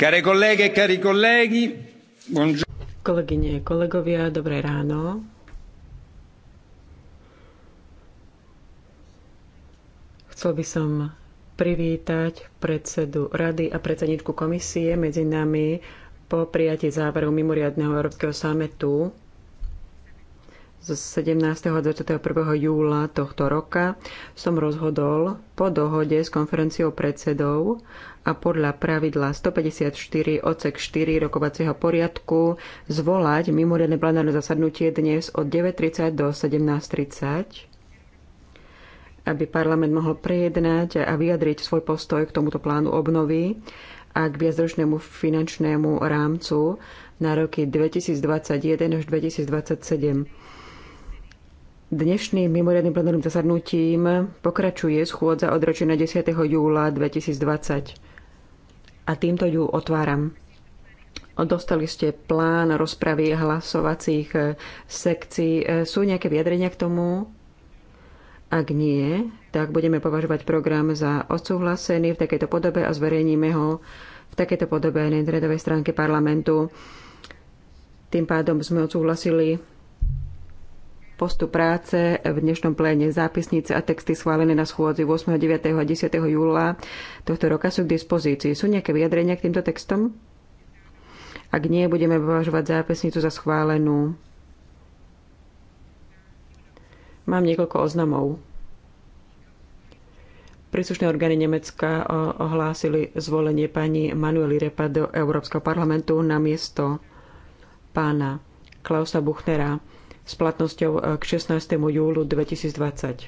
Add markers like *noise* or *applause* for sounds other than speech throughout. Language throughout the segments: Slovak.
Care colleghe, e cari colleghi, buongiorno. Kolegyne, kolegovia, dobré ráno. Chcel by som privítať predsedu rady a predsedničku komisie medzi nami po prijatí záverov mimoriadneho Európskeho sametu z 17. a 21. júla tohto roka som rozhodol po dohode s konferenciou predsedov a podľa pravidla 154 odsek 4 rokovacieho poriadku zvolať mimoriadne plenárne zasadnutie dnes od 9.30 do 17.30 aby parlament mohol prejednať a vyjadriť svoj postoj k tomuto plánu obnovy a k viacročnému finančnému rámcu na roky 2021 až 2027. Dnešným mimoriadným plenárnym zasadnutím pokračuje schôdza odročená 10. júla 2020. A týmto ju otváram. Dostali ste plán rozpravy hlasovacích eh, sekcií. Eh, sú nejaké vyjadrenia k tomu? Ak nie, tak budeme považovať program za odsúhlasený v takejto podobe a zverejníme ho v takejto podobe na internetovej stránke parlamentu. Tým pádom sme odsúhlasili postup práce v dnešnom pléne. Zápisnice a texty schválené na schôdzi 8., 9. a 10. júla tohto roka sú k dispozícii. Sú nejaké vyjadrenia k týmto textom? Ak nie, budeme považovať zápisnicu za schválenú. Mám niekoľko oznamov. Príslušné orgány Nemecka ohlásili zvolenie pani Manueli Repa do Európskeho parlamentu na miesto pána Klausa Buchnera s platnosťou e, k 16. júlu 2020.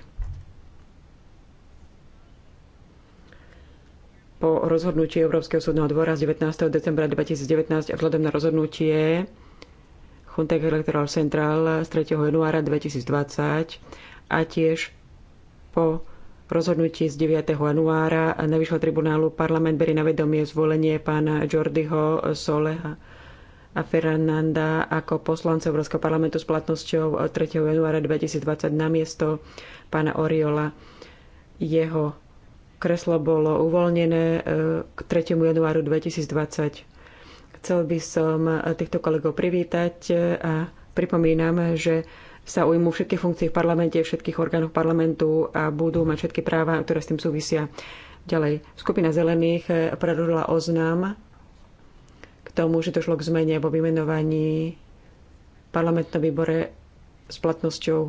Po rozhodnutí Európskeho súdneho dvora z 19. decembra 2019 a vzhľadom na rozhodnutie Chuntek Electoral Central z 3. januára 2020 a tiež po rozhodnutí z 9. januára Najvyššieho tribunálu parlament berie na vedomie zvolenie pána Jordiho Soleha a Fernanda ako poslanca Európskeho parlamentu s platnosťou 3. januára 2020 na miesto pána Oriola. Jeho kreslo bolo uvoľnené e, k 3. januáru 2020. Chcel by som týchto kolegov privítať e, a pripomínam, že sa ujmú všetky funkcie v parlamente, všetkých orgánov parlamentu a budú mať všetky práva, ktoré s tým súvisia. Ďalej, skupina zelených e, predložila oznám tomu, že došlo k zmene vo vymenovaní parlamentnom výbore s platnosťou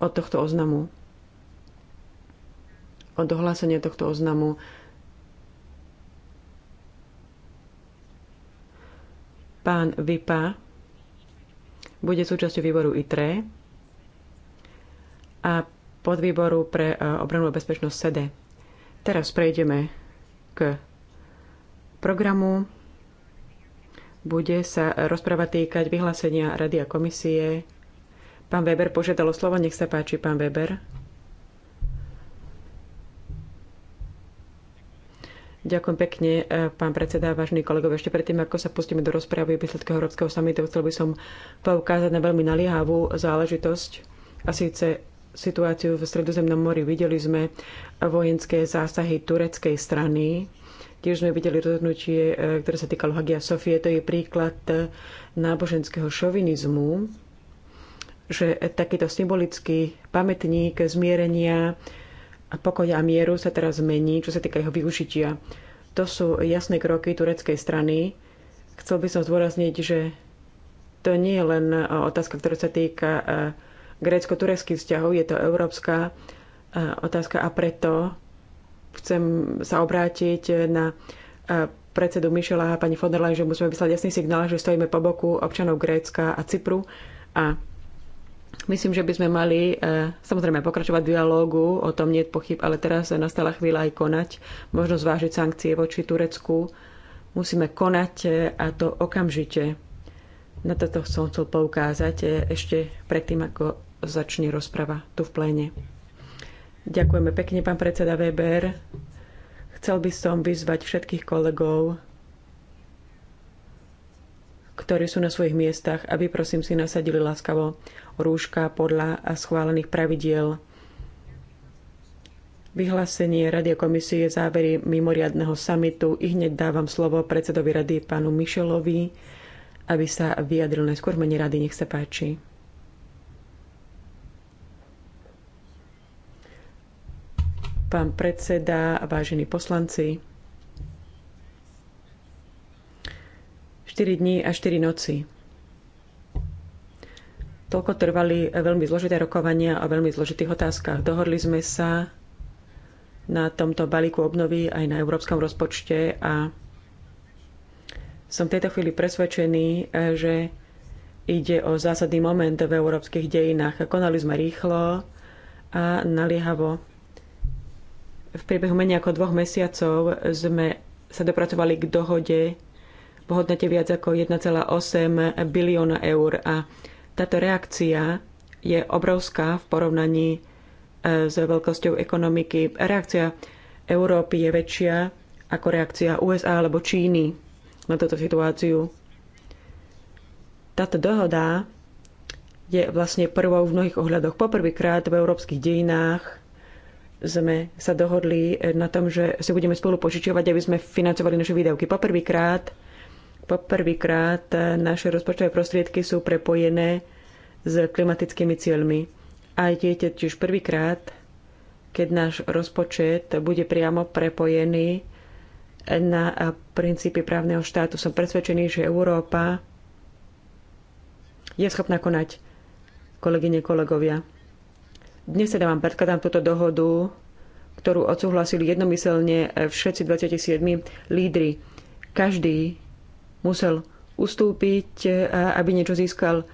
od tohto oznamu. Od ohlásenia tohto oznamu pán Vipa bude súčasťou výboru ITRE a podvýboru pre eh, obranu a bezpečnosť SEDE. Teraz prejdeme k programu bude sa rozpráva týkať vyhlásenia Rady a komisie. Pán Weber požiadal o slovo, nech sa páči, pán Weber. Ďakujem pekne, eh, pán predseda, vážení kolegovia. Ešte predtým, ako sa pustíme do rozprávy o výsledku Európskeho samitu, chcel by som poukázať na veľmi naliehavú záležitosť a síce situáciu v Stredozemnom mori. Videli sme vojenské zásahy tureckej strany Tiež sme videli rozhodnutie, e, ktoré sa týkalo Hagia Sofie. To je príklad e, náboženského šovinizmu, že e, takýto symbolický pamätník zmierenia a pokoja a mieru sa teraz mení, čo sa týka jeho využitia. To sú jasné kroky tureckej strany. Chcel by som zdôrazniť, že to nie je len otázka, ktorá sa týka grécko-tureckých vzťahov, je to európska otázka a preto chcem sa obrátiť na e, predsedu Mišela a pani von der Leyen, že musíme vyslať jasný signál, že stojíme po boku občanov Grécka a Cypru a Myslím, že by sme mali e, samozrejme pokračovať v dialógu, o tom nie je pochyb, ale teraz nastala chvíľa aj konať, možno zvážiť sankcie voči Turecku. Musíme konať e, a to okamžite. Na toto som chcel poukázať ešte predtým, ako začne rozprava tu v pléne. Ďakujeme pekne, pán predseda Weber. Chcel by som vyzvať všetkých kolegov, ktorí sú na svojich miestach, aby prosím si nasadili láskavo rúška podľa schválených pravidiel. Vyhlásenie Rady a komisie závery mimoriadného samitu. I hneď dávam slovo predsedovi rady pánu Mišelovi, aby sa vyjadril najskôr mene rady. Nech sa páči. pán predseda, vážení poslanci. 4 dní a 4 noci. Toľko trvali veľmi zložité rokovania o veľmi zložitých otázkach. Dohodli sme sa na tomto balíku obnovy aj na európskom rozpočte a som v tejto chvíli presvedčený, že ide o zásadný moment v európskych dejinách. Konali sme rýchlo a naliehavo v priebehu menej ako dvoch mesiacov sme sa dopracovali k dohode v hodnote viac ako 1,8 bilióna eur a táto reakcia je obrovská v porovnaní e, s veľkosťou ekonomiky. Reakcia Európy je väčšia ako reakcia USA alebo Číny na túto situáciu. Táto dohoda je vlastne prvou v mnohých ohľadoch. Poprvýkrát v európskych dejinách sme sa dohodli eh, na tom, že si budeme spolu požičovať, aby sme financovali naše výdavky. Poprvýkrát, poprvýkrát eh, naše rozpočtové prostriedky sú prepojené s klimatickými cieľmi. A je tiež prvýkrát, keď náš rozpočet bude priamo prepojený eh, na princípy právneho štátu. Som presvedčený, že Európa je schopná konať, kolegyne, kolegovia. Dnes sa teda vám predkladám túto dohodu, ktorú odsúhlasili jednomyselne všetci 27 lídry. Každý musel ustúpiť, e, aby niečo získal.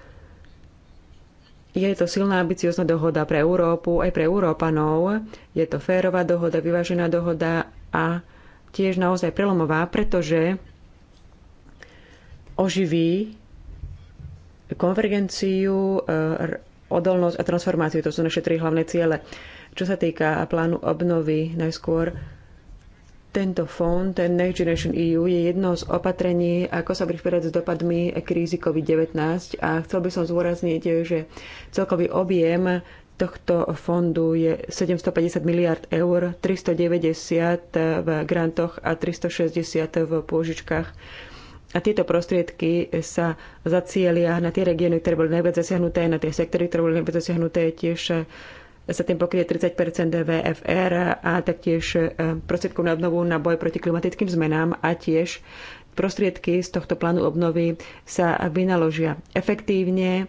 Je to silná ambiciozná dohoda pre Európu, aj pre Európanov. Je to férová dohoda, vyvážená dohoda a tiež naozaj prelomová, pretože oživí konvergenciu e, odolnosť a transformáciu. To sú naše tri hlavné ciele. Čo sa týka plánu obnovy, najskôr tento fond, ten Next Generation EU, je jedno z opatrení, ako sa pripravať s dopadmi krízy COVID-19 a chcel by som zúrazniť, že celkový objem tohto fondu je 750 miliard eur, 390 v grantoch a 360 v pôžičkách a tieto prostriedky sa zacielia na tie regióny, ktoré boli najviac zasiahnuté, na tie sektory, ktoré boli najviac zasiahnuté, tiež e, sa tým pokrie 30 VFR a taktiež e, prostriedkov na obnovu na boj proti klimatickým zmenám a tiež prostriedky z tohto plánu obnovy sa vynaložia efektívne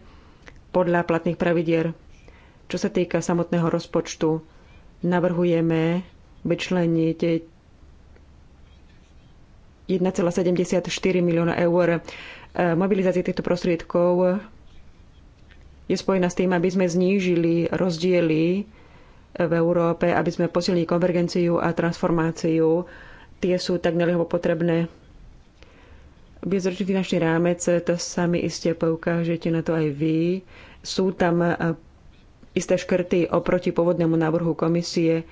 podľa platných pravidier. Čo sa týka samotného rozpočtu, navrhujeme vyčleniť 1,74 milióna eur. E, mobilizácia týchto prostriedkov je spojená s tým, aby sme znížili rozdiely v Európe, aby sme posilnili konvergenciu a transformáciu. Tie sú tak neliehavo potrebné. Viacročný finančný rámec, to sami iste poukážete na to aj vy. Sú tam e, isté škrty oproti pôvodnému návrhu komisie.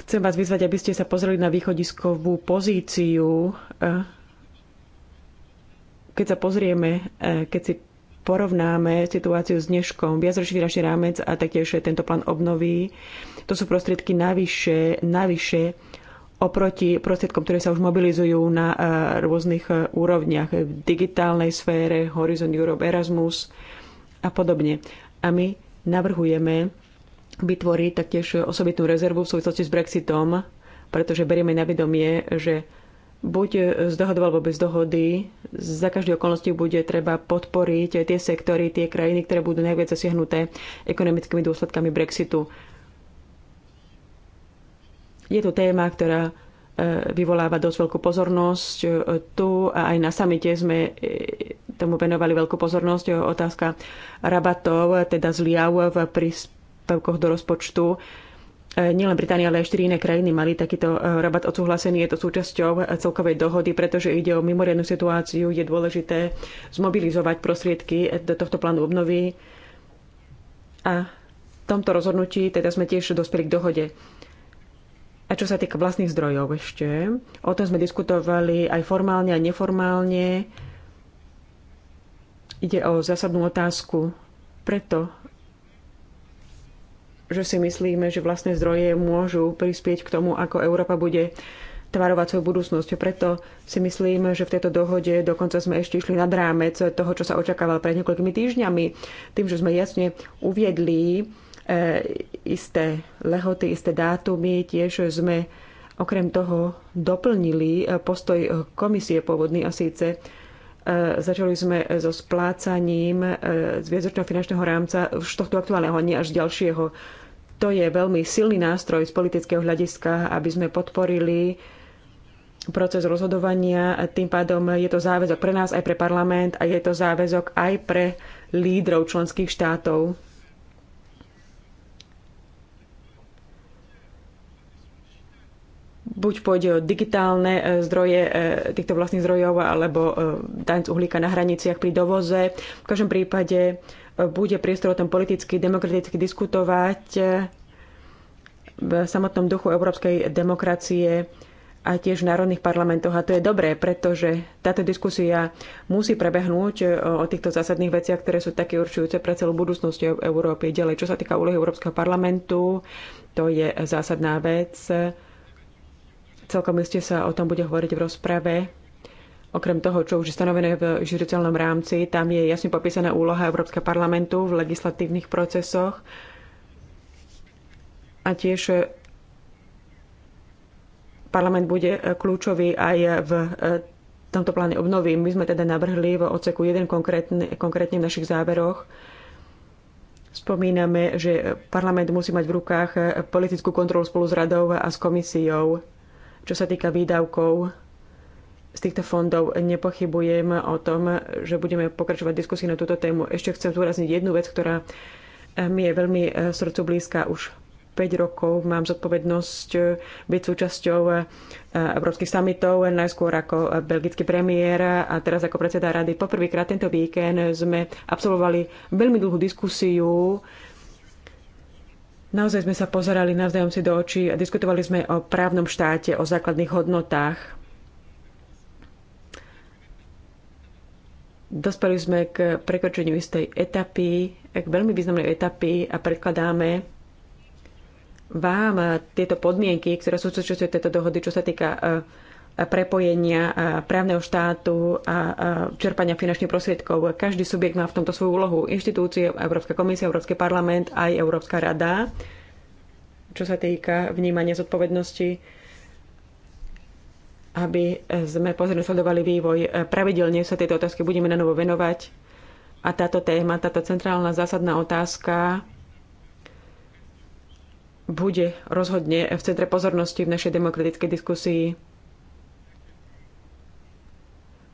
Chcem vás vyzvať, aby ste sa pozreli na východiskovú pozíciu. Eh, keď sa pozrieme, eh, keď si porovnáme situáciu s dneškom, viac finančný rámec a taktiež tento plán obnoví. to sú prostriedky navyše, navyše oproti prostriedkom, ktoré sa už mobilizujú na eh, rôznych úrovniach v digitálnej sfére, Horizon Europe, Erasmus a podobne. A my navrhujeme vytvorí taktiež osobitnú rezervu v súvislosti s Brexitom, pretože berieme na vedomie, že buď z dohodu alebo bez dohody, za každej okolnosti bude treba podporiť tie sektory, tie krajiny, ktoré budú najviac zasiahnuté ekonomickými dôsledkami Brexitu. Je to téma, ktorá e, vyvoláva dosť veľkú pozornosť. E, tu a aj na samite sme e, tomu venovali veľkú pozornosť. Otázka rabatov, teda zliav v príspevku príspevkoch do rozpočtu. E, nielen Británia, ale aj štyri iné krajiny mali takýto e, rabat odsúhlasený. Je to súčasťou e, celkovej dohody, pretože ide o mimoriadnu situáciu. Je dôležité zmobilizovať prostriedky do tohto plánu obnovy. A v tomto rozhodnutí teda sme tiež dospeli k dohode. A čo sa týka vlastných zdrojov ešte, o tom sme diskutovali aj formálne, aj neformálne. Ide o zásadnú otázku. Preto že si myslíme, že vlastné zdroje môžu prispieť k tomu, ako Európa bude tvarovať svoju budúcnosť. Preto si myslím, že v tejto dohode dokonca sme ešte išli nad rámec toho, čo sa očakávalo pred niekoľkými týždňami, tým, že sme jasne uviedli e, isté lehoty, isté dátumy, tiež sme okrem toho doplnili e, postoj komisie pôvodný a síce e, začali sme so splácaním e, z finančného rámca už tohto aktuálneho, nie až ďalšieho to je veľmi silný nástroj z politického hľadiska, aby sme podporili proces rozhodovania. Tým pádom je to záväzok pre nás aj pre parlament a je to záväzok aj pre lídrov členských štátov. Buď pôjde o digitálne e, zdroje e, týchto vlastných zdrojov alebo e, daň z uhlíka na hraniciach pri dovoze. V každom prípade bude priestor o tom politicky, demokraticky diskutovať v samotnom duchu európskej demokracie a tiež v národných parlamentoch. A to je dobré, pretože táto diskusia musí prebehnúť e, o, týchto zásadných veciach, ktoré sú také určujúce pre celú budúcnosť Európy. Ďalej, čo sa týka úlohy Európskeho parlamentu, to je zásadná vec. Celkom iste sa o tom bude hovoriť v rozprave Okrem toho, čo už je stanovené v žiriteľnom rámci, tam je jasne popísaná úloha Európskeho parlamentu v legislatívnych procesoch a tiež eh, parlament bude eh, kľúčový aj eh, v tomto pláne obnovy. My sme teda navrhli v odseku jeden konkrétne, konkrétne v našich záveroch, spomíname, že parlament musí mať v rukách politickú kontrolu spolu s radou a s komisiou, čo sa týka výdavkov z týchto fondov. Nepochybujem o tom, že budeme pokračovať diskusii na túto tému. Ešte chcem zúrazniť jednu vec, ktorá eh, mi je veľmi eh, srdcu blízka už 5 rokov mám zodpovednosť eh, byť súčasťou európskych samitov, najskôr ako belgický premiér a teraz ako predseda rady. Poprvýkrát tento víkend sme absolvovali veľmi dlhú diskusiu. Naozaj sme sa pozerali navzájom si do očí a diskutovali sme o právnom štáte, o základných hodnotách Dospeli sme k prekročeniu istej etapy, k veľmi významnej etapy a predkladáme vám tieto podmienky, ktoré sú súčasťou tejto dohody, čo sa týka eh, prepojenia eh, právneho štátu a eh, čerpania finančných prostriedkov. Každý subjekt má v tomto svoju úlohu. Inštitúcie, Európska komisia, Európsky parlament, aj Európska rada, čo sa týka vnímania zodpovednosti aby e, sme pozorne sledovali vývoj. E, pravidelne sa tejto otázky budeme na novo venovať. A táto téma, táto centrálna zásadná otázka bude rozhodne v centre pozornosti v našej demokratickej diskusii.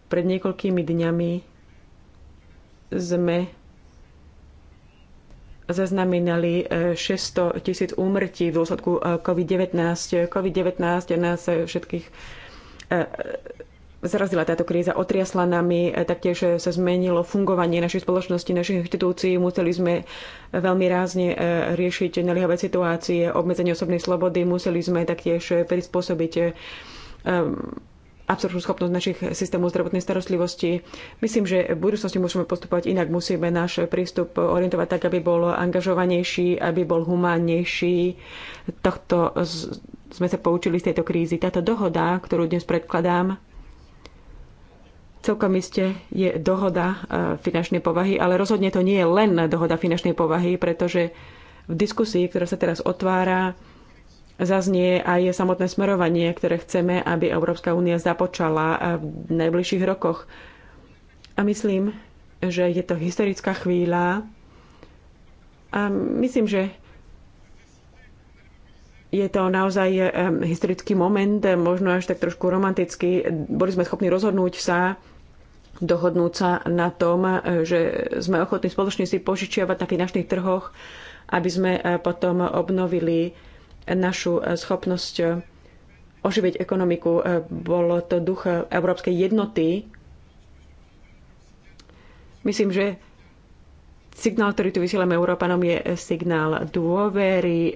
Pred niekoľkými dňami sme zaznamenali 600 e, tisíc úmrtí v dôsledku COVID-19. COVID-19 nás všetkých E, e, zrazila táto kríza, otriasla nami, e, taktiež sa zmenilo fungovanie našej spoločnosti, našich inštitúcií. Museli sme veľmi rázne riešiť naliehavé situácie, obmedzenie osobnej slobody, museli sme taktiež prispôsobiť absorpčnú schopnosť našich systémov zdravotnej starostlivosti. Myslím, že v budúcnosti musíme postupovať inak. Musíme náš prístup orientovať tak, aby bol angažovanejší, aby bol humánnejší. Tohto sme sa poučili z tejto krízy. Táto dohoda, ktorú dnes predkladám, celkom iste je dohoda e, finančnej povahy, ale rozhodne to nie je len dohoda finančnej povahy, pretože v diskusii, ktorá sa teraz otvára, zaznie aj samotné smerovanie, ktoré chceme, aby Európska únia započala e, v najbližších rokoch. A myslím, že je to historická chvíľa a myslím, že je to naozaj eh, historický moment, eh, možno až tak trošku romantický. Boli sme schopní rozhodnúť sa, dohodnúť sa na tom, eh, že sme ochotní spoločne si požičiavať na finančných trhoch, aby sme potom obnovili našu schopnosť oživiť ekonomiku. Bolo to duch európskej jednoty. Myslím, že signál, ktorý tu vysielame Európanom, je signál dôvery,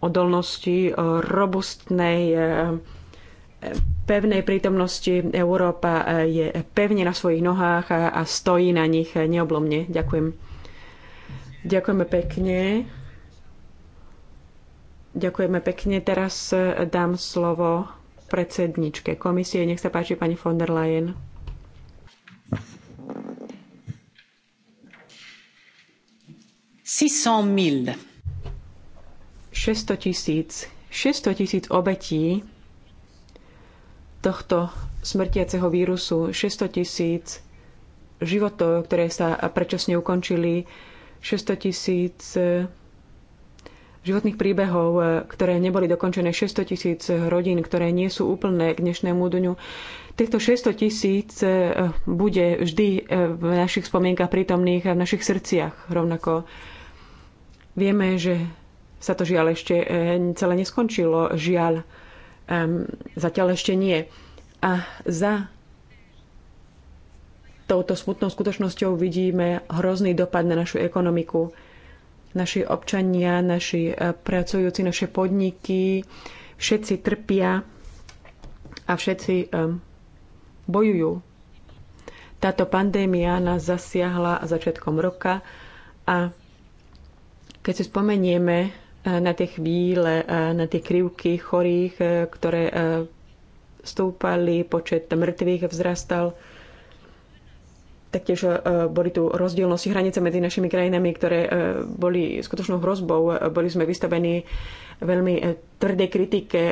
odolnosti, e, robustnej, e, pevnej prítomnosti. Európa e, je pevne na svojich nohách a stojí na nich neoblomne. Ďakujem. Ďakujeme pekne. Ďakujeme pekne. Teraz dám slovo predsedničke komisie. Nech sa páči pani von der Leyen. Six cent mille 600 tisíc. 600 tisíc obetí tohto smrtiaceho vírusu, 600 tisíc životov, ktoré sa predčasne ukončili, 600 tisíc e, životných príbehov, e, ktoré neboli dokončené, 600 tisíc rodín, ktoré nie sú úplné k dnešnému dňu. Týchto 600 tisíc e, bude vždy v našich spomienkach prítomných a v našich srdciach rovnako. Vieme, že sa to žiaľ ešte eh, celé neskončilo. Žiaľ, um, zatiaľ ešte nie. A za touto smutnou skutočnosťou vidíme hrozný dopad na našu ekonomiku. Naši občania, naši eh, pracujúci, naše podniky, všetci trpia a všetci um, bojujú. Táto pandémia nás zasiahla začiatkom roka a keď si spomenieme na tie chvíle, e, na tie krivky chorých, e, ktoré e, stúpali, počet mŕtvych vzrastal. Taktiež boli tu rozdielnosti hranice medzi našimi krajinami, ktoré boli skutočnou hrozbou. Boli sme vystavení veľmi tvrdej kritike.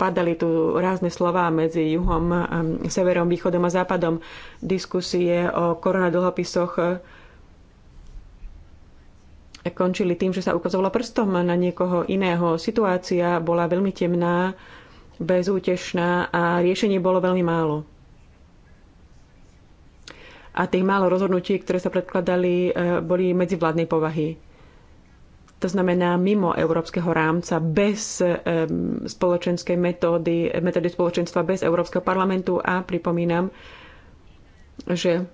Padali tu rázne slová medzi juhom, severom, východom a západom. Diskusie o koronadlhopisoch končili tým, že sa ukazovala prstom na niekoho iného. Situácia bola veľmi temná, bezútešná a riešenie bolo veľmi málo. A tých málo rozhodnutí, ktoré sa predkladali, e, boli medzivládnej povahy to znamená mimo európskeho rámca, bez e, spoločenskej metódy, metódy spoločenstva, bez Európskeho parlamentu a pripomínam, že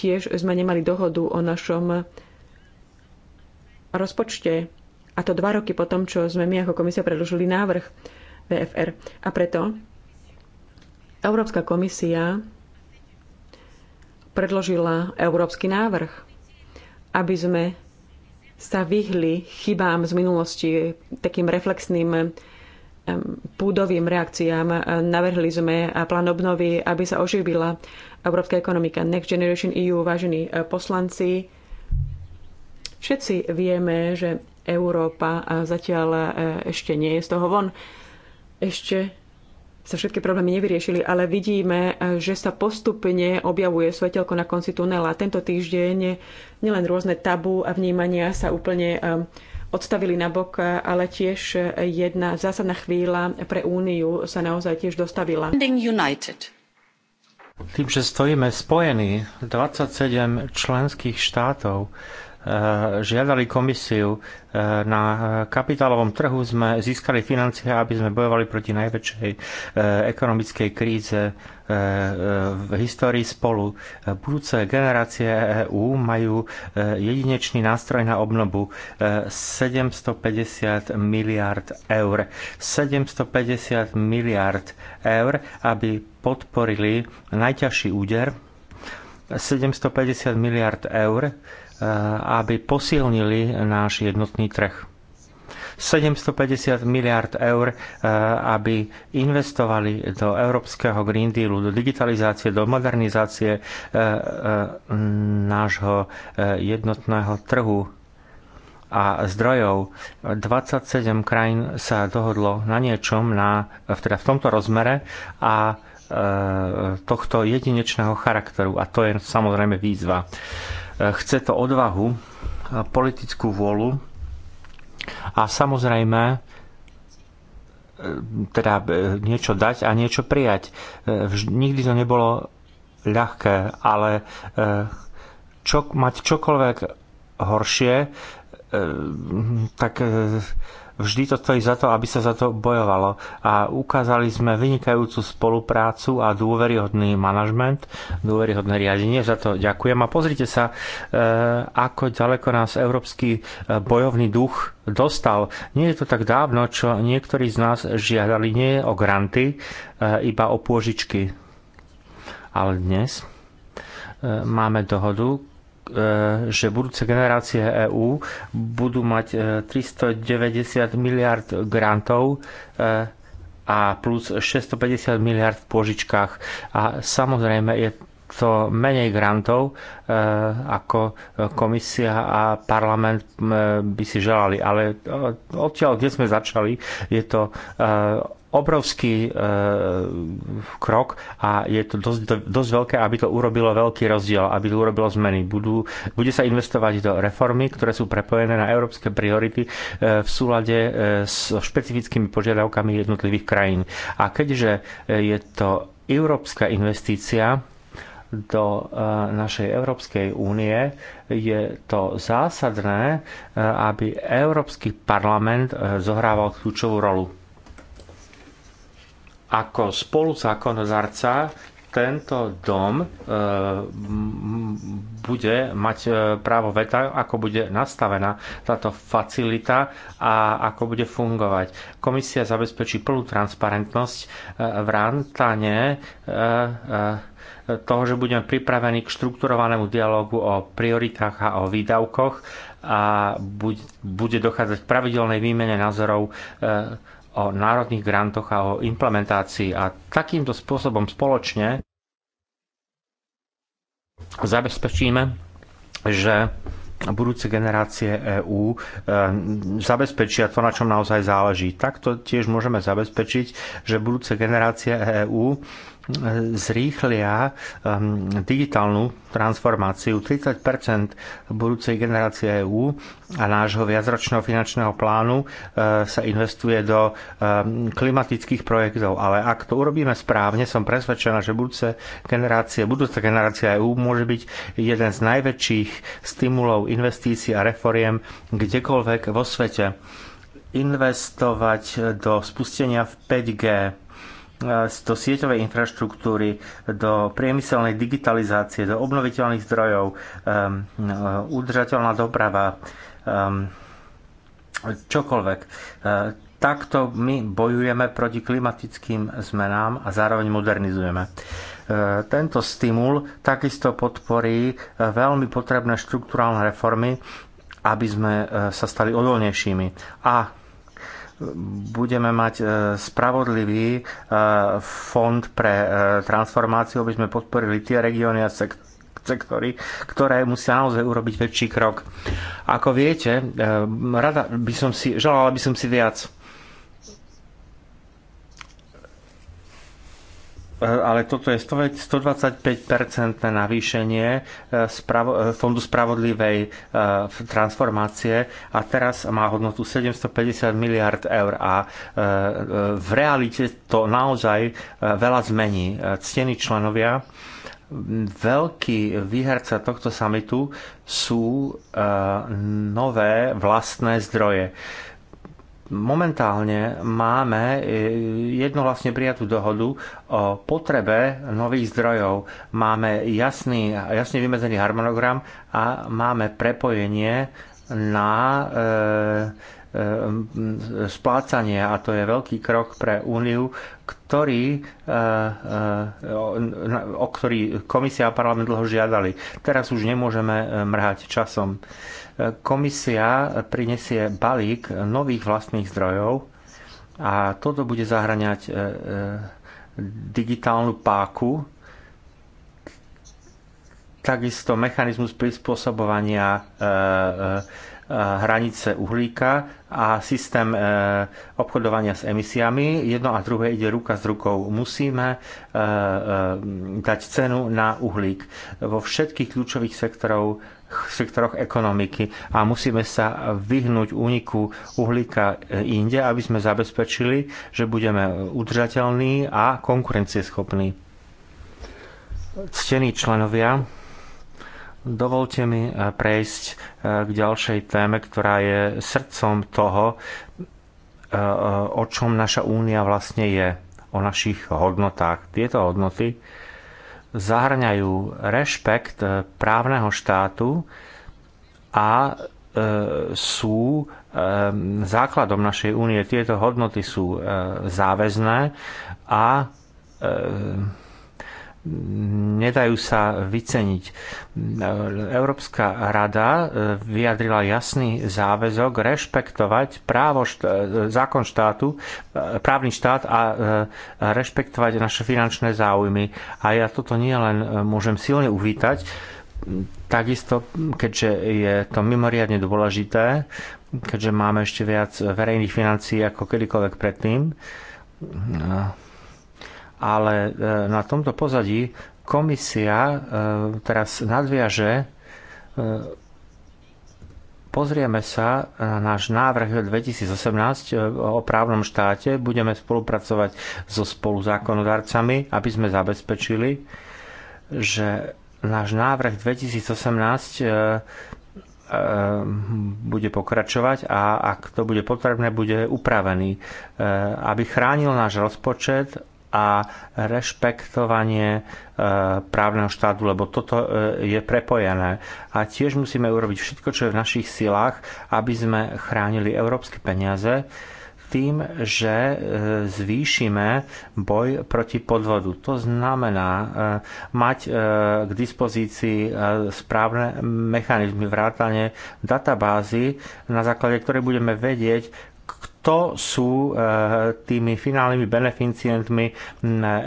tiež sme nemali dohodu o našom rozpočte. A to dva roky po tom, čo sme my ako komisia predložili návrh VFR. A preto Európska komisia predložila európsky návrh, aby sme sa vyhli chybám z minulosti, takým reflexným púdovým reakciám. Navrhli sme plán obnovy, aby sa oživila európska ekonomika. Next Generation EU, vážení eh, poslanci, Všetci vieme, že Európa zatiaľ e, ešte nie je z toho von. Ešte sa všetky problémy nevyriešili, ale vidíme, e, že sa postupne objavuje svetelko na konci tunela. Tento týždeň nielen rôzne tabu a vnímania sa úplne e, odstavili bok, ale tiež jedna zásadná chvíľa pre Úniu sa naozaj tiež dostavila. Tým, že stojíme spojení, 27 členských štátov, Eh, žiadali komisiu. Eh, na kapitálovom trhu sme získali financie, aby sme bojovali proti najväčšej eh, ekonomickej kríze v histórii spolu. Budúce generácie EÚ majú jedinečný nástroj na obnobu 750 miliard eur. 750 miliard eur, aby podporili najťažší úder 750 miliard eur Eh, aby posilnili náš jednotný trh. 750 miliard eur, eh, aby investovali do Európskeho Green Dealu, do digitalizácie, do modernizácie eh, nášho jednotného trhu a zdrojov. 27 krajín sa dohodlo na niečom na, teda v tomto rozmere a tohto jedinečného charakteru a to je samozrejme výzva. Chce to odvahu, politickú vôľu a samozrejme e, teda e, niečo dať a niečo prijať. E, nikdy to nebolo ľahké, ale čo, mať čokoľvek horšie, tak Vždy to stojí za to, aby sa za to bojovalo a ukázali sme vynikajúcu spoluprácu a dôveryhodný manažment, dôveryhodné riadenie. Za to ďakujem a pozrite sa, eh, ako ďaleko nás európsky eh, bojovný duch dostal. Nie je to tak dávno, čo niektorí z nás žiadali nie o granty, eh, iba o pôžičky. Ale dnes máme dohodu, E, že budúce generácie EÚ budú mať 390 e, miliard grantov e, a plus 650 miliard v požičkách. A samozrejme je to menej grantov, ako komisia a parlament by si želali. Ale odtiaľ, kde sme začali, je to obrovský e, krok a je to dosť, dosť veľké, aby to urobilo veľký rozdiel, aby to urobilo zmeny. Budú, bude sa investovať do reformy, ktoré sú prepojené na európske priority e, v súlade e, s špecifickými požiadavkami jednotlivých krajín. A keďže e, je to európska investícia, do e, našej Európskej únie, je to zásadné, e, aby Európsky parlament zohrával kľúčovú rolu. Ako spoluzákonodarca tento dom e, bude mať e, právo veta, ako bude nastavená táto facilita a ako bude fungovať. Komisia zabezpečí plnú transparentnosť e, v e, e, toho, že budeme pripravení k štrukturovanému dialogu o prioritách a o výdavkoch a bude, bude dochádzať k pravidelnej výmene názorov e, o národných grantoch a o implementácii. A takýmto spôsobom spoločne zabezpečíme, že budúce generácie EÚ e, zabezpečia to, na čom naozaj záleží. Takto tiež môžeme zabezpečiť, že budúce generácie EÚ zrýchlia ehm, digitálnu transformáciu. 30 budúcej generácie EÚ a nášho viacročného finančného plánu eh, sa investuje do ehm, klimatických projektov. Ale ak to urobíme správne, som presvedčená, že budúce generácie, budúca generácia EÚ môže byť jeden z najväčších stimulov investícií a reforiem kdekoľvek vo svete. Investovať do spustenia v 5G, do sieťovej infraštruktúry, do priemyselnej digitalizácie, do obnoviteľných zdrojov, e, udržateľná doprava, čokoľvek. E, takto my bojujeme proti klimatickým zmenám a zároveň modernizujeme. E, tento stimul takisto podporí veľmi potrebné štruktúrálne reformy, aby sme sa stali odolnejšími. A budeme mať e, spravodlivý e, fond pre e, transformáciu, aby sme podporili tie regióny a sektory, ktoré musia naozaj urobiť väčší krok. Ako viete, rada by som si, želala by som si viac. Eh, ale toto je 125 navýšenie eh, eh, Fondu spravodlivej transformácie a teraz má hodnotu 750 miliard eur a v realite to naozaj veľa zmení. Ctení členovia, veľký výherca tohto samitu sú nové vlastné zdroje Momentálne máme e, jednu vlastne prijatú dohodu o potrebe nových zdrojov. Máme jasný, jasne vymedzený harmonogram a máme prepojenie na e, e, splácanie a to je veľký krok pre Úniu, ktorý, e, e o, o ktorý komisia a parlament dlho žiadali. Teraz už nemôžeme e, mrhať časom. E, Komisia prinesie balík nových vlastných zdrojov a toto bude zahraňať e, e, digitálnu páku, takisto mechanizmus prispôsobovania e, hranice uhlíka a systém obchodovania s emisiami. Jedno a druhé ide ruka s rukou. Musíme dať cenu na uhlík. Vo všetkých kľúčových sektorov sektoroch ekonomiky a musíme sa vyhnúť úniku uhlíka e, inde, aby sme zabezpečili, že budeme udržateľní a konkurencieschopní. Ctení členovia, dovolte mi e, prejsť e, k ďalšej téme, ktorá je srdcom toho, o čom naša únia vlastne je, o našich hodnotách. Tieto hodnoty zahrňajú rešpekt e, právneho štátu a e, sú e, základom našej únie. Tieto hodnoty sú záväzné a nedajú sa vyceniť. Európska rada e, vyjadrila jasný záväzok rešpektovať právo, e, zákon štátu, e, právny štát a rešpektovať naše finančné záujmy. A ja toto nie len môžem silne uvítať, takisto, keďže je to mimoriadne dôležité, keďže máme ešte viac verejných financií ako kedykoľvek predtým, ale e, na tomto pozadí komisia e, teraz nadviaže e, pozrieme sa na náš návrh 2018 o právnom štáte. Budeme spolupracovať so spoluzákonodarcami, aby sme zabezpečili, že náš návrh 2018 bude pokračovať a ak to bude potrebné, bude upravený, aby chránil náš rozpočet a rešpektovanie e, právneho štátu, lebo toto e, je prepojené. A tiež musíme urobiť všetko, čo je v našich silách, aby sme chránili európske peniaze tým, že e, zvýšime boj proti podvodu. To znamená mať k dispozícii správne mechanizmy vrátane databázy, na základe ktorej budeme vedieť, to sú e, tými finálnymi beneficientmi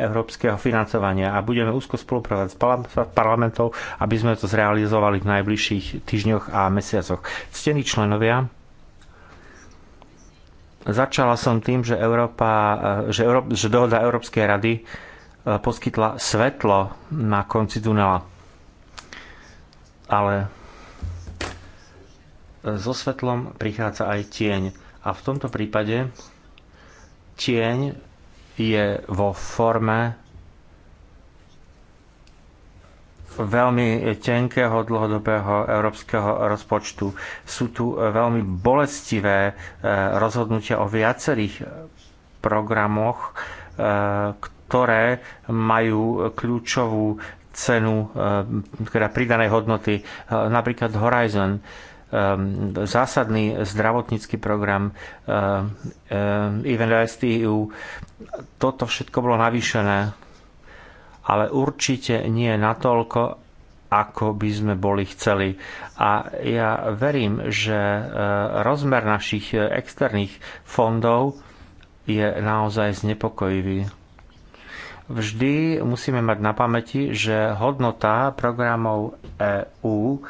európskeho financovania a budeme úzko spolupracovať s parlamentom, aby sme to zrealizovali v najbližších týždňoch a mesiacoch. Ctení členovia, začala som tým, že, Európa, e, že, Euró- že dohoda Európskej rady e, poskytla svetlo na konci tunela. Ale so svetlom prichádza aj tieň a v tomto prípade tieň je vo forme veľmi tenkého dlhodobého európskeho rozpočtu. Sú tu veľmi bolestivé eh, rozhodnutia o viacerých programoch, eh, ktoré majú kľúčovú cenu eh, teda pridanej hodnoty, napríklad Horizon Ehm, zásadný zdravotnícky program ehm, Event EU. Toto všetko bolo navýšené, ale určite nie natoľko, ako by sme boli chceli. A ja verím, že ehm, rozmer našich externých fondov je naozaj znepokojivý. Vždy musíme mať na pamäti, že hodnota programov EU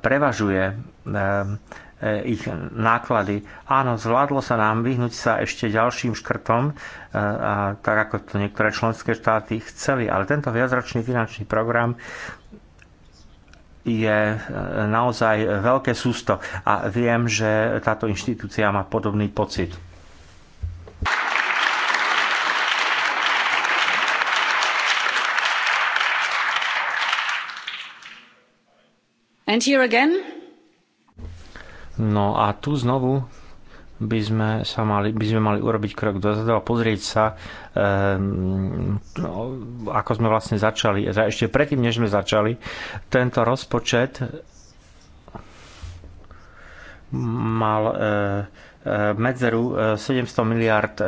prevažuje e, e, ich náklady. Áno, zvládlo sa nám vyhnúť sa ešte ďalším škrtom, e, a tak ako to niektoré členské štáty chceli, ale tento viacročný finančný program je naozaj veľké sústo a viem, že táto inštitúcia má podobný pocit. And here again? No a tu znovu by sme, sa mali, by sme mali urobiť krok dozadu a pozrieť sa, um, no, ako sme vlastne začali. Ešte predtým, než sme začali, tento rozpočet mal... Uh, medzeru 700 e, miliard e,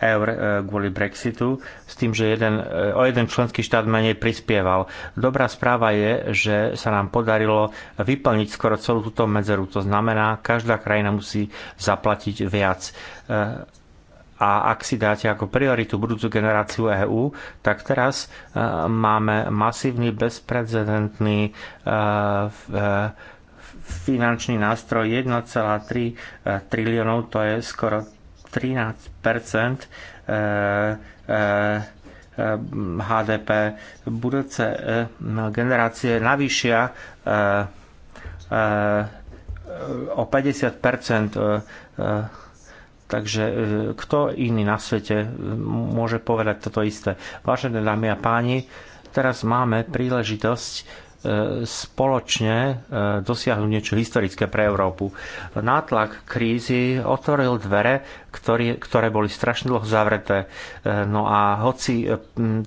eur e, kvôli Brexitu, s tým, že jeden, o jeden členský štát menej prispieval. Dobrá správa je, že sa nám podarilo vyplniť skoro celú túto medzeru. To znamená, každá krajina musí zaplatiť viac. A ak si dáte ako prioritu budúcu generáciu EÚ, tak teraz máme masívny, bezprecedentný uh, uh, finančný nástroj 1,3 eh, triliónov, to je skoro 13 eh, eh, HDP. Budúce generácie navýšia o 50 Takže kto iný na svete môže povedať toto isté? Vážené dámy a páni, teraz máme príležitosť E, spoločne e, dosiahnu niečo historické pre Európu. Nátlak krízy otvoril dvere, ktoré, ktoré boli strašne dlho zavreté. E, no a hoci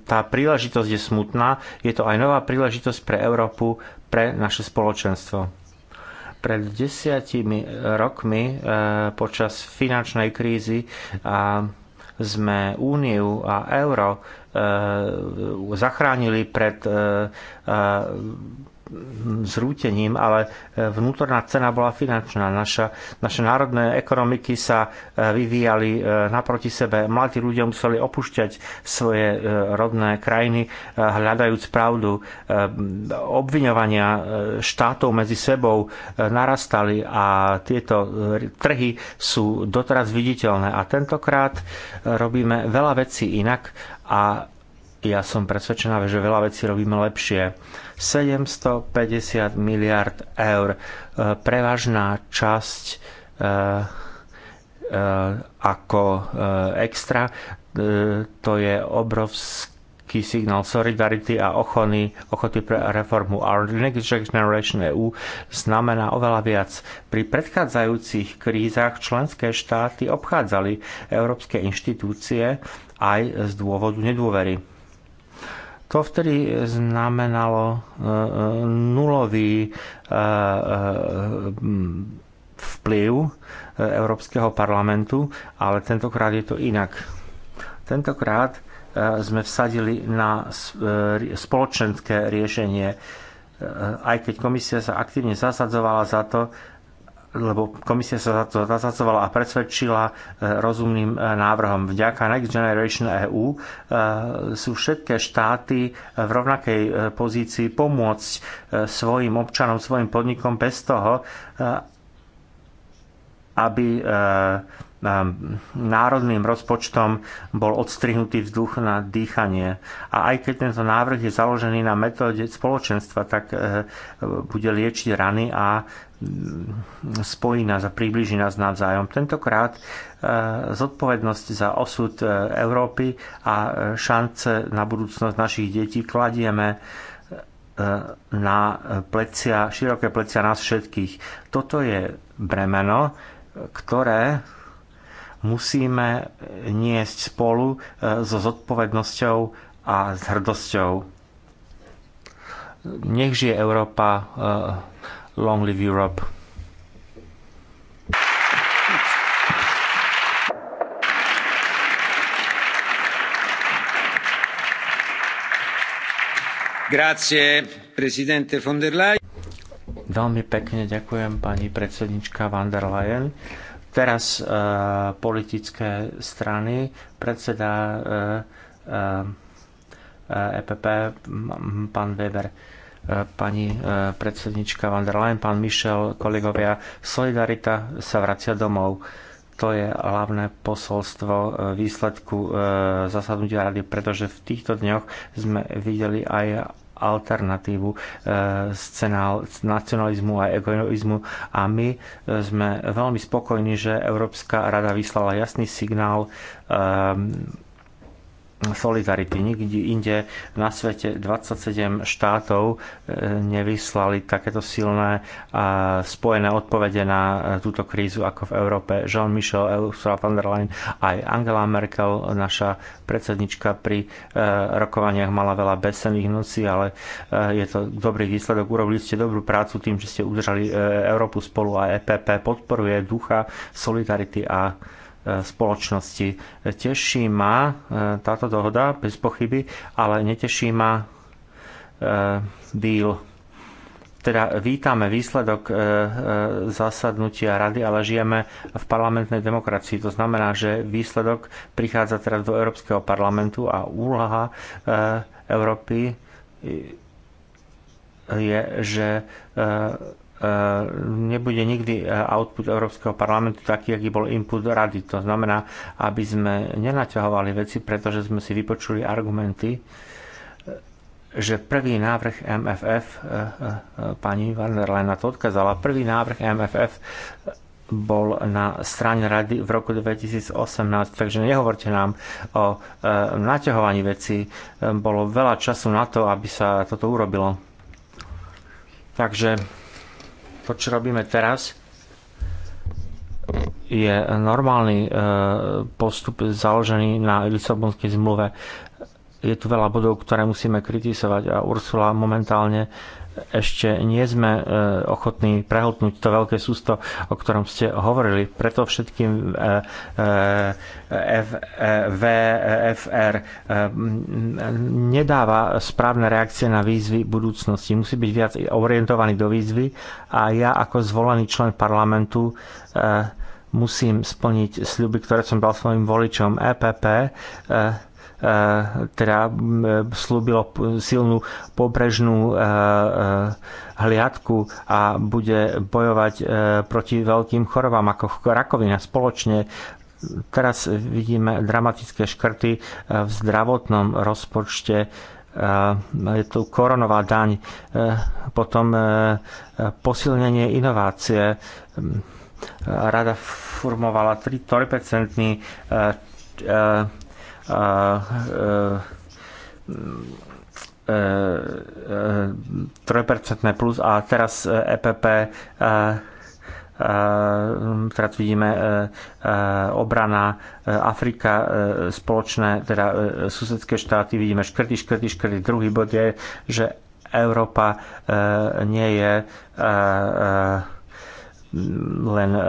tá príležitosť je smutná, je to aj nová príležitosť pre Európu, pre naše spoločenstvo pred desiatimi rokmi počas finančnej krízy a sme úniu a euro E, zachránili pred e, e, zrútením, ale e, vnútorná cena bola finančná. Naša, naše národné ekonomiky sa e, vyvíjali e, naproti sebe. Mladí ľudia museli opúšťať svoje rodné krajiny, hľadajúc pravdu. Obviňovania štátov medzi sebou narastali a tieto trhy sú doteraz viditeľné. A tentokrát robíme veľa vecí inak a ja som presvedčená, že veľa vecí robíme lepšie. 750 miliard eur, e, prevažná časť e, e, ako extra, to je obrovský key signál solidarity a ochony, ochoty pre reformu. Our Next Generation EU znamená oveľa viac. Pri predchádzajúcich krízach členské štáty obchádzali európske inštitúcie aj z dôvodu nedôvery to vtedy znamenalo e, e, nulový e, vplyv Európskeho parlamentu, ale tentokrát je to inak. Tentokrát sme vsadili na spoločenské riešenie, aj keď komisia sa aktívne zasadzovala za to, lebo komisia sa za to zasadzovala a presvedčila e, rozumným e, návrhom. Vďaka Next Generation EU e, sú všetké štáty v rovnakej pozícii pomôcť svojim občanom, svojim podnikom bez toho, aby národným rozpočtom bol odstrihnutý vzduch na dýchanie. A aj keď tento návrh je založený na metóde spoločenstva, tak e, bude liečiť rany a mm, spojí nás a približí nás navzájom. Tentokrát e, zodpovednosť za osud e, Európy a šance na budúcnosť našich detí kladieme na plecia, široké plecia nás všetkých. Toto je bremeno, ktoré musíme niesť spolu e, so zodpovednosťou a s hrdosťou. Nech žije Európa, e, long live Europe. Grazie, Veľmi pekne ďakujem pani predsednička van der Leyen teraz e, politické strany, predseda EPP, e, e, pán Weber, pani predsednička van der Leyen, pán Michel, kolegovia, solidarita sa vracia domov. To je hlavné posolstvo výsledku zasadnutia rady, pretože v týchto dňoch sme videli aj alternatívu e, nacionalizmu a egoizmu a my e, sme veľmi spokojní, že Európska rada vyslala jasný signál e, solidarity. Nikde inde na svete 27 štátov e, nevyslali takéto silné a spojené odpovede na e, túto krízu ako v Európe. Jean-Michel, Ursula von der Leyen, aj Angela Merkel, naša predsednička pri e, rokovaniach mala veľa besených nocí, ale je to dobrý výsledok. Urobili ste dobrú prácu tým, že ste udržali Európu spolu a EPP podporuje ducha solidarity a spoločnosti. Teší ma e, táto dohoda, bez pochyby, ale neteší ma e, deal teda vítame výsledok e, zasadnutia rady, ale žijeme v parlamentnej demokracii. To znamená, že výsledok prichádza teraz do Európskeho parlamentu a úloha Európy je, že Eh, nebude nikdy eh, output Európskeho parlamentu taký, aký bol input rady. To znamená, aby sme nenaťahovali veci, pretože sme si vypočuli argumenty, eh, že prvý návrh MFF, pani Van der Leyen na to odkazala, prvý návrh MFF bol na strane rady v roku 2018, takže nehovorte nám o naťahovaní veci. bolo veľa času na to, aby sa toto urobilo. Takže to, čo robíme teraz, je normálny e, postup založený na Lisabonskej zmluve. Je tu veľa bodov, ktoré musíme kritizovať a Ursula momentálne ešte nie sme e, ochotní prehltnúť to veľké sústo, o ktorom ste hovorili. Preto všetkým e, e, VFR nedáva správne reakcie na výzvy budúcnosti. Musí byť viac orientovaný do výzvy a ja ako zvolený člen parlamentu musím splniť sľuby, ktoré som dal svojim voličom EPP E, teda e, slúbilo silnú pobrežnú e, hliadku a bude bojovať proti veľkým chorobám ako rakovina spoločne teraz vidíme dramatické škrty v zdravotnom rozpočte. Je tu koronová daň, potom posilnenie inovácie. Rada formovala 3 a 3% e, e, e, plus a teraz EPP teraz vidíme obrana Afrika, spoločné, teda susedské štáty, vidíme škrty, škrty, škrty. Druhý bod je, že Európa nie je len e,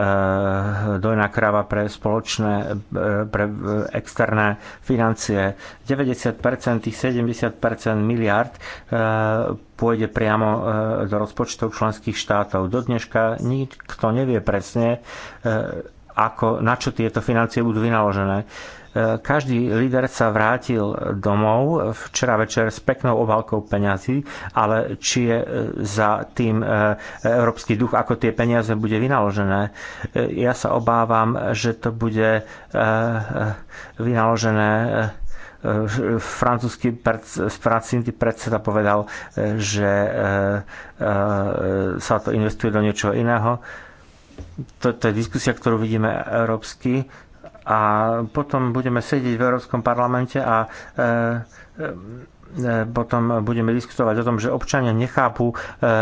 dojná krava pre spoločné, e, pre e, externé financie. 90%, tých 70% miliard pôjde priamo do rozpočtov členských štátov. Do dneška nikto nevie presne, ako, na čo tieto financie budú vynaložené každý líder sa vrátil domov včera večer s peknou obálkou peňazí, ale či je e, za tým e, európsky duch, ako tie peniaze bude vynaložené. E, ja sa obávam, že to bude vynaložené francúzsky francúzsky predseda povedal, že sa to investuje do niečoho iného. To, to je diskusia, ktorú vidíme európsky a potom budeme sedieť v Európskom parlamente a e, e, e, potom budeme diskutovať o tom, že občania nechápu,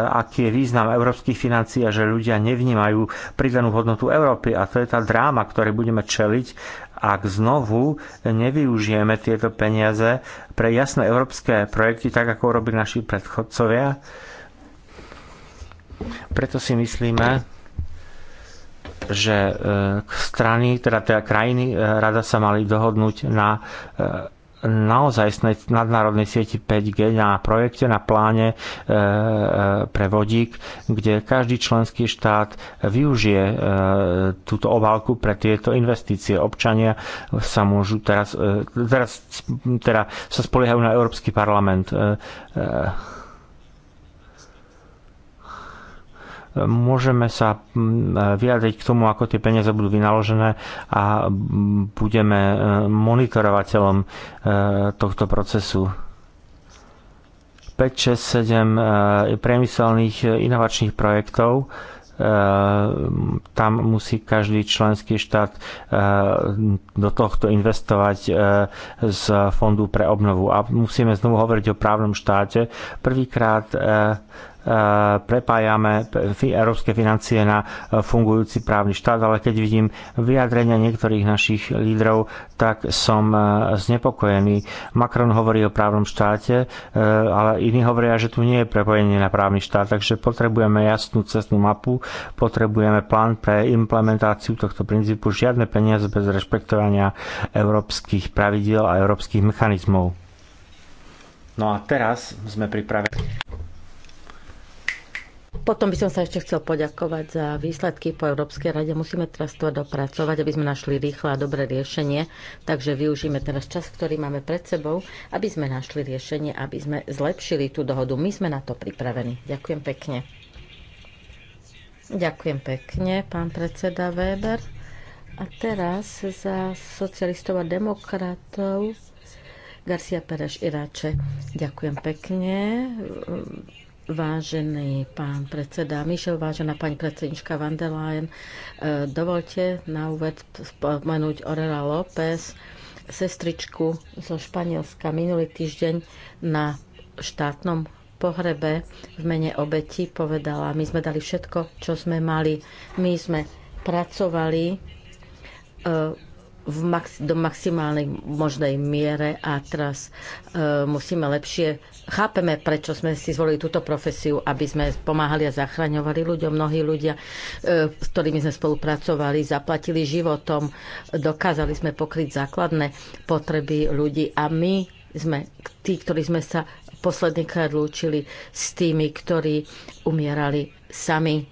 aký je význam európskych financií a že ľudia nevnímajú pridanú hodnotu Európy. A to je tá dráma, ktorej budeme čeliť, ak znovu nevyužijeme tieto peniaze pre jasné európske projekty, tak ako robili naši predchodcovia. Preto si myslíme, že e, strany, teda, teda krajiny e, rada sa mali dohodnúť na e, naozaj nadnárodnej sieti 5G na projekte, na pláne pre vodík, kde každý členský štát využije túto obálku pre tieto investície. Občania sa môžu teraz, teraz teda sa spoliehajú na Európsky parlament môžeme sa mm, vyjadriť k tomu, ako tie peniaze budú vynaložené a budeme e, monitorovateľom e, tohto procesu. 5, 6, 7 priemyselných e, inovačných projektov tam musí každý členský štát do tohto investovať z fondu pre obnovu. A musíme znovu hovoriť o právnom štáte. Prvýkrát Eh, prepájame európske financie na eh, fungujúci právny štát, ale keď vidím vyjadrenia niektorých našich lídrov, tak som eh, znepokojený. Macron hovorí o právnom štáte, ale iní hovoria, že tu nie je prepojenie na právny štát, takže potrebujeme jasnú cestnú mapu, potrebujeme plán pre implementáciu tohto princípu, žiadne peniaze bez rešpektovania európskych pravidiel a európskych mechanizmov. No a teraz sme pripravení. Potom by som sa ešte chcel poďakovať za výsledky po Európskej rade. Musíme teraz to dopracovať, aby sme našli rýchle a dobré riešenie. Takže využijeme teraz čas, ktorý máme pred sebou, aby sme našli riešenie, aby sme zlepšili tú dohodu. My sme na to pripravení. Ďakujem pekne. Ďakujem pekne, pán predseda Weber. A teraz za socialistov a demokratov Garcia Pereš Iráče. Ďakujem pekne Vážený pán predseda Mišel, vážená pani predsednička Van der Leyen, e, dovolte na úved spomenúť Orela López, sestričku zo Španielska minulý týždeň na štátnom pohrebe v mene obeti povedala, my sme dali všetko, čo sme mali, my sme pracovali e, v max, do maximálnej možnej miere a teraz e, musíme lepšie. Chápeme, prečo sme si zvolili túto profesiu, aby sme pomáhali a zachraňovali ľuďom. Mnohí ľudia, e, s ktorými sme spolupracovali, zaplatili životom, dokázali sme pokryť základné potreby ľudí a my sme tí, ktorí sme sa poslednýkrát lúčili s tými, ktorí umierali sami.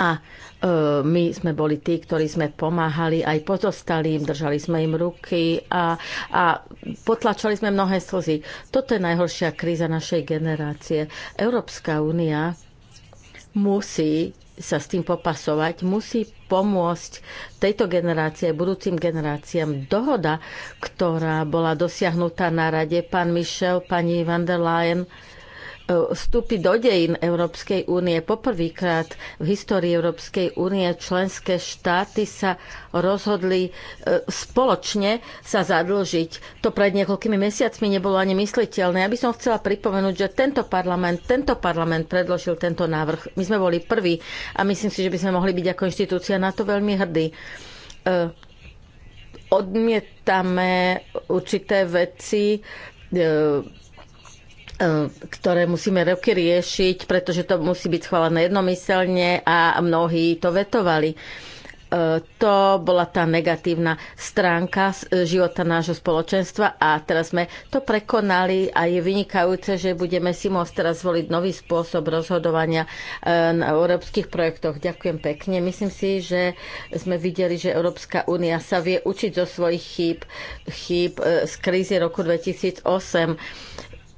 A E, my sme boli tí, ktorí sme pomáhali aj pozostalým, držali sme im ruky a, a potlačali sme mnohé slzy. Toto je najhoršia kríza našej generácie. Európska únia musí sa s tým popasovať, musí pomôcť tejto generácie, budúcim generáciám. Dohoda, ktorá bola dosiahnutá na rade, pán Michel, pani van der Leyen, vstúpi do dejín Európskej únie. Poprvýkrát v histórii Európskej únie členské štáty sa rozhodli e, spoločne sa zadlžiť. To pred niekoľkými mesiacmi nebolo ani mysliteľné. Ja by som chcela pripomenúť, že tento parlament, tento parlament predložil tento návrh. My sme boli prví a myslím si, že by sme mohli byť ako inštitúcia na to veľmi hrdí e, odmietame určité veci, e, E, ktoré musíme roky riešiť, pretože to musí byť schválené jednomyselne a mnohí to vetovali. E, to bola tá negatívna stránka e, života nášho spoločenstva a teraz sme to prekonali a je vynikajúce, že budeme si môcť teraz zvoliť nový spôsob rozhodovania na európskych projektoch. Ďakujem pekne. Myslím si, že sme videli, že Európska únia sa vie učiť zo svojich chýb, chýb z krízy roku 2008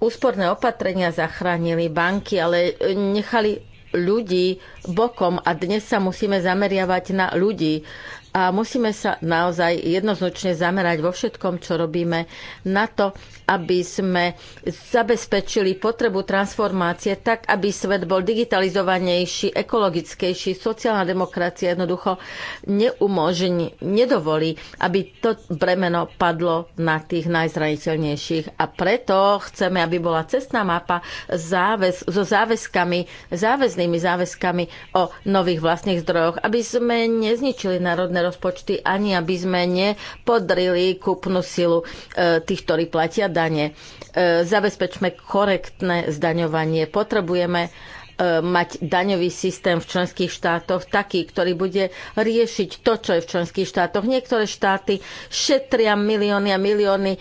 úsporné opatrenia zachránili banky, ale e, nechali ľudí bokom a dnes sa musíme zameriavať na ľudí a musíme sa naozaj jednoznačne zamerať vo všetkom, čo robíme, na to, aby sme zabezpečili potrebu transformácie tak, aby svet bol digitalizovanejší, ekologickejší. Sociálna demokracia jednoducho neumožní, nedovolí, aby to bremeno padlo na tých najzraniteľnejších. A preto chceme, aby bola cestná mapa záväz, so záväzkami, záväznými záväzkami o nových vlastných zdrojoch, aby sme nezničili národné rozpočty, ani aby sme nepodrili kúpnu silu e, tých, ktorí platia dane. E, zabezpečme korektné zdaňovanie. Potrebujeme e, mať daňový systém v členských štátoch taký, ktorý bude riešiť to, čo je v členských štátoch. Niektoré štáty šetria milióny a milióny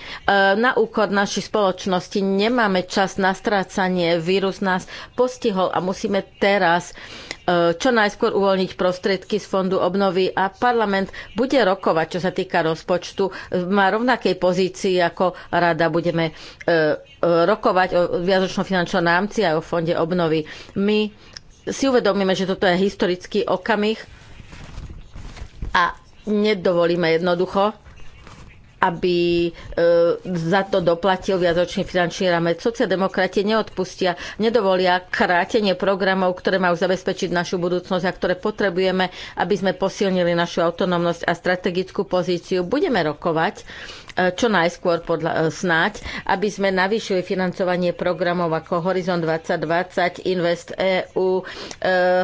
na úkor našej spoločnosti. Nemáme čas na strácanie. Vírus nás postihol a musíme teraz Eh, čo najskôr uvoľniť prostriedky z fondu obnovy a parlament bude rokovať, čo sa týka rozpočtu. Má rovnakej pozícii ako rada. Budeme eh, eh, rokovať o viazočnom finančnom námci a o fonde obnovy. My si uvedomíme, že toto je historický okamih a nedovolíme jednoducho, aby e, za to doplatil viacročný finančný ramec. Sociodemokrati neodpustia, nedovolia krátenie programov, ktoré majú zabezpečiť našu budúcnosť a ktoré potrebujeme, aby sme posilnili našu autonómnosť a strategickú pozíciu. Budeme rokovať E, čo najskôr podľa, e, snáď, aby sme navýšili financovanie programov ako Horizon 2020, Invest EU, e,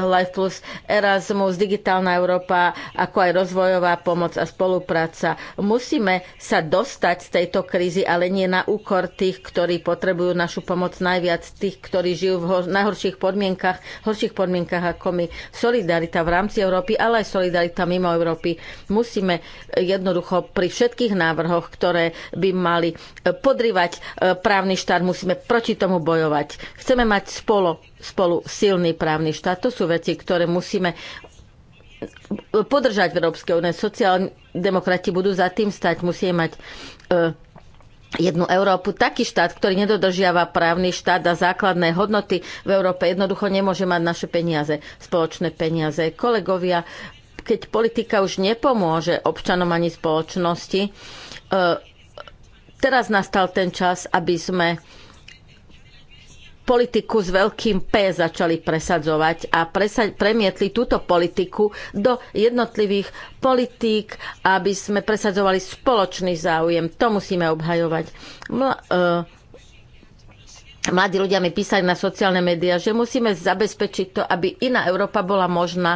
Life Plus, Erasmus, Digitálna Európa, ako aj rozvojová pomoc a spolupráca. Musíme sa dostať z tejto krízy, ale nie na úkor tých, ktorí potrebujú našu pomoc najviac, tých, ktorí žijú v najhorších podmienkach, horších podmienkach ako my. Solidarita v rámci Európy, ale aj solidarita mimo Európy. Musíme jednoducho pri všetkých návrhoch, ktoré by mali e, podrývať e, právny štát. Musíme proti tomu bojovať. Chceme mať spolo, spolu silný právny štát. To sú veci, ktoré musíme e, podržať v Európskej únie. Sociálni demokrati budú za tým stať. Musíme mať jednu Európu. Taký štát, ktorý nedodržiava právny štát a základné hodnoty v Európe, jednoducho nemôže mať naše peniaze, spoločné peniaze. Kolegovia, keď politika už nepomôže občanom ani spoločnosti, E, teraz nastal ten čas, aby sme politiku s veľkým P začali presadzovať a presa- premietli túto politiku do jednotlivých politík, aby sme presadzovali spoločný záujem. To musíme obhajovať. Mla- uh, mladí ľudia mi písali na sociálne médiá, že musíme zabezpečiť to, aby iná Európa bola možná.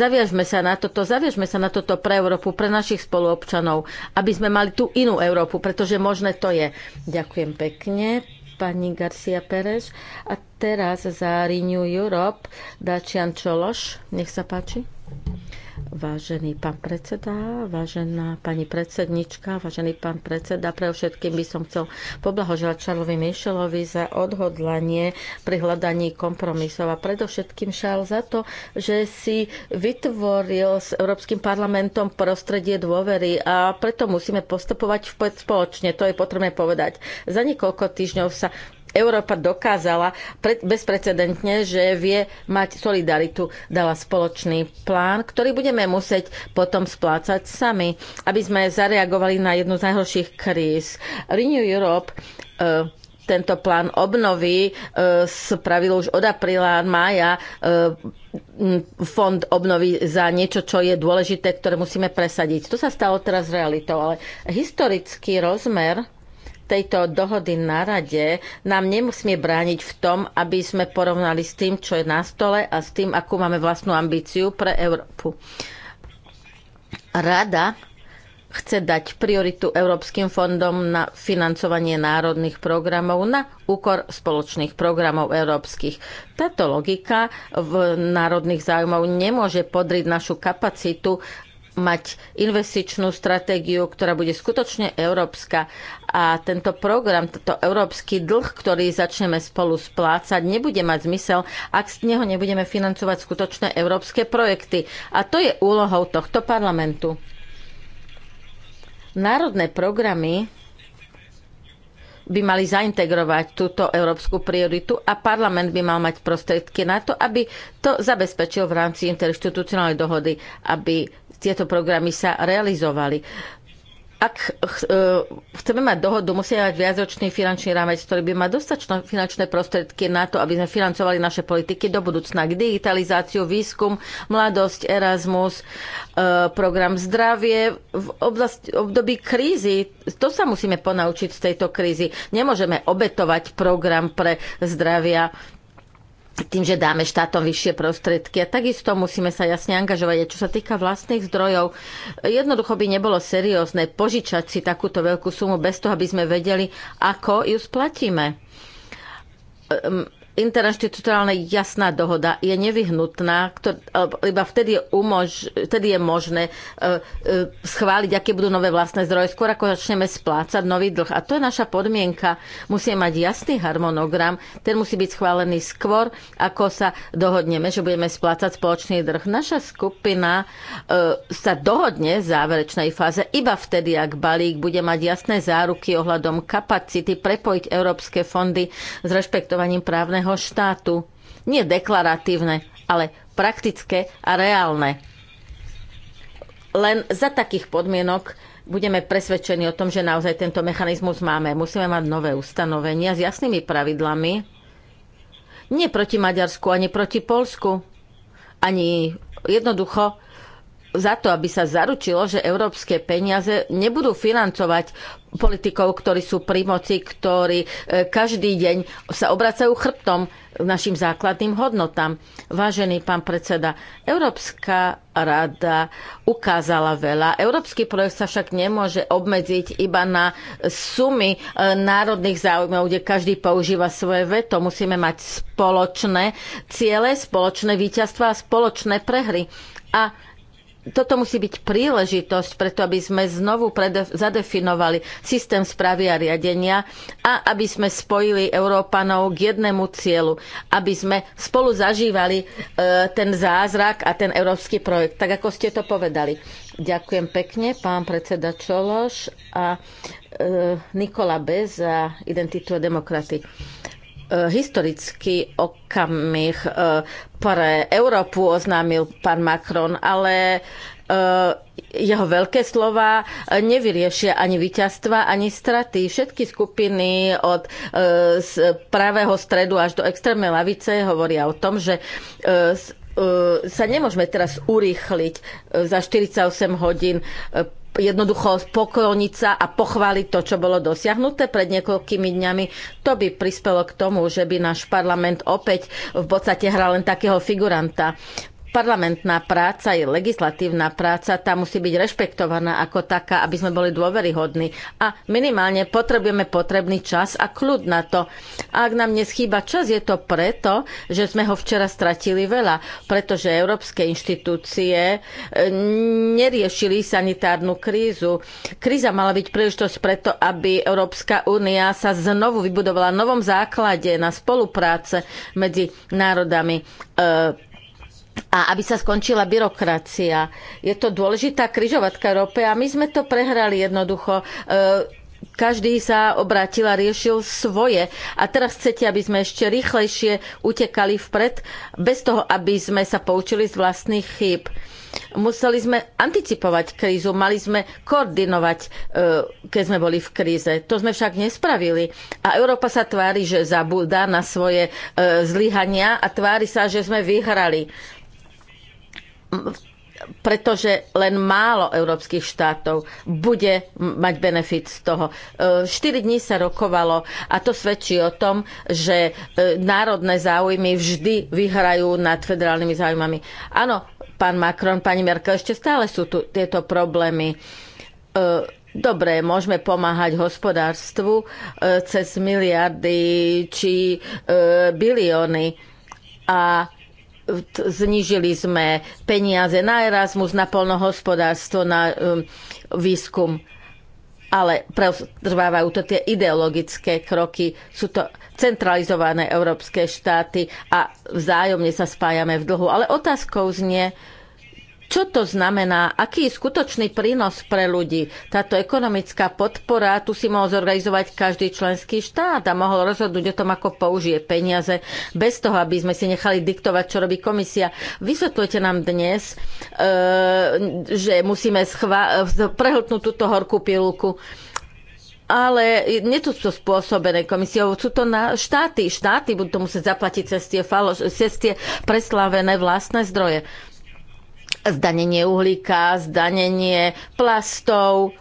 Zaviažme sa na toto, zaviažme sa na toto pre Európu, pre našich spoluobčanov, aby sme mali tú inú Európu, pretože možné to je. Ďakujem pekne pani Garcia Pérez. A teraz za Renew Europe Dačian Čološ. Nech sa páči. Vážený pán predseda, vážená pani predsednička, vážený pán predseda, pre všetkým by som chcel poblahoželať Charlesovi Michelovi za odhodlanie pri hľadaní kompromisov a predovšetkým Charles za to, že si vytvoril s Európskym parlamentom prostredie dôvery a preto musíme postupovať spoločne, to je potrebné povedať. Za niekoľko týždňov sa Európa dokázala bezprecedentne, že vie mať solidaritu, dala spoločný plán, ktorý budeme musieť potom splácať sami, aby sme zareagovali na jednu z najhorších kríz. Renew Europe e, tento plán obnovy e, spravil už od apríla, mája e, fond obnovy za niečo, čo je dôležité, ktoré musíme presadiť. To sa stalo teraz realitou, ale historický rozmer tejto dohody na rade nám nemusíme brániť v tom, aby sme porovnali s tým, čo je na stole a s tým, akú máme vlastnú ambíciu pre Európu. Rada chce dať prioritu Európskym fondom na financovanie národných programov na úkor spoločných programov európskych. Táto logika v národných zájmov nemôže podriť našu kapacitu mať investičnú stratégiu, ktorá bude skutočne európska a tento program, tento európsky dlh, ktorý začneme spolu splácať, nebude mať zmysel, ak z neho nebudeme financovať skutočné európske projekty. A to je úlohou tohto parlamentu. Národné programy by mali zaintegrovať túto európsku prioritu a parlament by mal mať prostriedky na to, aby to zabezpečil v rámci interinstitucionálnej dohody, aby tieto programy sa realizovali ak e, chceme mať dohodu, musíme mať viacročný finančný rámec, ktorý by mal dostačné finančné prostriedky na to, aby sme financovali naše politiky do budúcna. K digitalizáciu, výskum, mladosť, Erasmus, e, program zdravie. V oblasti, období krízy, to sa musíme ponaučiť z tejto krízy. Nemôžeme obetovať program pre zdravia tým, že dáme štátom vyššie prostriedky. A takisto musíme sa jasne angažovať. A čo sa týka vlastných zdrojov, jednoducho by nebolo seriózne požičať si takúto veľkú sumu bez toho, aby sme vedeli, ako ju splatíme ehm, interinstitucionálna jasná dohoda je nevyhnutná, ktor, e, iba vtedy je, umož, vtedy je možné e, e, schváliť, aké budú nové vlastné zdroje, skôr ako začneme splácať nový dlh. A to je naša podmienka. Musíme mať jasný harmonogram, ten musí byť schválený skôr, ako sa dohodneme, že budeme splácať spoločný dlh. Naša skupina sa dohodne v záverečnej fáze iba vtedy, ak balík bude mať jasné záruky ohľadom kapacity prepojiť európske fondy s rešpektovaním právneho právneho štátu. Nie deklaratívne, ale praktické a reálne. Len za takých podmienok budeme presvedčení o tom, že naozaj tento mechanizmus máme. Musíme mať nové ustanovenia s jasnými pravidlami. Nie proti Maďarsku, ani proti Polsku. Ani jednoducho za to, aby sa zaručilo, že európske peniaze nebudú financovať politikov, ktorí sú pri moci, ktorí e, každý deň sa obracajú chrbtom našim základným hodnotám. Vážený pán predseda, Európska rada ukázala veľa. Európsky projekt sa však nemôže obmedziť iba na sumy e, národných záujmov, kde každý používa svoje veto. Musíme mať spoločné ciele, spoločné víťazstva a spoločné prehry. A toto musí byť príležitosť, preto aby sme znovu zadefinovali systém správy a riadenia a aby sme spojili Európanov k jednému cieľu, aby sme spolu zažívali e, ten zázrak a ten európsky projekt, tak ako ste to povedali. Ďakujem pekne, pán predseda Čološ a e, Nikola Bez za Identitu a demokraty. E, historický okamih e, pre Európu, oznámil pán Macron, ale e, jeho veľké slova nevyriešia ani víťazstva, ani straty. Všetky skupiny od z pravého stredu až do extrémnej lavice hovoria o tom, že sa nemôžeme teraz urýchliť za 48 hodín jednoducho pokloniť sa a pochváliť to, čo bolo dosiahnuté pred niekoľkými dňami, to by prispelo k tomu, že by náš parlament opäť v podstate hral len takého figuranta parlamentná práca, je legislatívna práca, tá musí byť rešpektovaná ako taká, aby sme boli dôveryhodní. A minimálne potrebujeme potrebný čas a kľud na to. A ak nám neschýba čas, je to preto, že sme ho včera stratili veľa, pretože európske inštitúcie e, neriešili sanitárnu krízu. Kríza mala byť príležitosť preto, aby Európska únia sa znovu vybudovala v novom základe na spolupráce medzi národami. E, a aby sa skončila byrokracia. Je to dôležitá kryžovatka Európe a my sme to prehrali jednoducho. E, každý sa obrátil a riešil svoje. A teraz chcete, aby sme ešte rýchlejšie utekali vpred, bez toho, aby sme sa poučili z vlastných chýb. Museli sme anticipovať krízu, mali sme koordinovať, e, keď sme boli v kríze. To sme však nespravili. A Európa sa tvári, že zabúda na svoje e, zlyhania a tvári sa, že sme vyhrali pretože len málo európskych štátov bude mať benefit z toho. 4 e, dní sa rokovalo a to svedčí o tom, že e, národné záujmy vždy vyhrajú nad federálnymi záujmami. Áno, pán Macron, pani Merkel, ešte stále sú tu tieto problémy. E, dobre, môžeme pomáhať hospodárstvu cez miliardy či bilióny a znížili sme peniaze na Erasmus, na polnohospodárstvo, na um, výskum. Ale trvávajú to tie ideologické kroky. Sú to centralizované európske štáty a vzájomne sa spájame v dlhu. Ale otázkou znie, čo to znamená? Aký je skutočný prínos pre ľudí? Táto ekonomická podpora, tu si mohol zorganizovať každý členský štát a mohol rozhodnúť o tom, ako použije peniaze, bez toho, aby sme si nechali diktovať, čo robí komisia. Vysvetľujte nám dnes, e, že musíme e, prehltnúť túto horkú pilulku ale nie sú to spôsobené komisiou, sú to na štáty. Štáty budú to musieť zaplatiť cez tie, falo, cez tie preslavené vlastné zdroje zdanenie uhlíka, zdanenie plastov.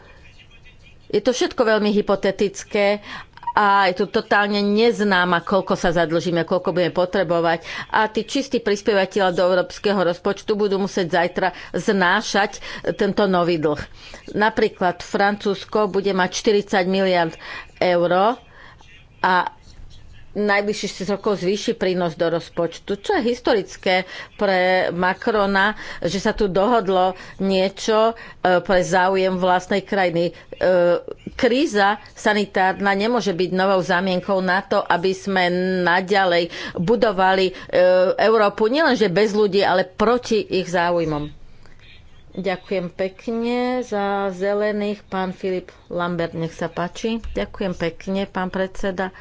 Je to všetko veľmi hypotetické a je tu totálne neznáma, koľko sa zadlžíme, koľko budeme potrebovať. A tí čistí prispievateľa do európskeho rozpočtu budú musieť zajtra znášať tento nový dlh. Napríklad Francúzsko bude mať 40 miliard eur a najbližších 6 rokov zvýši prínos do rozpočtu, čo je historické pre Macrona, že sa tu dohodlo niečo e, pre záujem vlastnej krajiny. E, kríza sanitárna nemôže byť novou zámienkou na to, aby sme naďalej budovali e, Európu nielenže bez ľudí, ale proti ich záujmom. Ďakujem pekne za zelených. Pán Filip Lambert, nech sa páči. Ďakujem pekne, pán predseda.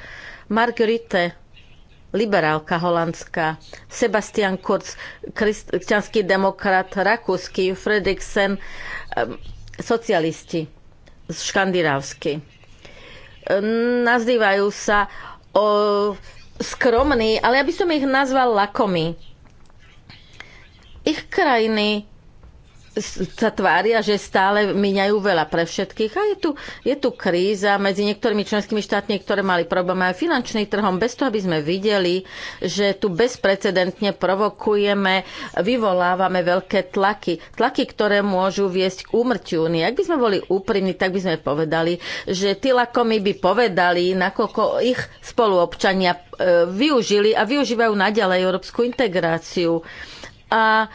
Marguerite, liberálka holandská, Sebastian Kurz, kresťanský demokrat rakúsky, Fredriksen, socialisti škandinávsky. Nazývajú sa o, skromní, ale ja by som ich nazval lakomi. Ich krajiny sa tvária, že stále miňajú veľa pre všetkých a je tu, je tu kríza medzi niektorými členskými štátmi, ktoré mali problémy aj finančným trhom, bez toho, aby sme videli, že tu bezprecedentne provokujeme, vyvolávame veľké tlaky. Tlaky, ktoré môžu viesť k úmrtiu únie. Ak by sme boli úprimní, tak by sme povedali, že tí lakomi by povedali, nakoľko ich spoluobčania e, využili a využívajú naďalej európsku integráciu. A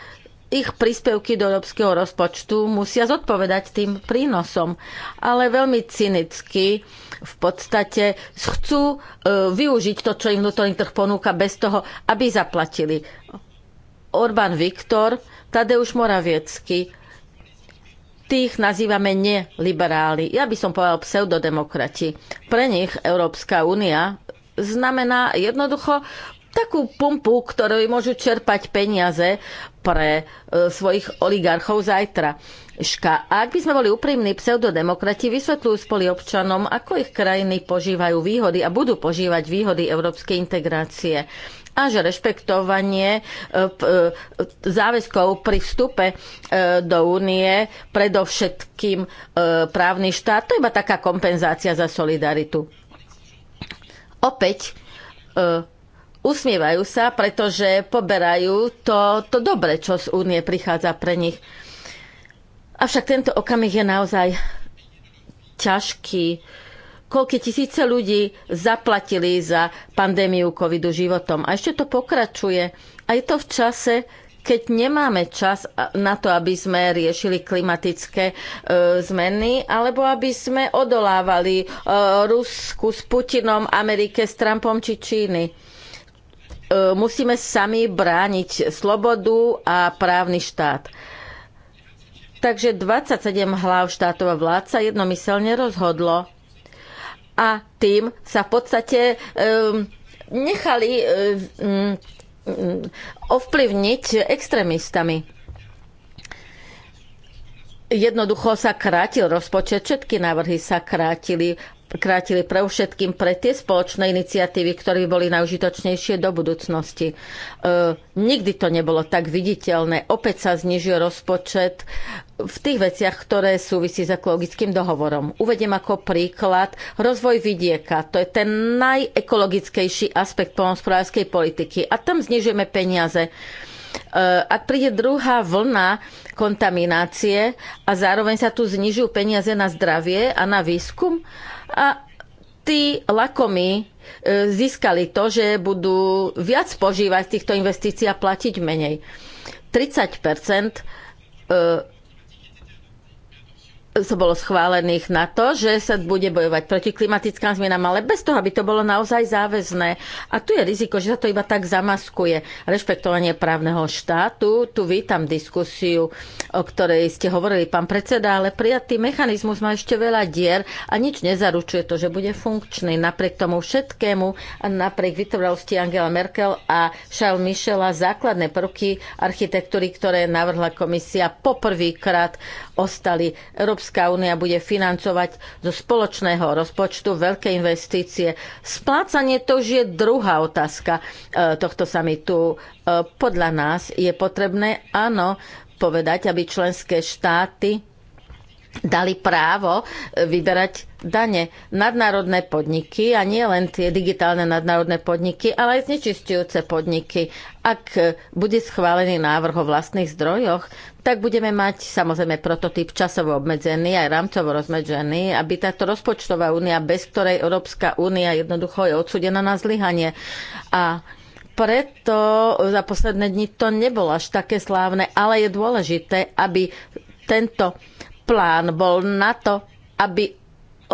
ich príspevky do európskeho rozpočtu musia zodpovedať tým prínosom. Ale veľmi cynicky v podstate chcú e, využiť to, čo im vnútorný trh ponúka bez toho, aby zaplatili. Orbán Viktor, Tadeusz Moraviecky, tých nazývame neliberáli. Ja by som povedal pseudodemokrati. Pre nich Európska únia znamená jednoducho takú pumpu, ktorú môžu čerpať peniaze pre e, svojich oligarchov zajtra. Ška. A ak by sme boli úprimní, pseudodemokrati vysvetľujú spoli občanom, ako ich krajiny požívajú výhody a budú požívať výhody európskej integrácie a že rešpektovanie e, e, záväzkov pri vstupe e, do únie, predovšetkým právny štát, to je iba taká kompenzácia za solidaritu. Opäť usmievajú sa, pretože poberajú to, to dobre, čo z únie prichádza pre nich. Avšak tento okamih je naozaj ťažký. Koľky tisíce ľudí zaplatili za pandémiu covidu životom. A ešte to pokračuje. A je to v čase, keď nemáme čas na to, aby sme riešili klimatické e, zmeny, alebo aby sme odolávali e, Rusku s Putinom, Amerike s Trumpom či Číny E, musíme sami brániť slobodu a právny štát. Takže 27 hlav štátov a vládca jednomyselne rozhodlo a tým sa v podstate um, nechali um, um, ovplyvniť extrémistami. Jednoducho sa krátil rozpočet, všetky návrhy sa krátili krátili pre všetkým pre tie spoločné iniciatívy, ktoré boli najužitočnejšie do budúcnosti. E, nikdy to nebolo tak viditeľné. Opäť sa znižil rozpočet v tých veciach, ktoré súvisí s ekologickým dohovorom. Uvediem ako príklad rozvoj vidieka. To je ten najekologickejší aspekt polnospodárskej politiky. A tam znižujeme peniaze e, ak príde druhá vlna kontaminácie a zároveň sa tu znižujú peniaze na zdravie a na výskum, a tí lakomi e, získali to, že budú viac požívať týchto investícií a platiť menej. 30 to e, bolo schválených na to, že sa bude bojovať proti klimatickým zmenám, ale bez toho, aby to bolo naozaj záväzné. A tu je riziko, že sa to iba tak zamaskuje. Rešpektovanie právneho štátu, tu vítam diskusiu, o ktorej ste hovorili, pán predseda, ale prijatý mechanizmus má ešte veľa dier a nič nezaručuje to, že bude funkčný. Napriek tomu všetkému, napriek vytrvalosti Angela Merkel a Charles Michela, základné prvky architektúry, ktoré navrhla komisia, poprvýkrát ostali Európska únia bude financovať zo spoločného rozpočtu veľké investície. Splácanie to už je druhá otázka e, tohto samitu. E, podľa nás je potrebné, áno, povedať, aby členské štáty dali právo e, vyberať dane nadnárodné podniky a nie len tie digitálne nadnárodné podniky, ale aj znečistujúce podniky. Ak bude schválený návrh o vlastných zdrojoch, tak budeme mať samozrejme prototyp časovo obmedzený aj rámcovo rozmedzený, aby táto rozpočtová únia, bez ktorej Európska únia jednoducho je odsudená na zlyhanie. A preto za posledné dni to nebolo až také slávne, ale je dôležité, aby tento plán bol na to, aby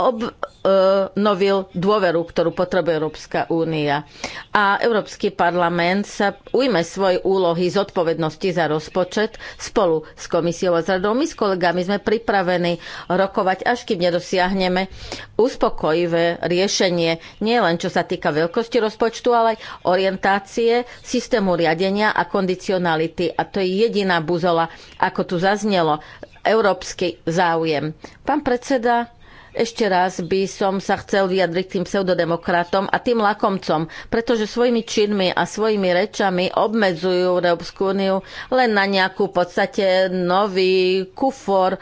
obnovil dôveru, ktorú potrebuje Európska únia. A Európsky parlament sa ujme svojej úlohy zodpovednosti za rozpočet spolu s komisiou a s radou. My s kolegami sme pripravení rokovať, až kým nedosiahneme uspokojivé riešenie, nie len čo sa týka veľkosti rozpočtu, ale aj orientácie, systému riadenia a kondicionality. A to je jediná buzola, ako tu zaznelo, európsky záujem. Pán predseda, ešte raz by som sa chcel vyjadriť tým pseudodemokratom a tým lakomcom, pretože svojimi činmi a svojimi rečami obmedzujú Európsku úniu len na nejakú podstate nový kufor e,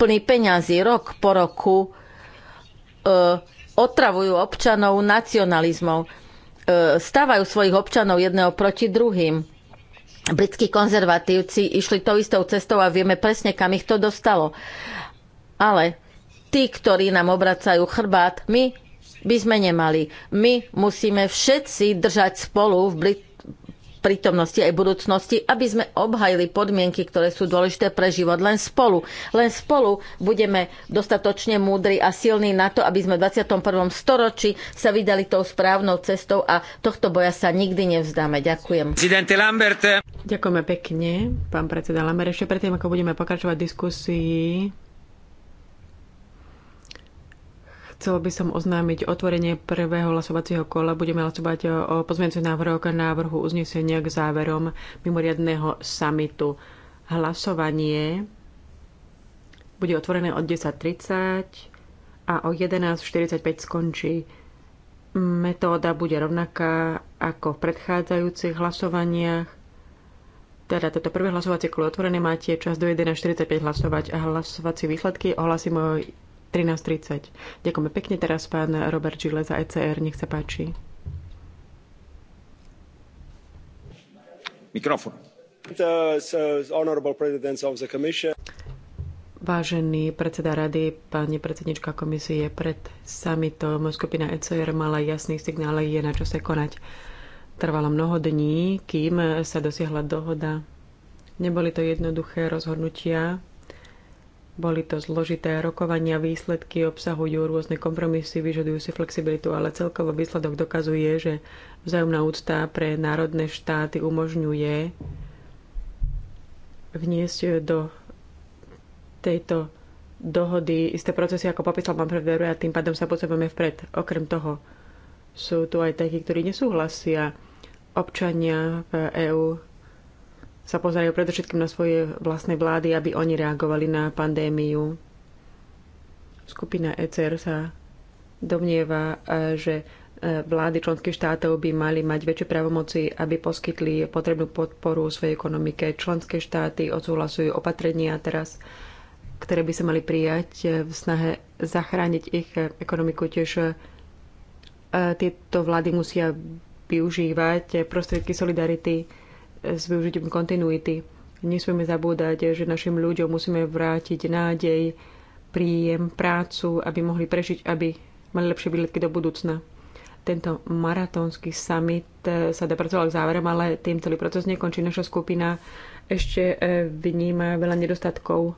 plný peňazí rok po roku. E, otravujú občanov nacionalizmom. E, stávajú svojich občanov jedného proti druhým britskí konzervatívci išli tou istou cestou a vieme presne, kam ich to dostalo. Ale tí, ktorí nám obracajú chrbát, my by sme nemali. My musíme všetci držať spolu v Brit- prítomnosti aj budúcnosti, aby sme obhajili podmienky, ktoré sú dôležité pre život. Len spolu, len spolu budeme dostatočne múdri a silní na to, aby sme v 21. storočí sa vydali tou správnou cestou a tohto boja sa nikdy nevzdáme. Ďakujem. Ďakujeme pekne, pán predseda Lambert. Ešte predtým, ako budeme pokračovať diskusii, Chcel by som oznámiť otvorenie prvého hlasovacieho kola. Budeme hlasovať o pozmeňujúcich návrhoch návrhu uznesenia k záverom mimoriadného samitu. Hlasovanie bude otvorené od 10.30 a o 11.45 skončí. Metóda bude rovnaká ako v predchádzajúcich hlasovaniach. Teda toto prvé hlasovacie kolo otvorené máte čas do 1.45 hlasovať a hlasovacie výsledky ohlasím o 13.30. Ďakujeme pekne teraz pán Robert Žile za ECR. Nech sa páči. Mikrofón. Vážený predseda rady, pani predsednička komisie, pred summitom skupina ECR mala jasný signál, je na čo sa konať. Trvalo mnoho dní, kým sa dosiahla dohoda. Neboli to jednoduché rozhodnutia, boli to zložité rokovania, výsledky obsahujú rôzne kompromisy, vyžadujú si flexibilitu, ale celkovo výsledok dokazuje, že vzájomná úcta pre národné štáty umožňuje vniesť do tejto dohody isté procesy, ako popísal pán Preveru a tým pádom sa posúvame vpred. Okrem toho sú tu aj takí, ktorí nesúhlasia občania v EÚ sa pozerajú predovšetkým na svoje vlastné vlády, aby oni reagovali na pandémiu. Skupina ECR sa domnieva, e, že e, vlády členských štátov by mali mať väčšie právomoci, aby poskytli potrebnú podporu svojej ekonomike. Členské štáty odsúhlasujú opatrenia teraz, ktoré by sa mali prijať e, v snahe zachrániť ich ekonomiku. Tiež tieto vlády musia využívať prostriedky solidarity s využitím kontinuity. Nesmieme zabúdať, že našim ľuďom musíme vrátiť nádej, príjem, prácu, aby mohli prežiť, aby mali lepšie výletky do budúcna. Tento maratónsky summit e, sa dopracoval k záverom, ale tým celý proces nekončí. Naša skupina ešte e, vníma veľa nedostatkov.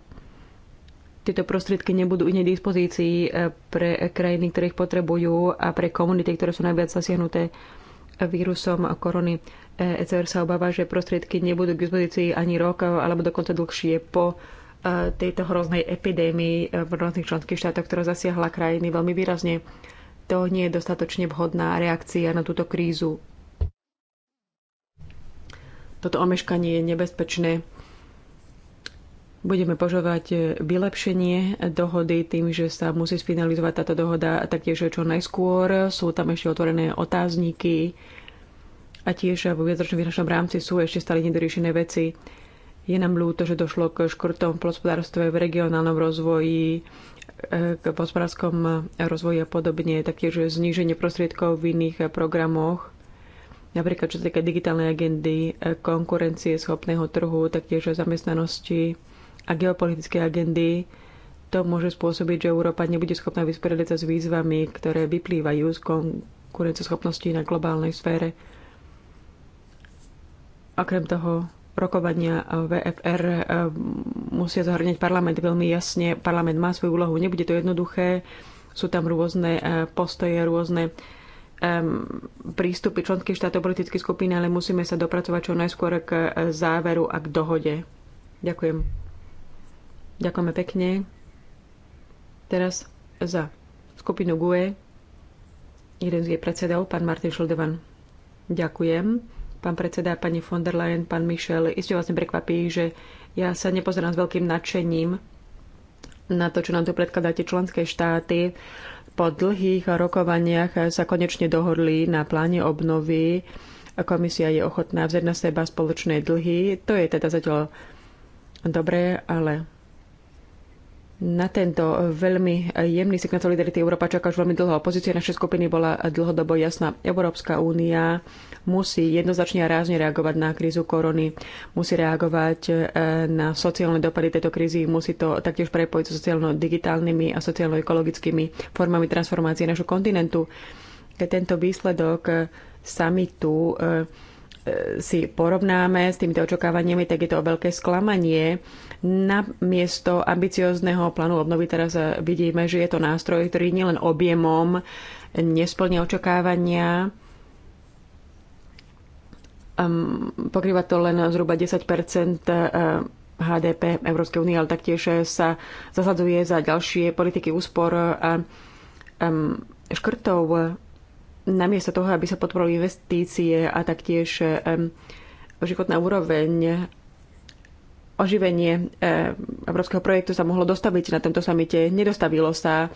Tieto prostriedky nebudú inej dispozícii e, pre krajiny, ktoré ich potrebujú a pre komunity, ktoré sú najviac zasiahnuté vírusom korony. ECR e sa obáva, že prostriedky nebudú k dispozícii ani rok alebo dokonca dlhšie po e, tejto hroznej epidémii v rôznych členských štátoch, ktorá zasiahla krajiny veľmi výrazne. To nie je dostatočne vhodná reakcia na túto krízu. Toto omeškanie je nebezpečné Budeme požovať e, vylepšenie dohody tým, že sa musí sfinalizovať táto dohoda taktiež čo najskôr. Sú tam ešte otvorené otázniky a tiež vo viedročnom finančnom rámci sú ešte stále nedoriešené veci. Je nám ľúto, že došlo k škrtom v hospodárstve, v regionálnom rozvoji, e, k hospodárskom rozvoji a podobne, taktiež zníženie prostriedkov v iných programoch, napríklad čo sa týka digitálnej agendy, e, konkurencie schopného trhu, taktiež zamestnanosti, a geopolitické agendy, to môže spôsobiť, že Európa nebude schopná vysporiadať sa s výzvami, ktoré vyplývajú z konkurenceschopnosti na globálnej sfére. Okrem toho, rokovania VFR eh, musia zahrňať parlament veľmi jasne. Parlament má svoju úlohu, nebude to jednoduché. Sú tam rôzne eh, postoje, rôzne prístupy členských štátov politických skupín, ale musíme sa dopracovať čo najskôr k eh, záveru a k dohode. Ďakujem. Ďakujeme pekne. Teraz za skupinu GUE jeden z jej predsedov, pán Martin Šuldevan. Ďakujem. Pán predseda, pani von der Leyen, pán Michel, isté vás neprekvapí, že ja sa nepozerám s veľkým nadšením na to, čo nám tu predkladáte členské štáty. Po dlhých rokovaniach sa konečne dohodli na pláne obnovy. Komisia je ochotná vzať na seba spoločné dlhy. To je teda zatiaľ dobré, ale na tento veľmi jemný signál solidarity Európa čaká už veľmi dlho. Pozícia našej skupiny bola dlhodobo jasná. Európska únia musí jednoznačne a rázne reagovať na krízu korony, musí reagovať e, na sociálne dopady tejto krízy, musí to taktiež prepojiť so sociálno-digitálnymi a sociálno-ekologickými formami transformácie našho kontinentu. Keď tento výsledok e, samitu e, si porovnáme s týmito očakávaniami, tak je to o veľké sklamanie na miesto plánu obnovy teraz vidíme, že je to nástroj, ktorý nielen objemom nesplňa očakávania, um, pokrýva to len zhruba 10 uh, HDP Európskej únie, ale taktiež sa zasadzuje za ďalšie politiky úspor a um, škrtov namiesto toho, aby sa podporili investície a taktiež um, životná úroveň oživenie eh, európskeho projektu sa mohlo dostaviť na tomto samite. Nedostavilo sa.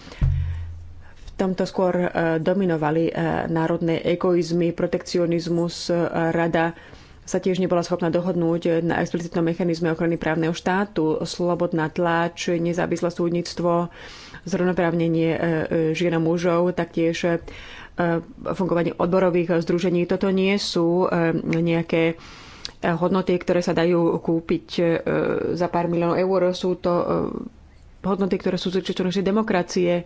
V tomto skôr eh, dominovali eh, národné egoizmy, protekcionizmus. Rada sa tiež nebola schopná dohodnúť na explicitnom mechanizme ochrany právneho štátu, slobodná tlač, nezávislé súdnictvo, zrovnoprávnenie žien a mužov, taktiež fungovanie odborových združení. Toto nie sú nejaké hodnoty, ktoré sa dajú kúpiť e, za pár miliónov eur. Sú to e, hodnoty, ktoré sú zúčastnené demokracie.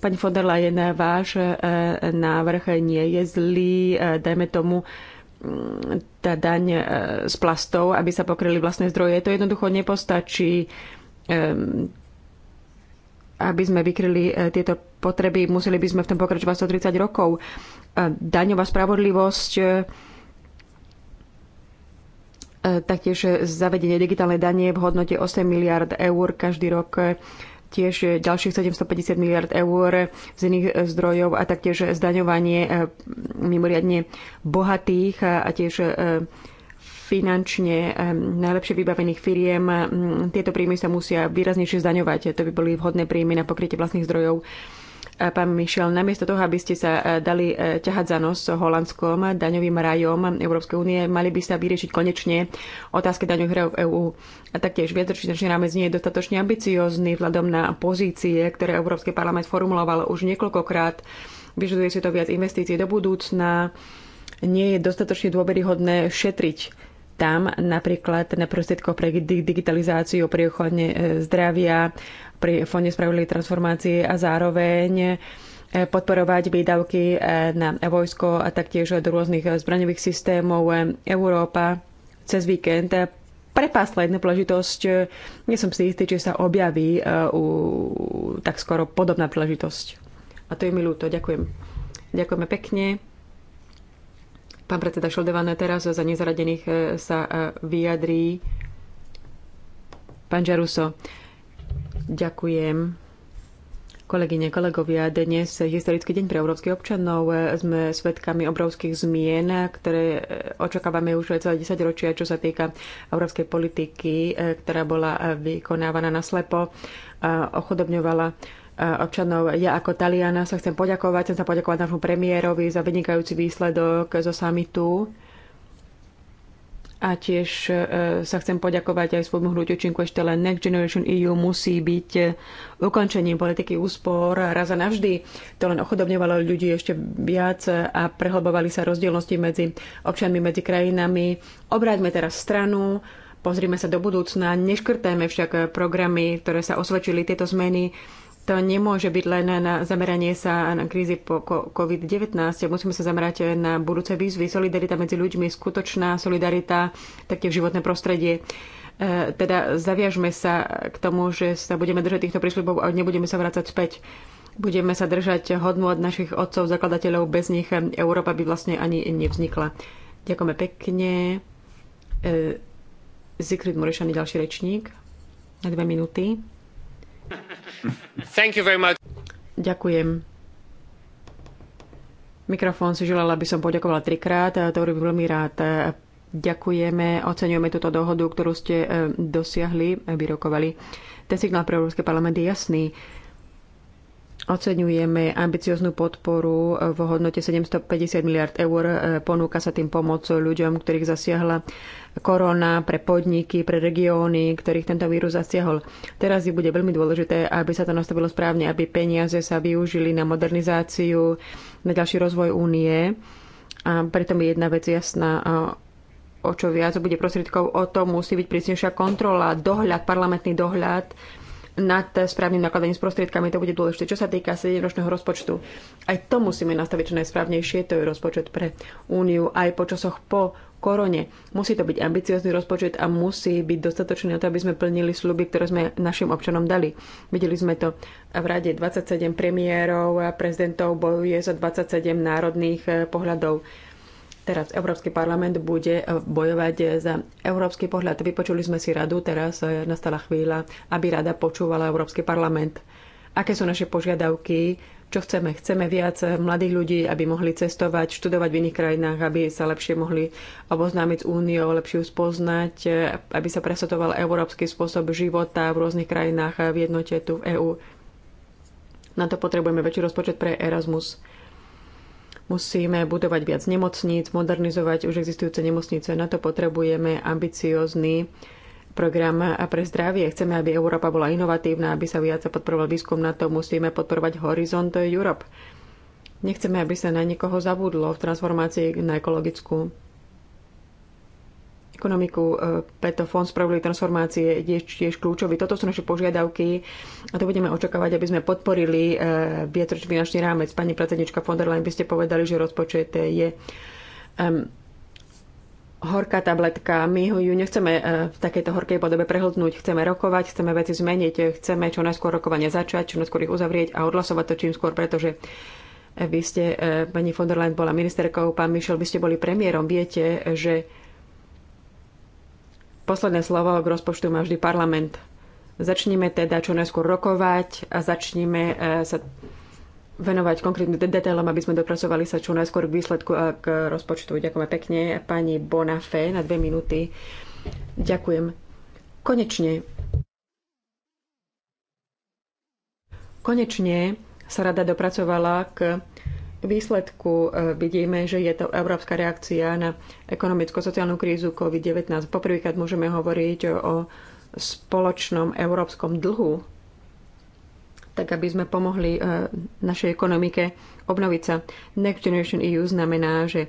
Pani von der Leyen, váš e, návrh nie je zlý. Dajme tomu, mm, tá daň z plastov, aby sa pokryli vlastné zdroje. To jednoducho nepostačí, aby sme vykryli tieto potreby. Museli by sme v tom pokračovať 130 rokov. Daňová spravodlivosť E, taktiež zavedenie digitálnej danie v hodnote 8 miliard eur každý rok e, tiež ďalších 750 miliard eur z iných e, zdrojov a taktiež zdaňovanie mimoriadne bohatých a tiež finančne najlepšie vybavených firiem. Tieto príjmy sa musia výraznejšie zdaňovať. To by boli vhodné príjmy na pokrytie vlastných zdrojov. Pán Mišel, namiesto toho, aby ste sa e, dali e, ťahať za nos holandskom daňovým rajom Európskej únie, mali by sa vyriešiť konečne otázky daňových rajov EÚ. A taktiež viacročný rámec nie je dostatočne ambiciózny vzhľadom na pozície, ktoré Európsky parlament formuloval už niekoľkokrát. Vyžaduje si to viac investícií do budúcna. Nie je dostatočne dôveryhodné šetriť tam napríklad na prostriedkoch pre digitalizáciu, pre ochrane zdravia, pri Fonde spravodlivej transformácie a zároveň eh, podporovať výdavky eh, na vojsko a taktiež do rôznych zbraňových systémov. Eh, Európa cez víkend prepásla jednu príležitosť. Nie som si istý, či sa objaví u, tak skoro podobná príležitosť. A to je mi ľúto. Ďakujem. Ďakujeme pekne. Pán predseda Šoldevan teraz za nezaradených sa vyjadrí. Pán Žaruso, Ďakujem. Kolegyne, kolegovia, dnes je historický deň pre európskych občanov. Sme svedkami obrovských zmien, ktoré eh, očakávame už celé 10 ročia, čo sa týka európskej politiky, eh, ktorá bola eh, vykonávaná na slepo, ochodobňovala občanov. Ja ako Taliana sa chcem poďakovať, chcem sa poďakovať nášmu premiérovi za vynikajúci výsledok zo samitu a tiež e, sa chcem poďakovať aj svojmu hnutiu Činku ešte len Next Generation EU musí byť e, ukončením politiky úspor raz a navždy. To len ochodobňovalo ľudí ešte viac a prehlbovali sa rozdielnosti medzi občanmi, medzi krajinami. Obráťme teraz stranu, pozrime sa do budúcna, neškrtajme však programy, ktoré sa osvedčili tieto zmeny to nemôže byť len na zameranie sa na krízy po COVID-19. Musíme sa zamerať na budúce výzvy. Solidarita medzi ľuďmi, skutočná solidarita, také životné prostredie. E, teda zaviažme sa k tomu, že sa budeme držať týchto prísľubov a nebudeme sa vrácať späť. Budeme sa držať hodnú od našich otcov, zakladateľov. Bez nich Európa by vlastne ani nevznikla. Ďakujeme pekne. Zikrid e, Morešany, ďalší rečník na dve minúty. *laughs* Thank Ďakujem. Mikrofón si želala, aby som poďakovala trikrát, to robím veľmi rád. Ďakujeme, oceňujeme túto dohodu, ktorú ste e, dosiahli, e, vyrokovali. Ten signál pre Európsky parlament je jasný. Oceňujeme ambicioznú podporu e, v hodnote 750 miliard eur. Ponúka sa tým pomoc ľuďom, ktorých zasiahla korona pre podniky, pre regióny, ktorých tento vírus zasiahol. Teraz je bude veľmi dôležité, aby sa to nastavilo správne, aby peniaze sa využili na modernizáciu, na ďalší rozvoj únie. A preto mi jedna vec jasná, o čo viac bude prostriedkov, o to musí byť prísnejšia kontrola, dohľad, parlamentný dohľad nad správnym nakladaním s prostriedkami, to bude dôležité. Čo sa týka 7-ročného rozpočtu, aj to musíme nastaviť čo najsprávnejšie, to je rozpočet pre Úniu aj po časoch po korone. Musí to byť ambiciózny rozpočet a musí byť dostatočný na to, aby sme plnili sluby, ktoré sme našim občanom dali. Videli sme to v rade 27 premiérov, a prezidentov bojuje za 27 národných eh, pohľadov. Teraz Európsky parlament bude eh, bojovať za európsky pohľad. Vypočuli sme si radu, teraz eh, nastala chvíľa, aby rada počúvala Európsky parlament. Aké sú naše požiadavky čo chceme. Chceme viac mladých ľudí, aby mohli cestovať, študovať v iných krajinách, aby sa lepšie mohli oboznámiť s úniou, lepšie ju spoznať, aby sa presatoval európsky spôsob života v rôznych krajinách v jednote tu v EÚ. Na to potrebujeme väčší rozpočet pre Erasmus. Musíme budovať viac nemocníc, modernizovať už existujúce nemocnice. Na to potrebujeme ambiciózny program a pre zdravie. Chceme, aby Európa bola inovatívna, aby sa viac podporoval výskum na to, musíme podporovať Horizont Europe. Nechceme, aby sa na nikoho zabudlo v transformácii na ekologickú ekonomiku. Preto Fond spravodlivej transformácie je tiež kľúčový. Toto sú naše požiadavky a to budeme očakávať, aby sme podporili eh, viacročný finančný rámec. Pani predsednička von der Leyen, by ste povedali, že rozpočet je um, horká tabletka. My ju nechceme e, v takejto horkej podobe prehltnúť. Chceme rokovať, chceme veci zmeniť, chceme čo najskôr rokovania začať, čo najskôr ich uzavrieť a odhlasovať to čím skôr, pretože e, vy ste, e, pani von der Leyen bola ministerkou, pán Mišel, vy ste boli premiérom, viete, že posledné slovo k rozpočtu má vždy parlament. Začníme teda čo najskôr rokovať a začníme sa venovať konkrétnym detailom, aby sme dopracovali sa čo najskôr k výsledku a k rozpočtu. Ďakujeme pekne pani Bonafé na dve minúty. Ďakujem. Konečne. Konečne sa rada dopracovala k výsledku. E, vidíme, že je to európska reakcia na ekonomicko-sociálnu krízu COVID-19. Poprvýkrát môžeme hovoriť o spoločnom európskom dlhu tak aby sme pomohli e, našej ekonomike obnoviť sa. Next Generation EU znamená, že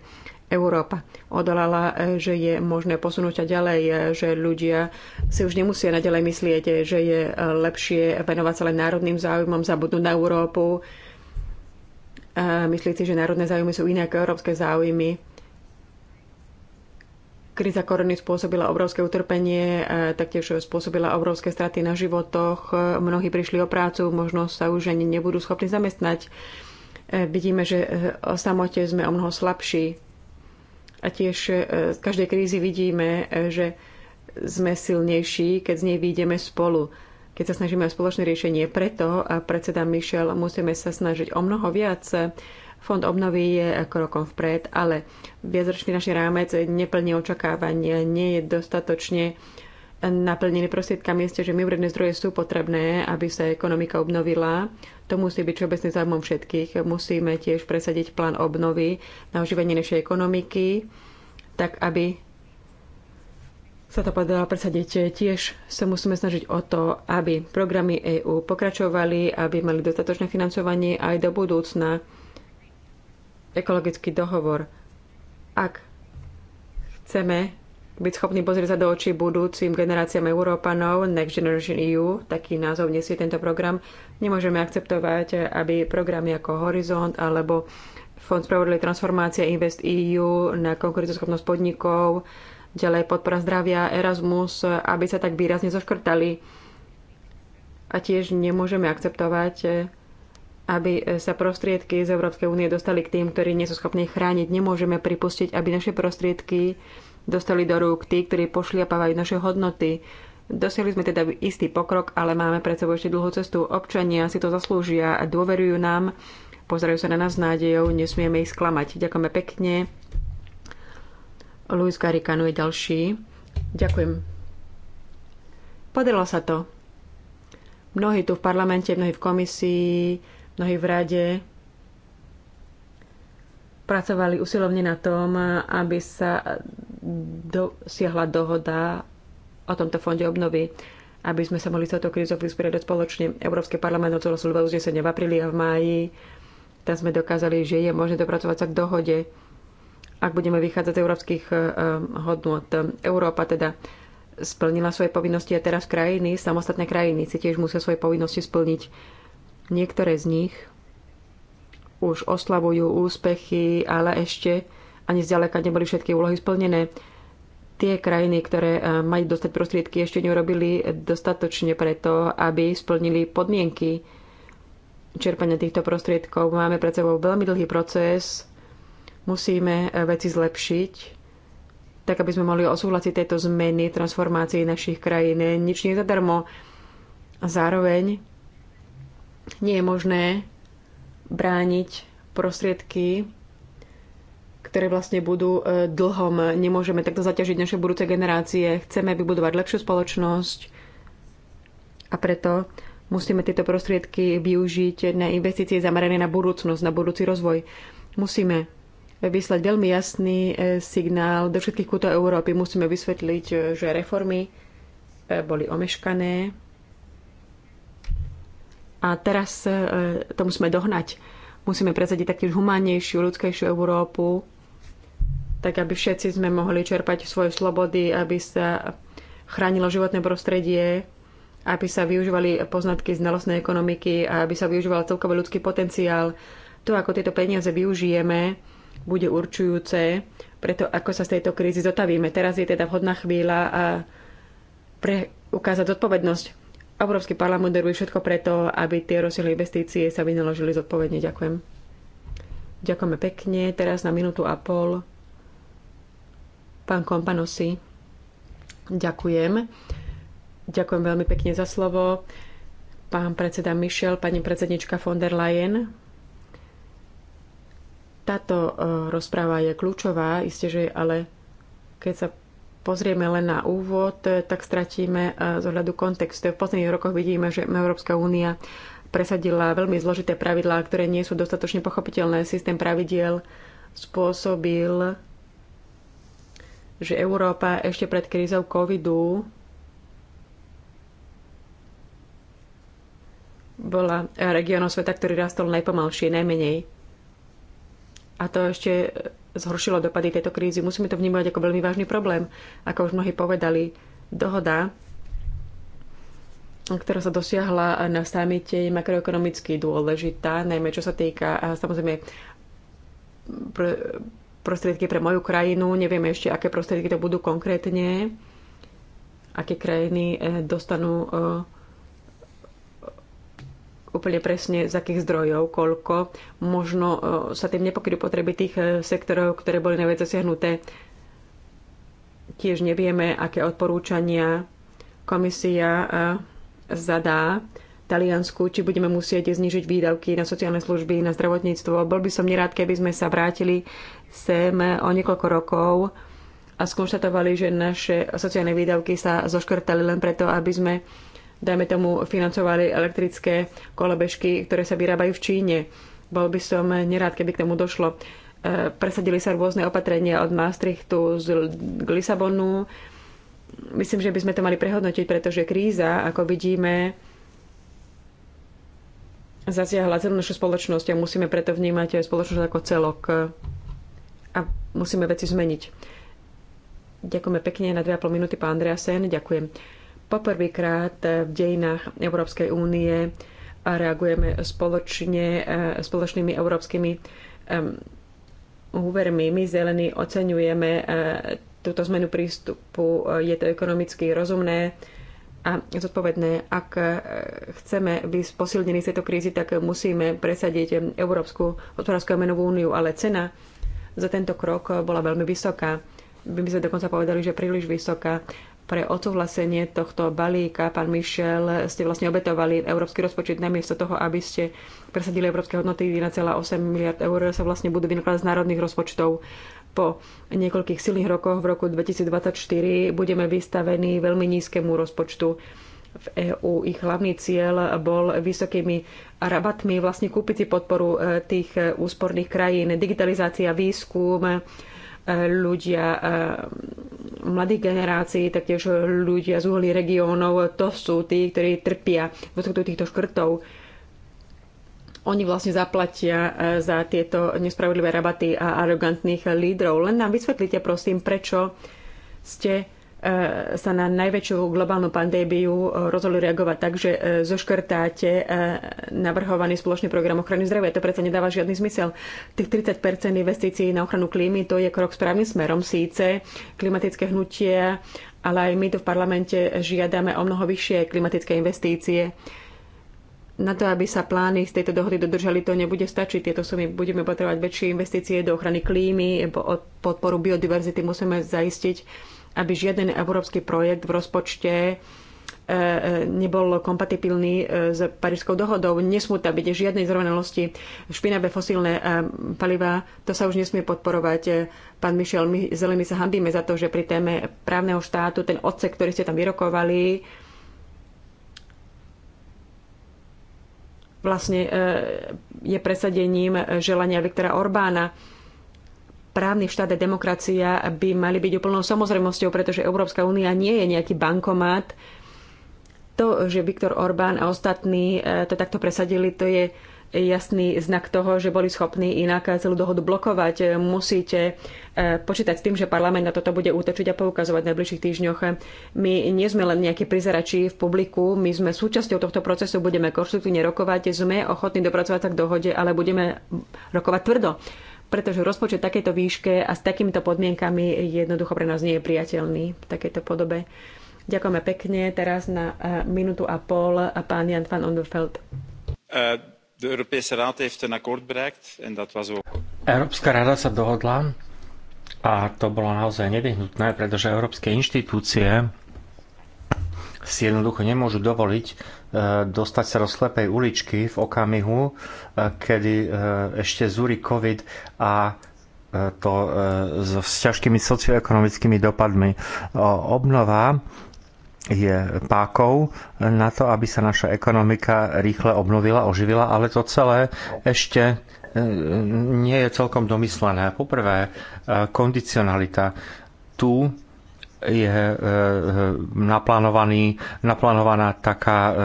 Európa odolala, e, že je možné posunúť a ďalej, e, že ľudia si už nemusia naďalej myslieť, že je lepšie venovať sa len národným záujmom, zabudnúť na Európu, myslíte, že národné záujmy sú iné ako európske záujmy Kríza korony spôsobila obrovské utrpenie, e, taktiež spôsobila obrovské straty na životoch. E, mnohí prišli o prácu, možno sa už ani nebudú schopní zamestnať. E, vidíme, že o samote sme o mnoho slabší. A tiež z každej krízy vidíme, že sme silnejší, keď z nej výjdeme spolu keď sa snažíme o spoločné riešenie. Preto predseda Michel musíme sa snažiť o mnoho viac Fond obnovy je krokom vpred, ale viacročný naši rámec neplní očakávanie, nie je dostatočne naplnený prostriedkami. Ste, že mimoriadne zdroje sú potrebné, aby sa ekonomika obnovila. To musí byť všeobecným záujmom všetkých. Musíme tiež presadiť plán obnovy na oživenie našej ekonomiky, tak aby sa to podarilo presadiť. Tiež sa musíme snažiť o to, aby programy EÚ pokračovali, aby mali dostatočné financovanie aj do budúcna ekologický dohovor. Ak chceme byť schopní pozrieť sa do očí budúcim generáciám Európanov, Next Generation EU, taký názov nesie tento program, nemôžeme akceptovať, aby programy ako Horizont alebo Fond spravodlivej transformácie Invest EU na konkurenceschopnosť podnikov, ďalej podpora zdravia, Erasmus, aby sa tak výrazne zoškrtali. A tiež nemôžeme akceptovať aby e, sa prostriedky z Európskej únie dostali k tým, ktorí nie sú schopní chrániť. Nemôžeme pripustiť, aby naše prostriedky dostali do rúk tí, ktorí pošliapávajú naše hodnoty. Dosiahli sme teda istý pokrok, ale máme pred sebou ešte dlhú cestu. Občania si to zaslúžia a dôverujú nám, pozerajú sa na nás s nádejou, nesmieme ich sklamať. Ďakujeme pekne. Luis Garikanu je ďalší. Ďakujem. Podarilo sa to. Mnohí tu v parlamente, mnohí v komisii, Mnohí v rade pracovali usilovne na tom, aby sa dosiahla dohoda o tomto fonde obnovy, aby sme sa mohli s touto krízou vysporiadať spoločne. Európsky parlament odsúhlasil dva uznesenia v apríli a v máji. Tam sme dokázali, že je možné dopracovať sa k dohode, ak budeme vychádzať z európskych eh, hodnot. Európa teda splnila svoje povinnosti a teraz krajiny, samostatné krajiny si tiež musia svoje povinnosti splniť Niektoré z nich už oslavujú úspechy, ale ešte ani zďaleka neboli všetky úlohy splnené. Tie krajiny, ktoré e, majú dostať prostriedky, ešte neurobili dostatočne preto, aby splnili podmienky čerpania týchto prostriedkov. Máme pred sebou veľmi dlhý proces, musíme e, veci zlepšiť, tak aby sme mohli osúhlasiť tieto zmeny, transformácie našich krajín. Nič nie zadarmo. zároveň nie je možné brániť prostriedky, ktoré vlastne budú e, dlhom. Nemôžeme takto zaťažiť naše budúce generácie. Chceme vybudovať lepšiu spoločnosť a preto musíme tieto prostriedky využiť na investície zamerané na budúcnosť, na budúci rozvoj. Musíme vyslať veľmi jasný e, signál do všetkých kútov Európy. Musíme vysvetliť, e, že reformy boli omeškané, a teraz e, to musíme dohnať. Musíme presadiť takú humánnejšiu, ľudskejšiu Európu, tak aby všetci sme mohli čerpať svoje slobody, aby sa chránilo životné prostredie, aby sa využívali poznatky z znalostnej ekonomiky a aby sa využíval celkový ľudský potenciál. To, ako tieto peniaze využijeme, bude určujúce preto, ako sa z tejto krízy zotavíme. Teraz je teda vhodná chvíľa a pre ukázať zodpovednosť Európsky parlament deruje všetko preto, aby tie rozsiahle investície sa vynaložili zodpovedne. Ďakujem. Ďakujeme pekne. Teraz na minútu a pol pán Kompanosi. Ďakujem. Ďakujem veľmi pekne za slovo. Pán predseda Michel, pani predsednička von der Leyen. Táto e, rozpráva je kľúčová, isté, že ale keď sa pozrieme len na úvod, e, tak stratíme e, z ohľadu kontextu. V posledných rokoch vidíme, že Európska únia presadila veľmi zložité pravidlá, ktoré nie sú dostatočne pochopiteľné. Systém pravidiel spôsobil, že Európa ešte pred krízou covidu bola regiónom sveta, ktorý rastol najpomalšie, najmenej. A to ešte zhoršilo dopady tejto krízy. Musíme to vnímať ako veľmi vážny problém. Ako už mnohí povedali, dohoda, ktorá sa dosiahla na samite, je makroekonomicky dôležitá, najmä čo sa týka samozrejme pr- prostriedky pre moju krajinu. Nevieme ešte, aké prostriedky to budú konkrétne, aké krajiny eh, dostanú eh, úplne presne, z akých zdrojov, koľko. Možno e, sa tým nepokryjú potreby tých e, sektorov, ktoré boli najviac zasiahnuté. Tiež nevieme, aké odporúčania komisia e, zadá Taliansku, či budeme musieť znižiť výdavky na sociálne služby, na zdravotníctvo. Bol by som nerád, keby sme sa vrátili sem o niekoľko rokov a skonštatovali, že naše sociálne výdavky sa zoškrtali len preto, aby sme dajme tomu, financovali elektrické kolebežky, ktoré sa vyrábajú v Číne. Bol by som nerád, keby k tomu došlo. E, presadili sa rôzne opatrenia od Maastrichtu k Lisabonu. Myslím, že by sme to mali prehodnotiť, pretože kríza, ako vidíme, zasiahla celú našu spoločnosť a musíme preto vnímať aj spoločnosť ako celok a musíme veci zmeniť. Ďakujeme pekne na 2,5 minúty, pán Andreasen. Ďakujem poprvýkrát v dejinách Európskej únie a reagujeme spoločne, e, spoločnými európskymi úvermi. My zelení oceňujeme e, túto zmenu prístupu. Je to ekonomicky rozumné a zodpovedné. Ak e, chceme byť posilnení z tejto krízy, tak musíme presadiť Európsku hospodárskú a menovú úniu, ale cena za tento krok bola veľmi vysoká. By sme dokonca povedali, že príliš vysoká pre odsúhlasenie tohto balíka, pán Michel, ste vlastne obetovali európsky rozpočet namiesto toho, aby ste presadili európske hodnoty 1,8 miliard eur sa vlastne budú vynakladať z národných rozpočtov. Po niekoľkých silných rokoch v roku 2024 budeme vystavení veľmi nízkemu rozpočtu v EÚ. Ich hlavný cieľ bol vysokými rabatmi vlastne kúpiť si podporu eh, tých eh, úsporných krajín, digitalizácia, výskum, ľudia e, mladých generácií, taktiež ľudia z uholí regiónov, to sú tí, ktorí trpia v týchto škrtov. Oni vlastne zaplatia e, za tieto nespravodlivé rabaty a arogantných lídrov. Len nám vysvetlite, prosím, prečo ste E, sa na najväčšiu globálnu pandémiu e, rozhodli reagovať tak, že e, zoškrtáte navrhovaný spoločný program ochrany zdravia. To predsa nedáva žiadny zmysel. Tých 30 investícií na ochranu klímy to je krok správnym smerom. Síce klimatické hnutie, ale aj my tu v parlamente žiadame o mnoho vyššie klimatické investície. Na to, aby sa plány z tejto dohody dodržali, to nebude stačiť. Tieto sumy budeme potrebovať väčšie investície do ochrany klímy, podporu biodiverzity musíme zaistiť aby žiaden európsky projekt v rozpočte e, e, nebol kompatibilný e, s Parížskou dohodou. Nesmú tam byť žiadnej zrovnalosti. Špinavé fosílne paliva. to sa už nesmie podporovať. Pán Mišel, my zelení sa hambíme za to, že pri téme právneho štátu ten odsek, ktorý ste tam vyrokovali, vlastne je presadením želania Viktora Orbána právny štát a demokracia by mali byť úplnou samozrejmosťou, pretože Európska únia nie je nejaký bankomat. To, že Viktor Orbán a ostatní e, to takto presadili, to je jasný znak toho, že boli schopní inak celú dohodu blokovať. Musíte e, počítať s tým, že parlament na toto bude útočiť a poukazovať v najbližších týždňoch. My nie sme len nejakí prizerači v publiku, my sme súčasťou tohto procesu, budeme konštruktívne rokovať, sme ochotní dopracovať sa k dohode, ale budeme rokovať tvrdo pretože rozpočet takéto výške a s takýmito podmienkami jednoducho pre nás nie je priateľný v takejto podobe. Ďakujeme pekne. Teraz na eh, minútu a pol a eh, pán Jan van Onderfeld. Eh, Európska rada sa dohodla a to bolo naozaj nevyhnutné, pretože európske inštitúcie si jednoducho nemôžu dovoliť e, dostať sa do slepej uličky v okamihu, e, kedy e, ešte zúri COVID a to s ťažkými socioekonomickými dopadmi. Obnova je pákou na to, aby sa naša ekonomika rýchle obnovila, oživila, ale to celé ešte nie je celkom domyslené. Poprvé, kondicionalita. Tu je e, e, naplánovaný, naplánovaná taká e,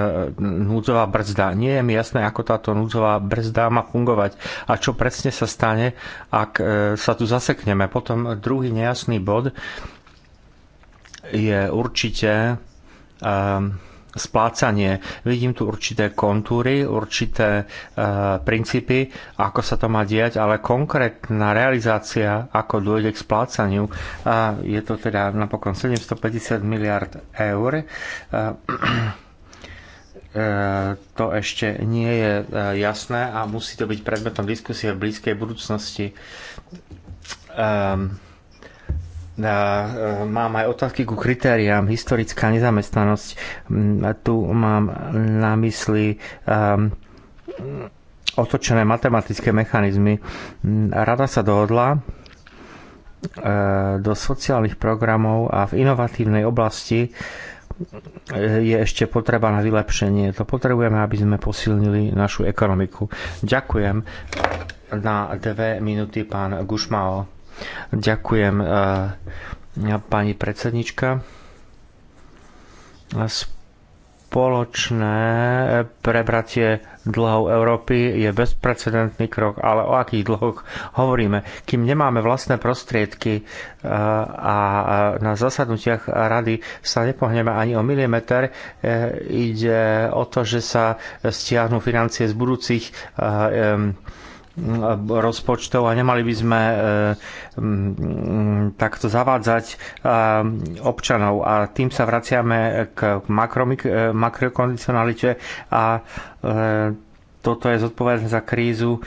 núdzová brzda. Nie je mi jasné, ako táto núdzová brzda má fungovať a čo presne sa stane, ak sa tu zasekneme. Potom druhý nejasný bod je určite um, splácanie. Vidím tu určité kontúry, určité e, princípy, ako sa to má diať, ale konkrétna realizácia, ako dôjde k splácaniu, a e, je to teda napokon 750 miliard eur. E, *clears throat* e, to ešte nie je e, jasné a musí to byť predmetom diskusie v blízkej budúcnosti. E, E, mám aj otázky ku kritériám. Historická nezamestnanosť. Mm, tu mám na mysli ehm, otočené matematické mechanizmy. Mm, rada sa dohodla e, do sociálnych programov a v inovatívnej oblasti e, je ešte potreba na vylepšenie. To potrebujeme, aby sme posilnili našu ekonomiku. Ďakujem na dve minúty pán Gušmao. Ďakujem eh, pani predsednička. Spoločné eh, prebratie dlhov Európy je bezprecedentný krok, ale o akých dlhoch hovoríme? Kým nemáme vlastné prostriedky eh, a na zasadnutiach rady sa nepohneme ani o milimeter, ide o to, že sa stiahnu financie z budúcich rozpočtov a nemali by sme e, takto zavádzať e, občanov. A tým sa vraciame k e, makrokondicionalite a toto je zodpovedné za krízu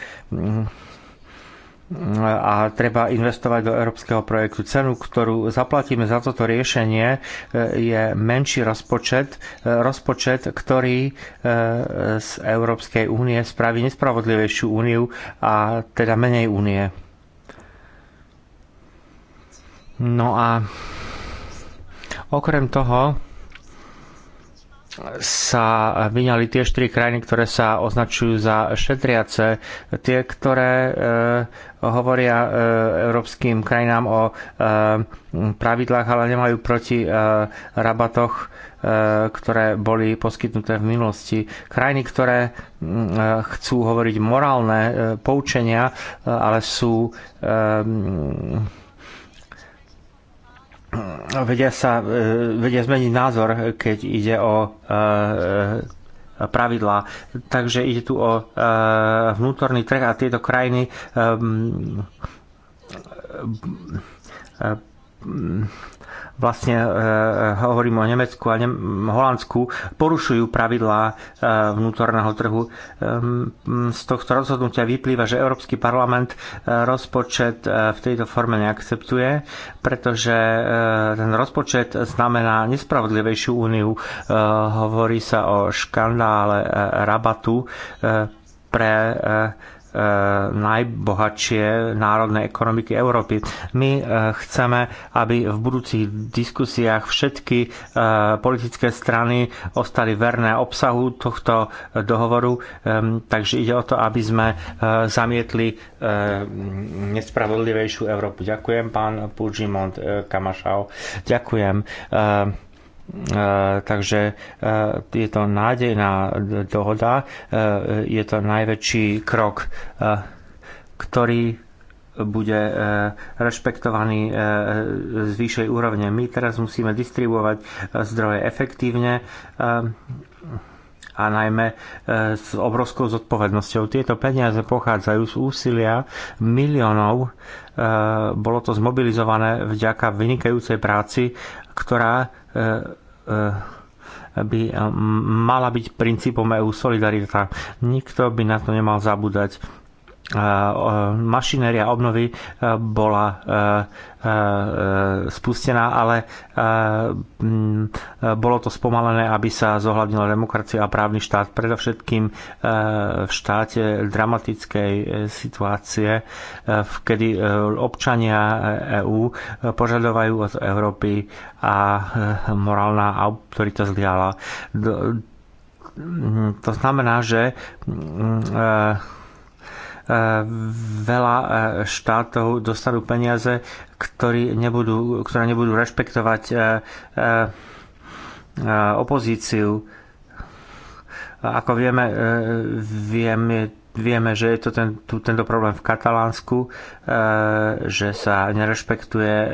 a treba investovať do európskeho projektu. Cenu, ktorú zaplatíme za toto riešenie, e, je menší rozpočet, e, rozpočet, ktorý e, z Európskej únie spraví nespravodlivejšiu úniu a teda menej únie. No a okrem toho, sa vyňali tie štyri krajiny, ktoré sa označujú za šetriace, tie, ktoré e, hovoria e, európskym krajinám o e, pravidlách, ale nemajú proti e, rabatoch, e, ktoré boli poskytnuté v minulosti. Krajiny, ktoré mm, e, chcú hovoriť morálne e, poučenia, e, ale sú e, vedia, sa, e, vedia zmeniť názor, keď ide o e, e, pravidlá. Takže ide tu o vnútorný trh a tieto krajiny vlastne e, e, hovorím o Nemecku a ne- Holandsku, porušujú pravidlá e, vnútorného trhu. E, z tohto rozhodnutia vyplýva, že Európsky parlament e, rozpočet e, v tejto forme neakceptuje, pretože e, ten rozpočet znamená nespravodlivejšiu úniu. E, hovorí sa o škandále e, rabatu e, pre e, Eh, najbohatšie národné ekonomiky Európy. My eh, chceme, aby v budúcich diskusiách všetky eh, politické strany ostali verné obsahu tohto dohovoru, takže ide o to, aby sme zamietli nespravodlivejšiu Európu. Ďakujem, pán Pujimont Kamašau. Ďakujem. E, takže e, je to nádejná dohoda, e, je to najväčší krok, ktorý bude rešpektovaný z vyššej úrovne. My teraz musíme distribuovať zdroje efektívne a najmä s obrovskou zodpovednosťou. Tieto peniaze pochádzajú z úsilia miliónov. Bolo to zmobilizované vďaka vynikajúcej práci ktorá e, e, by mala byť princípom EU solidarita. Nikto by na to nemal zabúdať mašinéria obnovy e, bola e, e, spustená, ale bolo to spomalené, aby sa zohľadnila demokracia a právny štát, predovšetkým v štáte dramatickej situácie, kedy občania EÚ požadovajú od Európy a morálna autorita zliala. To znamená, že E, veľa e, štátov dostanú peniaze, nebudú, ktoré nebudú rešpektovať e, opozíciu. Ako vieme, vieme Vieme, že je to ten, tu, tento problém v Katalánsku, e, že sa nerešpektuje e, e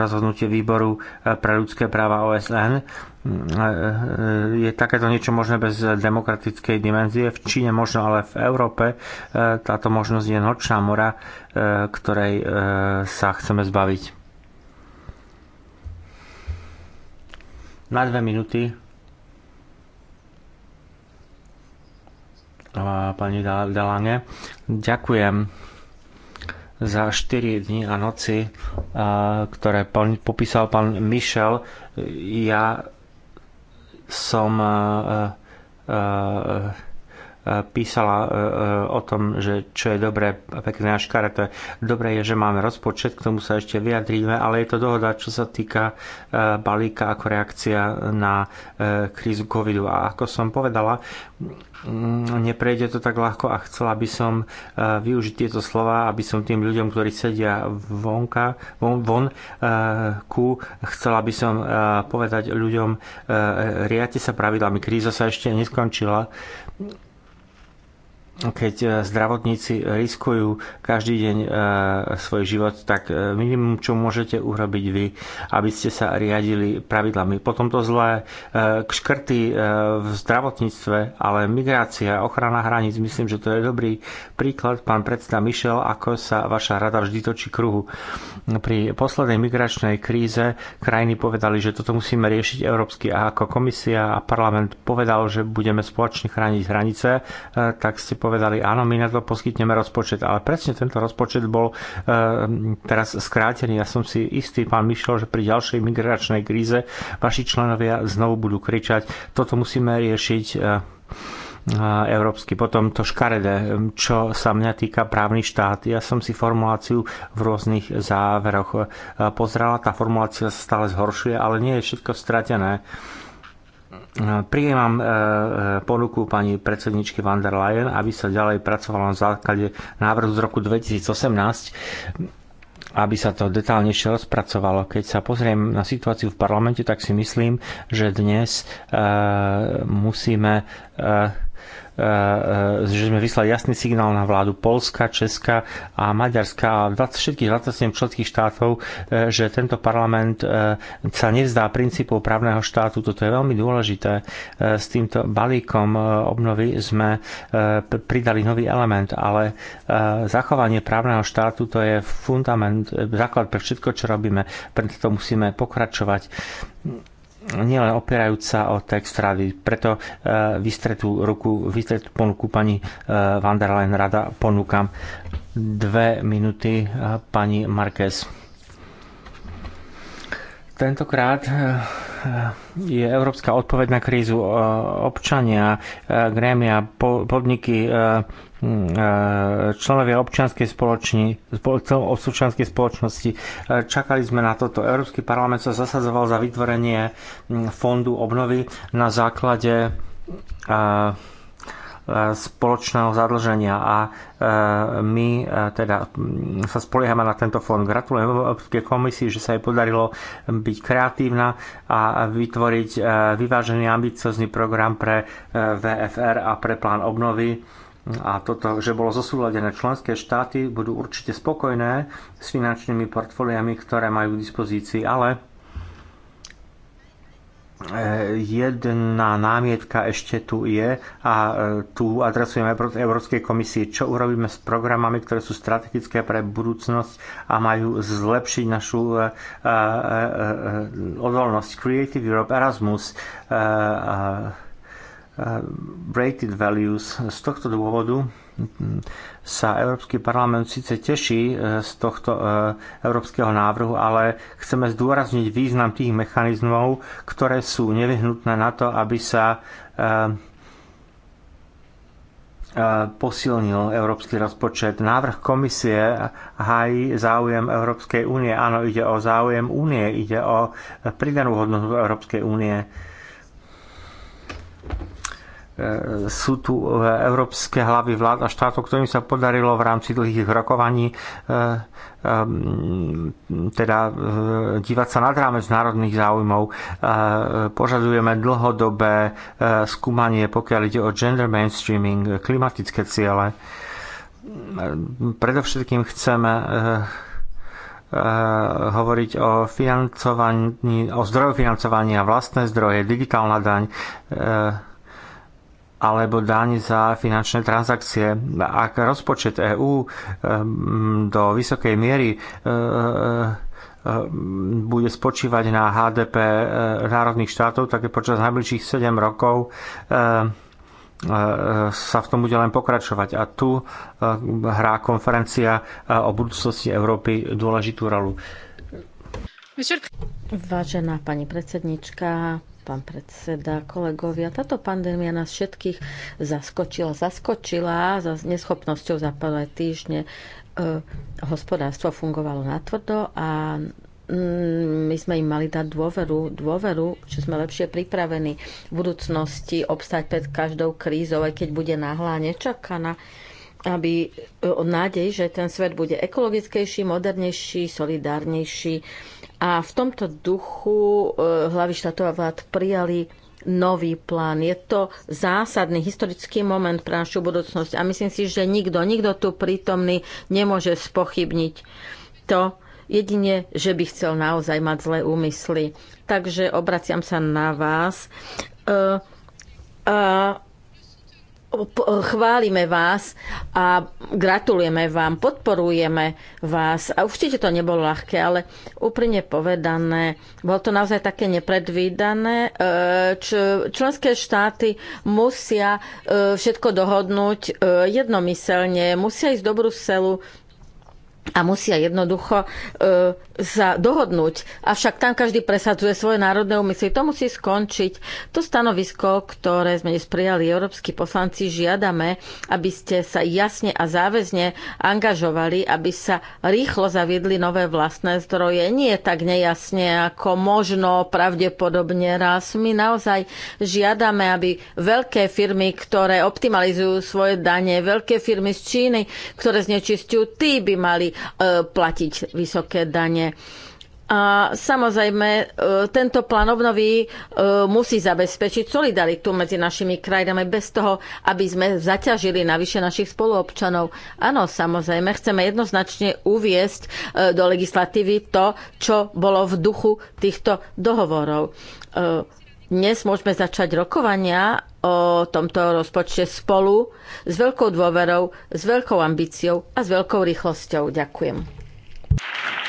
rozhodnutie výboru e, pre ľudské práva OSN. E, e, je takéto niečo možné bez demokratickej dimenzie. V Číne možno, ale v Európe e, táto možnosť je nočná mora, e, ktorej e, sa chceme zbaviť. Na dve minúty No pani Delange. Ďakujem za 4 dní a noci, ktoré popísal pán Michel. Ja som písala e, e, o tom, že čo je dobré a pekné a škaredé. Dobré je, že máme rozpočet, k tomu sa ešte vyjadríme, ale je to dohoda, čo sa týka e, balíka ako reakcia na krízu covidu. A ako som povedala, mm, neprejde to tak ľahko a chcela by som využiť tieto slova, aby som tým ľuďom, ktorí sedia vonka, von, von ku, chcela by som povedať ľuďom, riate sa pravidlami, kríza sa ešte neskončila keď e, zdravotníci riskujú každý deň e, svoj život, tak e, minimum, čo môžete urobiť vy, aby ste sa riadili pravidlami. Potom to zlé k škrty v zdravotníctve, ale migrácia, ochrana hraníc, myslím, že to je dobrý príklad, pán predseda Mišel, ako sa vaša rada vždy točí kruhu. Pri poslednej migračnej kríze krajiny povedali, že toto musíme riešiť európsky a ako komisia a parlament povedal, že budeme spoločne chrániť hranice, tak ste povedali, áno, my na to poskytneme rozpočet, ale presne tento rozpočet bol e, teraz skrátený. Ja som si istý, pán Mišel, že pri ďalšej migračnej kríze vaši členovia znovu budú kričať, toto musíme riešiť. E, e európsky. Potom to škaredé, čo sa mňa týka právny štát. Ja som si formuláciu v rôznych záveroch e, pozrela, tá formulácia sa stále zhoršuje, ale nie je všetko stratené. Prijímam e, e, ponuku pani predsedničky van der Leyen, aby sa ďalej pracovala na základe návrhu z roku 2018 aby sa to detálnejšie rozpracovalo. Keď sa pozriem na situáciu v parlamente, tak si myslím, že dnes e, musíme e, Eh, že sme vyslali jasný signál na vládu Polska, Česka a Maďarska a všetkých 27 členských štátov, eh, že tento parlament eh, sa nevzdá princípov právneho štátu. Toto je veľmi dôležité. S týmto balíkom obnovy sme pridali nový element, ale zachovanie právneho štátu to je fundament, základ pre všetko, čo robíme. Preto to musíme pokračovať nielen opierajúca o text rady. Preto vystretú e, ruku, vystretú ponuku pani e, van der Leyen rada ponúkam dve minúty e, pani Marquez. Tentokrát je európska odpoveď na krízu občania, grémia, podniky, Hm, e, členovia občianskej, spoločnosti občianskej spoločnosti. E, čakali sme na toto. Európsky parlament sa zasadzoval za vytvorenie hm, fondu obnovy na základe e, spoločného zadlženia a my teda hm, sa spoliehame na tento fond. Gratulujem Európskej komisii, že sa jej podarilo byť kreatívna a vytvoriť vyvážený ambiciozný program pre VFR a pre plán obnovy a toto, že bolo zosúladené členské štáty, budú určite spokojné s finančnými portfóliami, ktoré majú k dispozícii, ale e, jedna námietka ešte tu je a e, tu adresujeme Európskej komisii, čo urobíme s programami, ktoré sú strategické pre budúcnosť a majú zlepšiť našu e, odolnosť. Creative Europe, Erasmus, rated values. Z tohto dôvodu sa Európsky parlament síce teší e, z tohto e, európskeho návrhu, ale chceme zdôrazniť význam tých mechanizmov, ktoré sú nevyhnutné na to, aby sa e, posilnil európsky rozpočet. Návrh komisie hají záujem Európskej únie. Áno, ide o záujem únie, ide o pridanú hodnotu Európskej únie. E, sú tu e, európske hlavy vlád a štátov, ktorým sa podarilo v rámci dlhých rokovaní e, teda dívať sa nad rámec národných záujmov. Požadujeme dlhodobé skúmanie, pokiaľ ide o gender mainstreaming, klimatické ciele. Predovšetkým chceme hovoriť o financovaní, o zdroju financovania, vlastné zdroje, digitálna daň, alebo daň za finančné transakcie. Ak rozpočet EÚ do vysokej miery e, e, e, bude spočívať na HDP národných štátov, tak je počas najbližších 7 rokov sa v tom bude len pokračovať. A tu hrá konferencia o budúcnosti Európy dôležitú rolu. Vážená pani predsednička, pán predseda, kolegovia. Táto pandémia nás všetkých zaskočila, zaskočila za neschopnosťou za prvé týždne. E, hospodárstvo fungovalo natvrdo a mm, my sme im mali dať dôveru, dôveru, že sme lepšie pripravení v budúcnosti obstať pred každou krízou, aj keď bude náhla nečakaná aby e, nádej, že ten svet bude ekologickejší, modernejší, solidárnejší, a v tomto duchu e, hlavy štátov a vlád prijali nový plán. Je to zásadný historický moment pre našu budúcnosť a myslím si, že nikto, nikto tu prítomný nemôže spochybniť to, jedine, že by chcel naozaj mať zlé úmysly. Takže obraciam sa na vás. Uh, uh, chválime vás a gratulujeme vám, podporujeme vás. A určite to nebolo ľahké, ale úprimne povedané, bolo to naozaj také nepredvídané. E, členské štáty musia e, všetko dohodnúť e, jednomyselne, musia ísť do Bruselu a musia jednoducho sa dohodnúť, avšak tam každý presadzuje svoje národné úmysly. To musí skončiť. To stanovisko, ktoré sme dnes prijali európsky poslanci, žiadame, aby ste sa jasne a záväzne angažovali, aby sa rýchlo zaviedli nové vlastné zdroje. Nie tak nejasne, ako možno pravdepodobne raz. My naozaj žiadame, aby veľké firmy, ktoré optimalizujú svoje dane, veľké firmy z Číny, ktoré znečistujú, tí by mali e, platiť vysoké dane Ukrajine. A samozrejme, e, tento plán obnovy e, musí zabezpečiť solidaritu medzi našimi krajinami bez toho, aby sme zaťažili navyše našich spoluobčanov. Áno, samozrejme, chceme jednoznačne uviesť e, do legislatívy to, čo bolo v duchu týchto dohovorov. Dnes môžeme začať rokovania o tomto rozpočte spolu s veľkou dôverou, s veľkou ambíciou a s veľkou rýchlosťou. Ďakujem.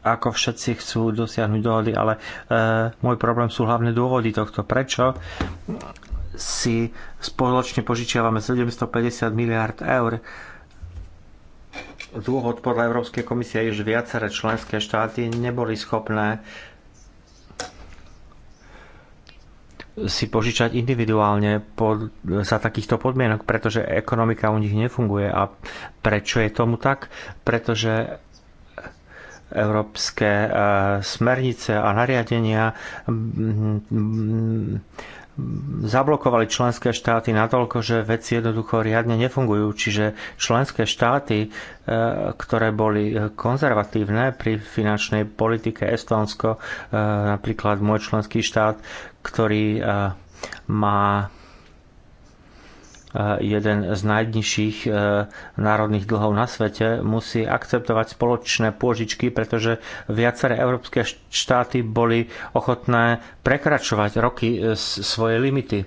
ako všetci chcú dosiahnuť dohody, ale e, môj problém sú hlavné dôvody tohto. Prečo si spoločne požičiavame 750 miliard eur? Dôvod podľa Európskej komisie je, že viaceré členské štáty neboli schopné si požičať individuálne pod, za takýchto podmienok, pretože ekonomika u nich nefunguje. A prečo je tomu tak? Pretože európske e, smernice a nariadenia zablokovali členské štáty natoľko, že veci jednoducho riadne nefungujú. Čiže členské štáty, e, ktoré boli konzervatívne pri finančnej politike Estónsko, e, napríklad môj členský štát, ktorý má jeden z najnižších e, národných dlhov na svete, musí akceptovať spoločné pôžičky, pretože viaceré európske štáty boli ochotné prekračovať roky e, svoje limity.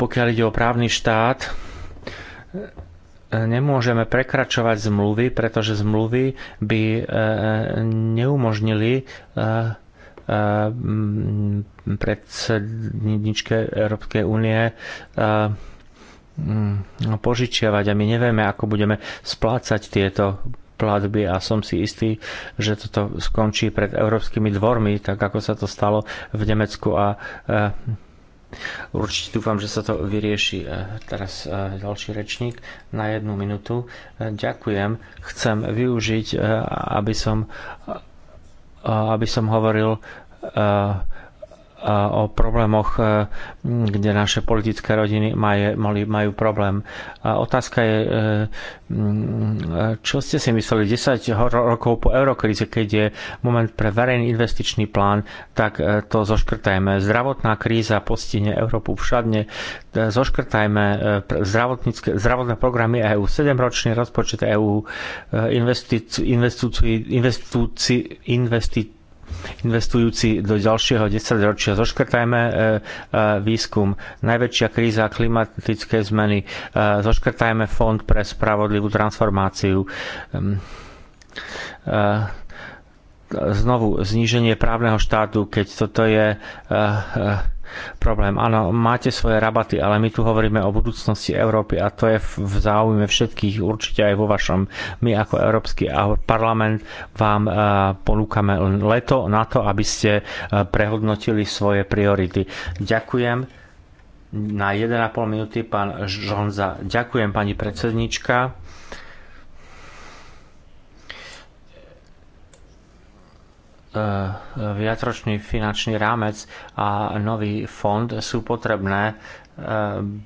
Pokiaľ ide o právny štát, e, nemôžeme prekračovať zmluvy, pretože zmluvy by neumožnili Ehm, predsedničke Európskej únie ehm, mm, požičiavať a my nevieme, ako budeme splácať tieto platby a som si istý, že toto skončí pred európskymi dvormi, tak ako sa to stalo v Nemecku a ehm, Určite dúfam, že sa to vyrieši. E, teraz e, ďalší rečník na jednu minútu. E, ďakujem. Chcem využiť, aby som aby som hovoril eh, o problémoch, e, kde naše politické rodiny majú, majú problém. A otázka je, e, čo ste si mysleli 10 rokov po eurokríze, keď je moment pre verejný investičný plán, tak e, to zoškrtajme. Zdravotná kríza postihne Európu všadne. Zoškrtajme zdravotné programy EÚ, 7-ročný rozpočet EÚ, investitúci, investitúci, investitúci investujúci do ďalšieho desaťročia. Zoškrtajme e, e, výskum. Najväčšia kríza klimatické zmeny. E, zoškrtajme fond pre spravodlivú transformáciu ehm, znovu zníženie právneho štátu, keď toto je problém. Áno, máte svoje rabaty, ale my tu hovoríme o budúcnosti Európy a to je v záujme všetkých, určite aj vo vašom. My ako Európsky parlament vám e, ponúkame leto na to, aby ste e, prehodnotili svoje priority. Ďakujem na 1,5 minúty pán Žonza. Ďakujem pani predsednička E, viacročný finančný rámec a nový fond sú potrebné e,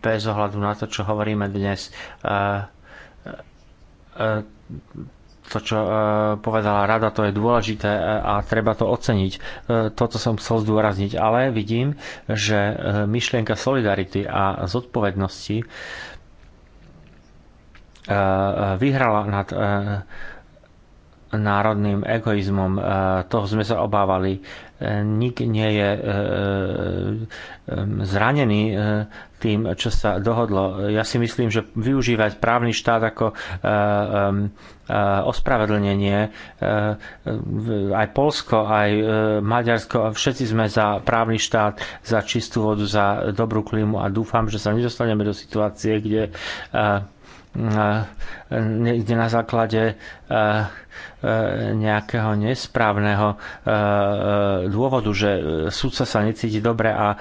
bez ohľadu na to, čo hovoríme dnes. E, to, čo povedala rada, to je dôležité a treba to oceniť. Toto som chcel zdôrazniť, ale vidím, že myšlienka solidarity a zodpovednosti vyhrala nad národným egoizmom. E, toho sme sa obávali. E, nik nie je e, zranený tým, čo sa dohodlo. Ja si myslím, že využívať právny štát ako ospravedlnenie, aj Polsko, aj Maďarsko, všetci sme za právny štát, za čistú vodu, za dobrú klímu a dúfam, že sa nedostaneme do situácie, kde na základe uh, E, nejakého nesprávneho e, e, dôvodu, že sudca sa necíti dobre a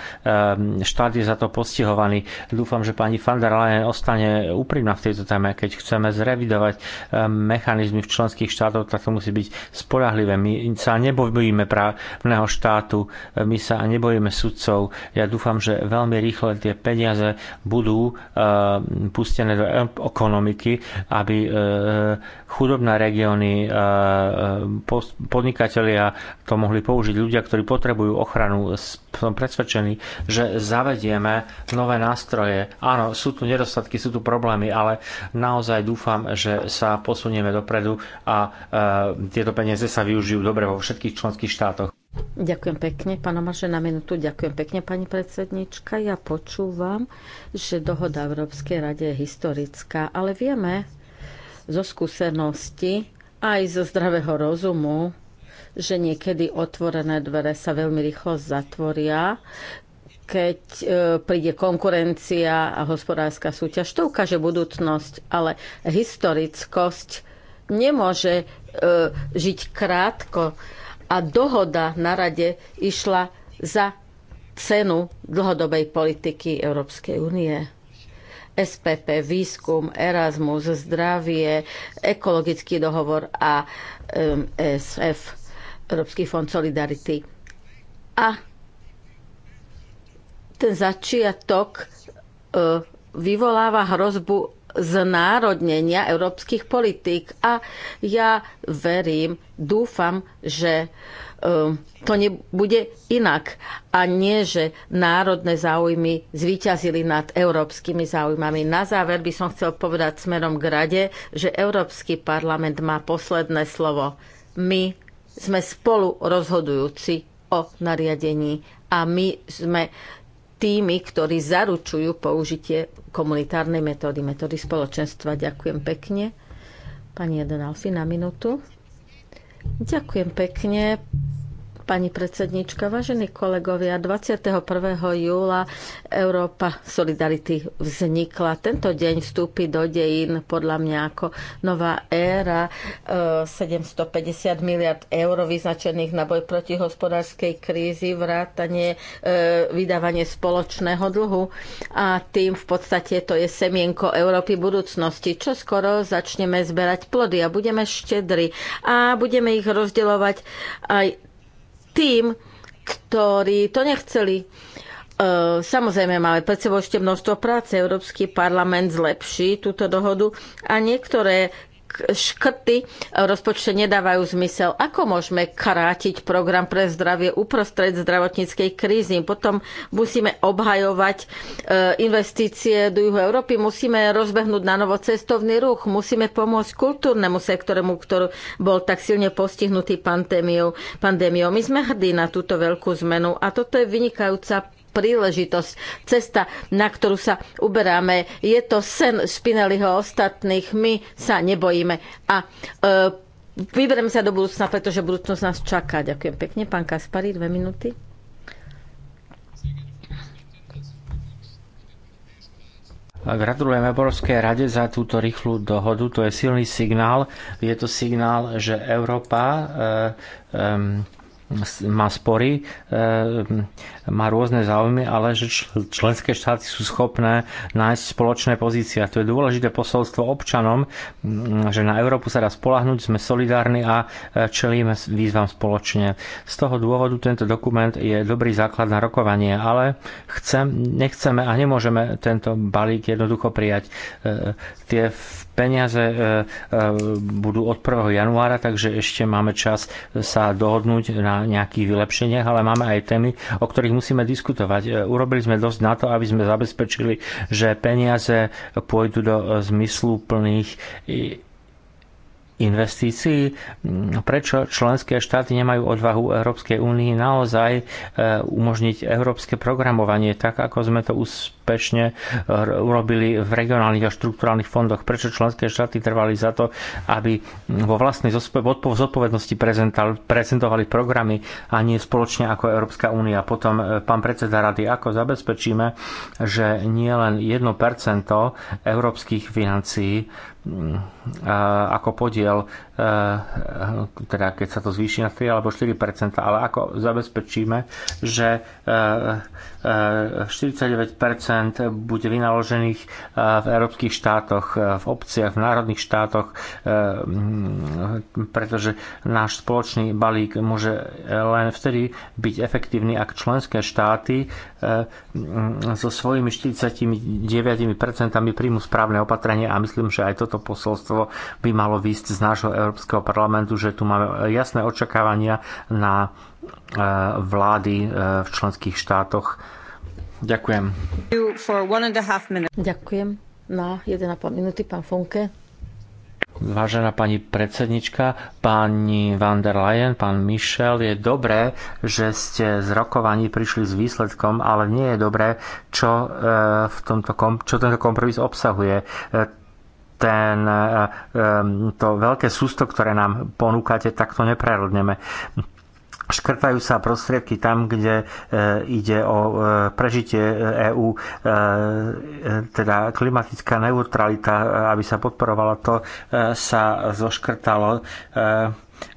štát je za to postihovaný. Dúfam, že pani van der Leyen ostane úprimná v tejto téme. Keď chceme zrevidovať mechanizmy v členských štátoch, tak to musí byť spolahlivé. My sa nebojíme právneho štátu, my sa nebojíme sudcov. Ja dúfam, že veľmi rýchle tie peniaze budú pustené do ekonomiky, aby chudobné regióny podnikatelia to mohli použiť, ľudia, ktorí potrebujú ochranu. Som presvedčený, že zavedieme nové nástroje. Áno, sú tu nedostatky, sú tu problémy, ale naozaj dúfam, že sa posunieme dopredu a tieto peniaze sa využijú dobre vo všetkých členských štátoch. Ďakujem pekne, pán Omaže, na minútu. Ďakujem pekne, pani predsednička. Ja počúvam, že dohoda Európskej rade je historická, ale vieme zo skúsenosti, aj zo zdravého rozumu, že niekedy otvorené dvere sa veľmi rýchlo zatvoria, keď e, príde konkurencia a hospodárska súťaž. To ukáže budúcnosť, ale historickosť nemôže e, žiť krátko. A dohoda na rade išla za cenu dlhodobej politiky Európskej únie. SPP, výskum, Erasmus, zdravie, ekologický dohovor a ESF, Európsky fond Solidarity. A ten začiatok e, vyvoláva hrozbu znárodnenia európskych politík. A ja verím, dúfam, že Ehm, to nebude inak. A nie, že národné záujmy zvíťazili nad európskymi záujmami. Na záver by som chcel povedať smerom k rade, že Európsky parlament má posledné slovo. My sme spolu rozhodujúci o nariadení a my sme tými, ktorí zaručujú použitie komunitárnej metódy, metódy spoločenstva. Ďakujem pekne. Pani Jedenalfi, na minútu. Ďakujem pekne pani predsednička, vážení kolegovia. 21. júla Európa Solidarity vznikla. Tento deň vstúpi do dejín podľa mňa ako nová éra. 750 e, miliard eur vyznačených na boj proti hospodárskej krízi, vrátanie, e, vydávanie spoločného dlhu a tým v podstate to je semienko Európy budúcnosti. Čo skoro začneme zberať plody a budeme štedri a budeme ich rozdeľovať aj tým, ktorí to nechceli. E, samozrejme, máme pred sebou ešte množstvo práce. Európsky parlament zlepší túto dohodu a niektoré škrty v e, rozpočte nedávajú zmysel. Ako môžeme krátiť program pre zdravie uprostred zdravotníckej krízy? Potom musíme obhajovať e, investície do juhu Európy, musíme rozbehnúť na novo cestovný ruch, musíme pomôcť kultúrnemu sektoremu, ktorý bol tak silne postihnutý pandémiou. pandémiou. My sme hrdí na túto veľkú zmenu a toto je vynikajúca príležitosť, cesta, na ktorú sa uberáme. Je to sen Spinelliho ostatných, my sa nebojíme. A e, vyberem sa do budúcna, pretože budúcnosť nás čaká. Ďakujem pekne. Pán Kaspari, dve minúty. Gratulujem Európskej rade za túto rýchlu dohodu. To je silný signál. Je to signál, že Európa e, e, má spory, e, má rôzne záujmy, ale že členské štáty sú schopné nájsť spoločné pozície. A to je dôležité posolstvo občanom, že na Európu sa dá spolahnuť, sme solidárni a e, čelíme výzvam spoločne. Z toho dôvodu tento dokument je dobrý základ na rokovanie, ale chcem, nechceme a nemôžeme tento balík jednoducho prijať. E, tie peniaze e, e, budú od 1. januára, takže ešte máme čas sa dohodnúť na nejakých vylepšeniach, ale máme aj témy, o ktorých musíme diskutovať. E, urobili sme dosť na to, aby sme zabezpečili, že peniaze pôjdu do zmyslu plných investícií. Prečo členské štáty nemajú odvahu Európskej únii naozaj umožniť európske programovanie, tak ako sme to už úspešne urobili v regionálnych a štruktúrálnych fondoch, prečo členské štáty trvali za to, aby vo vlastnej zodpovednosti prezentovali programy a nie spoločne ako Európska únia. Potom e, pán predseda rady, ako zabezpečíme, že nie len 1% európskych financií ako podiel Eh, teda keď sa to zvýši na 3 alebo 4 ale ako zabezpečíme, že 49 eh, eh, bude vynaložených v európskych štátoch, v obciach, v národných štátoch, hm, pretože náš spoločný balík môže len vtedy byť efektívny, ak členské štáty hm, so svojimi 49 príjmu správne opatrenie a myslím, že aj toto posolstvo by malo výsť z nášho európskeho Európskeho parlamentu, že tu máme jasné očakávania na e, vlády e, v členských štátoch. Ďakujem. Ďakujem. Na 1,5 minúty, pán Funke. Vážená pani predsednička, pani van der Leyen, pán Michel, je dobré, že ste z rokovaní prišli s výsledkom, ale nie je dobré, čo, e, v tomto, čo tento kompromis obsahuje ten, e, to veľké sústo, ktoré nám ponúkate, tak to neprerodneme škrtajú sa prostriedky tam, kde e, ide o e, prežitie EÚ, e, e, teda klimatická neutralita, e, aby sa podporovala, to sa zoškrtalo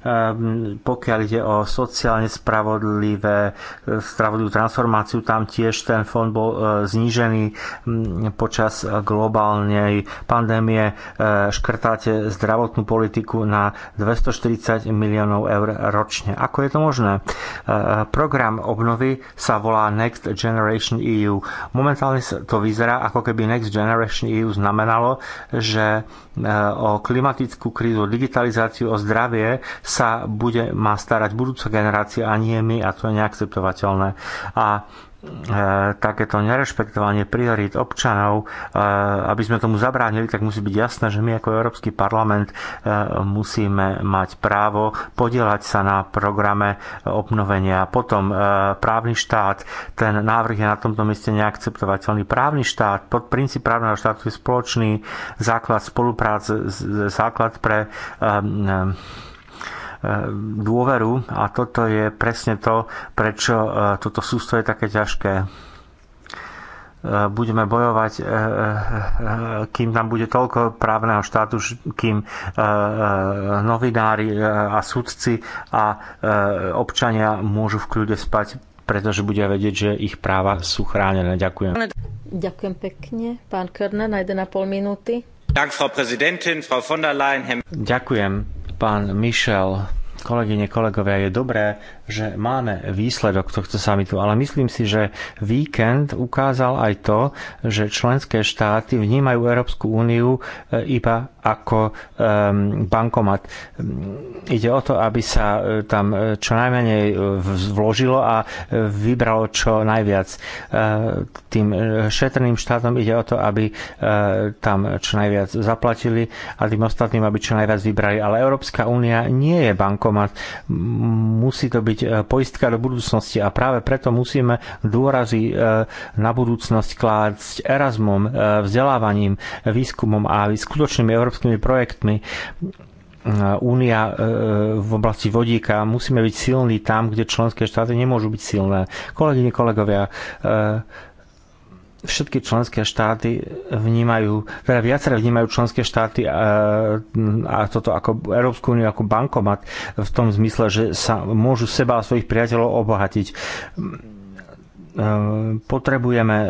Ehm, pokiaľ ide o sociálne spravodlivé, e, spravodlivú transformáciu, tam tiež ten fond bol e, znížený počas globálnej pandémie. E, škrtáte zdravotnú politiku na 240 miliónov eur ročne. Ako je to možné? Program obnovy sa volá Next Generation EU. Momentálne to vyzerá, ako keby Next Generation EU znamenalo, že o klimatickú krízu, digitalizáciu, o zdravie sa bude, má starať budúca generácia a nie my a to je neakceptovateľné. A e, takéto nerešpektovanie priorít občanov, e, aby sme tomu zabránili, tak musí byť jasné, že my ako Európsky parlament e, musíme mať právo podielať sa na programe obnovenia. Potom právny štát, ten návrh je na tomto mieste neakceptovateľný. Právny štát, pod princíp právneho štátu je spoločný základ spolupráce, základ pre E, dôveru a toto je presne to, prečo e, toto sústo je také ťažké. E, budeme bojovať, kým tam bude toľko právneho štátu, kým novinári a sudci a občania môžu v kľude spať, pretože budia vedieť, že ich práva sú chránené. Ďakujem. Ďakujem pekne. Pán Körner, na 1,5 minúty. Ďakujem. Pán Michel, Kolegyne, kolegovia, je dobré, že máme výsledok tohto samitu, ale myslím si, že víkend ukázal aj to, že členské štáty vnímajú Európsku úniu eh, iba ako ehm, bankomat. Hm, ide o to, aby sa eh, tam eh, čo najmenej vložilo a vybralo čo najviac. Tým šetrným štátom ide o to, aby tam čo najviac zaplatili a tým ostatným, aby čo najviac vybrali. Ale Európska únia nie je bankomat a musí to byť e, poistka do budúcnosti a práve preto musíme dôrazy e, na budúcnosť klásť Erasmom, e, vzdelávaním, výskumom a skutočnými európskymi projektmi. Únia v oblasti vodíka. Musíme byť silní tam, kde členské štáty nemôžu byť silné. Kolegyne, kolegovia, všetky členské štáty vnímajú, teda viaceré vnímajú členské štáty a, a toto ako Európsku úniu ako bankomat v tom zmysle, že sa môžu seba a svojich priateľov obohatiť ehm, potrebujeme e,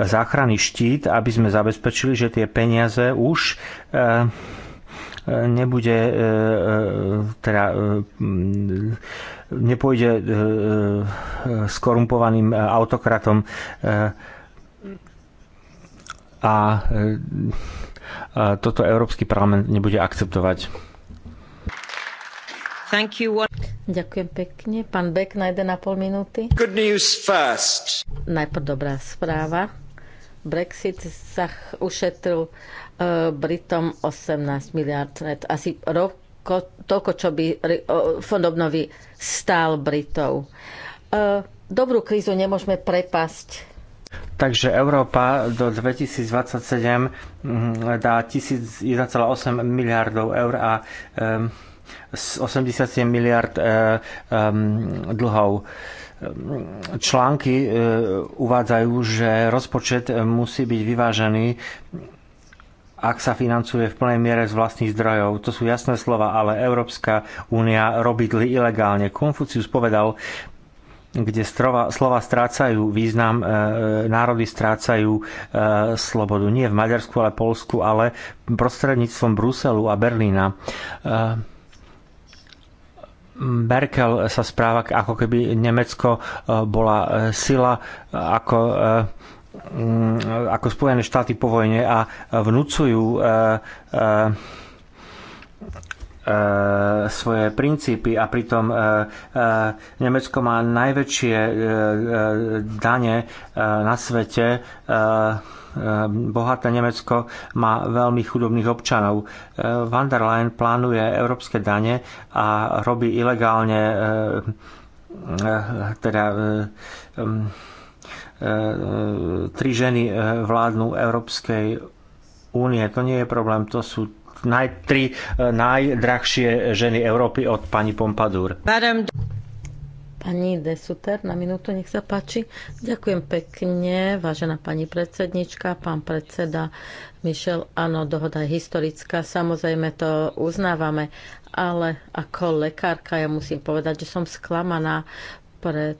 záchranný štít, aby sme zabezpečili, že tie peniaze už e, e, nebude teda nepôjde skorumpovaným autokratom E, a toto Európsky parlament nebude akceptovať. Ďakujem pekne. Pán Beck na 1,5 minúty. Good news first. Najprv dobrá správa. Brexit sa ušetril uh, Britom 18 miliard net. Asi rok, toľko, čo by uh, fond obnovy stál Britov. Uh, dobrú krízu nemôžeme prepasť Takže Európa do 2027 mm, dá 1,8 miliardov eur a 87 miliard e, dlhov. Články e, uvádzajú, že rozpočet musí byť vyvážený ak sa financuje v plnej miere z vlastných zdrojov. To sú jasné slova, ale Európska únia robí dly ilegálne. Konfucius povedal, kde strova, slova strácajú význam, e, e, národy strácajú e, slobodu. Nie v Maďarsku, ale Polsku, ale prostredníctvom Bruselu a Berlína. E, Merkel sa správa, ako keby Nemecko e, bola e, sila, ako ako Spojené štáty po vojne a vnúcujú E, svoje princípy a pritom e, e, Nemecko má najväčšie dane na svete. Bohaté Nemecko má veľmi chudobných občanov. Van der Leyen plánuje európske dane a robí ilegálne teda tri ženy vládnu Európskej únie. To nie je problém, to sú naj, tri eh, najdrahšie ženy Európy od pani Pompadour. Pani Desuter, na minútu nech sa páči. Ďakujem pekne, vážená pani predsednička, pán predseda Michel. Áno, dohoda je historická, samozrejme to uznávame, ale ako lekárka ja musím povedať, že som sklamaná, pre...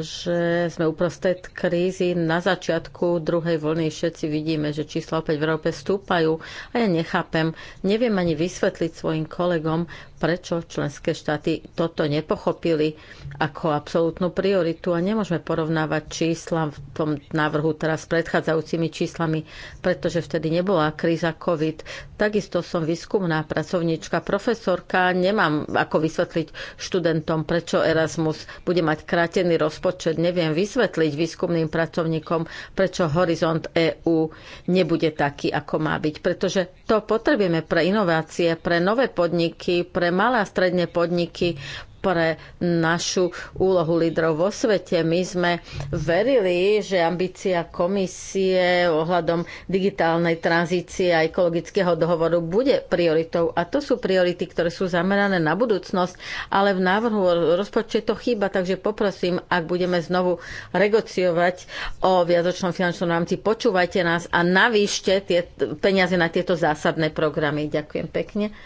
Že sme uprostred krízy. Na začiatku druhej vlny všetci vidíme, že čísla opäť v Európe stúpajú a ja nechápem, neviem ani vysvetliť svojim kolegom, prečo členské štáty toto nepochopili ako absolútnu prioritu a nemôžeme porovnávať čísla v tom návrhu teraz s predchádzajúcimi číslami, pretože vtedy nebola kríza COVID. Takisto som výskumná pracovníčka, profesorka, nemám ako vysvetliť študentom, prečo Erasmus bude mať krátený rozpočet, neviem vysvetliť výskumným pracovníkom, prečo Horizont EÚ nebude taký, ako má byť, pretože to potrebujeme pre inovácie, pre nové podniky, pre malé a stredné podniky, pre našu úlohu lídrov vo svete. My sme verili, že ambícia komisie ohľadom digitálnej tranzície a ekologického dohovoru bude prioritou. A to sú priority, ktoré sú zamerané na budúcnosť, ale v návrhu rozpočte to chýba, takže poprosím, ak budeme znovu negociovať o viacočnom finančnom rámci, počúvajte nás a navýšte tie peniaze na tieto zásadné programy. Ďakujem pekne.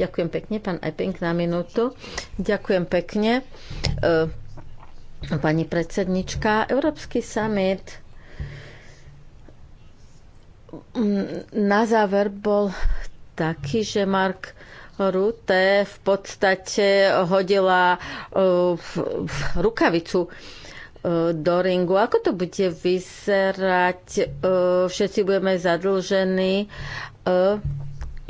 Ďakujem pekne, pán Epping, na minútu. Ďakujem pekne. E, pani predsednička, Európsky summit na záver bol taký, že Mark Rute v podstate hodila e, v rukavicu e, do ringu. Ako to bude vyzerať? všetci budeme zadlžení.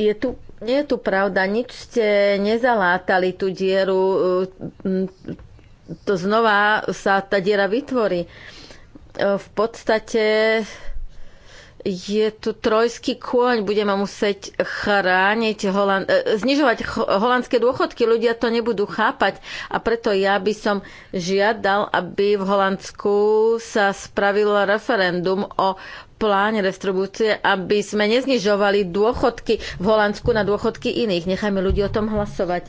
Je tu nie je tu pravda, nič ste nezalátali tú dieru, e, to znova sa tá diera vytvorí. E, v podstate je tu trojský kôň, budeme musieť chrániť Holand- e, znižovať holandské dôchodky, ľudia to nebudú chápať a preto ja by som žiadal, aby v Holandsku sa spravilo referendum o pláne restribúcie, aby sme neznižovali dôchodky v Holandsku na dôchodky iných. Nechajme ľudí o tom hlasovať.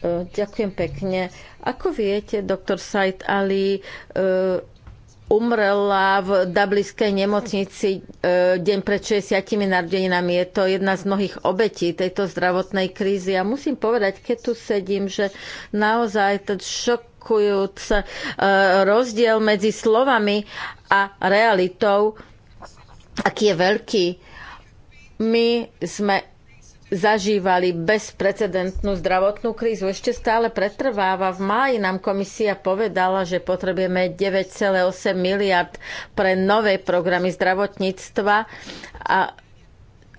E, ďakujem pekne. Ako viete, doktor Said Ali e, umrela v Dublinskej nemocnici e, deň pred 60 narodeninami. Je to jedna z mnohých obetí tejto zdravotnej krízy. A musím povedať, keď tu sedím, že naozaj ten šokujúci e, rozdiel medzi slovami a realitou, aký je veľký. My sme zažívali bezprecedentnú zdravotnú krízu. Ešte stále pretrváva. V máji nám komisia povedala, že potrebujeme 9,8 miliard pre nové programy zdravotníctva a,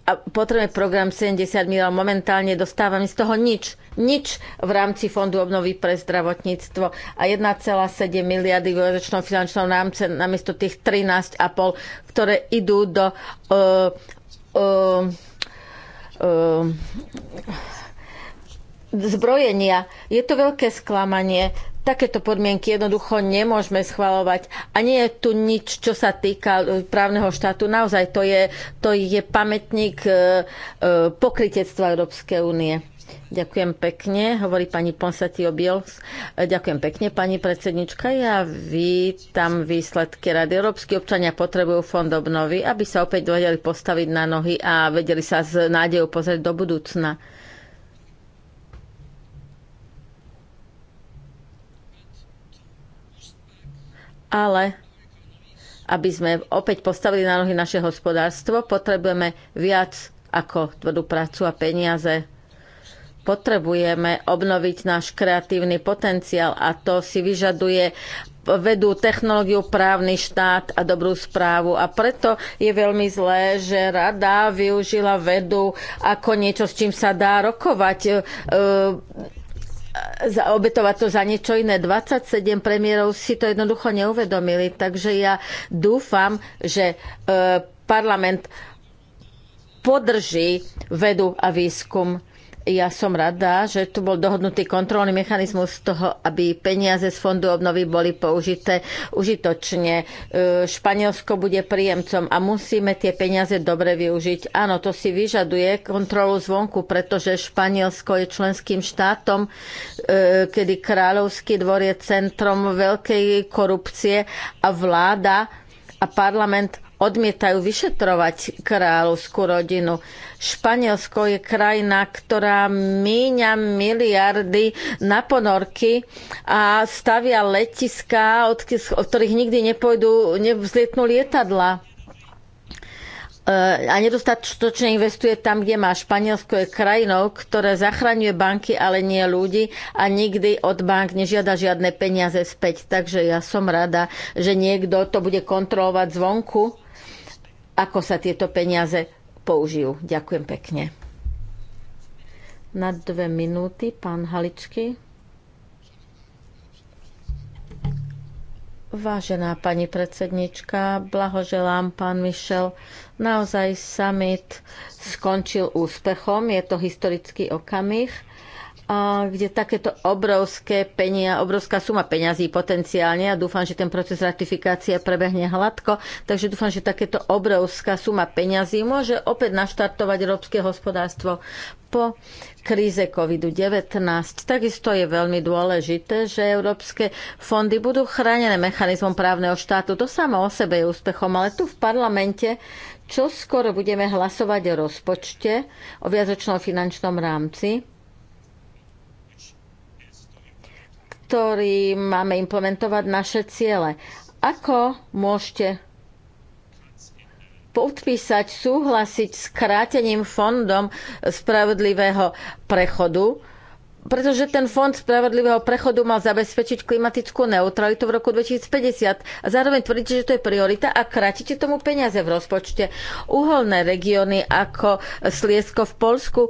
a potrebujeme program 70 miliard. Momentálne dostávame z toho nič. Nič v rámci Fondu obnovy pre zdravotníctvo a 1,7 miliardy v ročnom finančnom rámce namiesto tých 13,5, ktoré idú do uh, uh, Ehm, zbrojenia. Je to veľké sklamanie. Takéto podmienky jednoducho nemôžeme schvalovať. A nie je tu nič, čo sa týka e, právneho štátu. Naozaj to je, to je pamätník e, e, pokrytectva Európskej únie. Ďakujem pekne, hovorí pani Ponsati Obiels. E, ďakujem pekne, pani predsednička. Ja vítam výsledky Rady. Európsky občania potrebujú fond obnovy, aby sa opäť vedeli postaviť na nohy a vedeli sa s nádejou pozrieť do budúcna. Ale aby sme opäť postavili na nohy naše hospodárstvo, potrebujeme viac ako tvrdú prácu a peniaze potrebujeme obnoviť náš kreatívny potenciál a to si vyžaduje vedú technológiu, právny štát a dobrú správu. A preto je veľmi zlé, že rada využila vedu ako niečo, s čím sa dá rokovať. E, za, obetovať to za niečo iné. 27 premiérov si to jednoducho neuvedomili, takže ja dúfam, že e, parlament podrží vedu a výskum ja som rada, že tu bol dohodnutý kontrolný mechanizmus z toho, aby peniaze z fondu obnovy boli použité užitočne. E, Španielsko bude príjemcom a musíme tie peniaze dobre využiť. Áno, to si vyžaduje kontrolu zvonku, pretože Španielsko je členským štátom, e, kedy Kráľovský dvor je centrom veľkej korupcie a vláda a parlament odmietajú vyšetrovať kráľovskú rodinu. Španielsko je krajina, ktorá míňa miliardy na ponorky a stavia letiská, od, ktorých nikdy nepôjdu, nevzlietnú lietadla e, a nedostatočne investuje tam, kde má. Španielsko je krajinou, ktoré zachraňuje banky, ale nie ľudí a nikdy od bank nežiada žiadne peniaze späť. Takže ja som rada, že niekto to bude kontrolovať zvonku ako sa tieto peniaze použijú. Ďakujem pekne. Na dve minúty, pán Haličky. Vážená pani predsednička, blahoželám pán Mišel. Naozaj summit skončil úspechom, je to historický okamih kde takéto obrovské penia, obrovská suma peňazí potenciálne a ja dúfam, že ten proces ratifikácie prebehne hladko, takže dúfam, že takéto obrovská suma peňazí môže opäť naštartovať európske hospodárstvo po kríze COVID-19. Takisto je veľmi dôležité, že európske fondy budú chránené mechanizmom právneho štátu. To samo o sebe je úspechom, ale tu v parlamente čo skoro budeme hlasovať o rozpočte, o viazočnom finančnom rámci ktorý máme implementovať naše ciele. Ako môžete podpísať, súhlasiť s krátením fondom spravodlivého prechodu, pretože ten Fond spravodlivého prechodu mal zabezpečiť klimatickú neutralitu v roku 2050 a zároveň tvrdíte, že to je priorita a kratíte tomu peniaze v rozpočte. Uholné regióny ako Sliesko v Polsku e,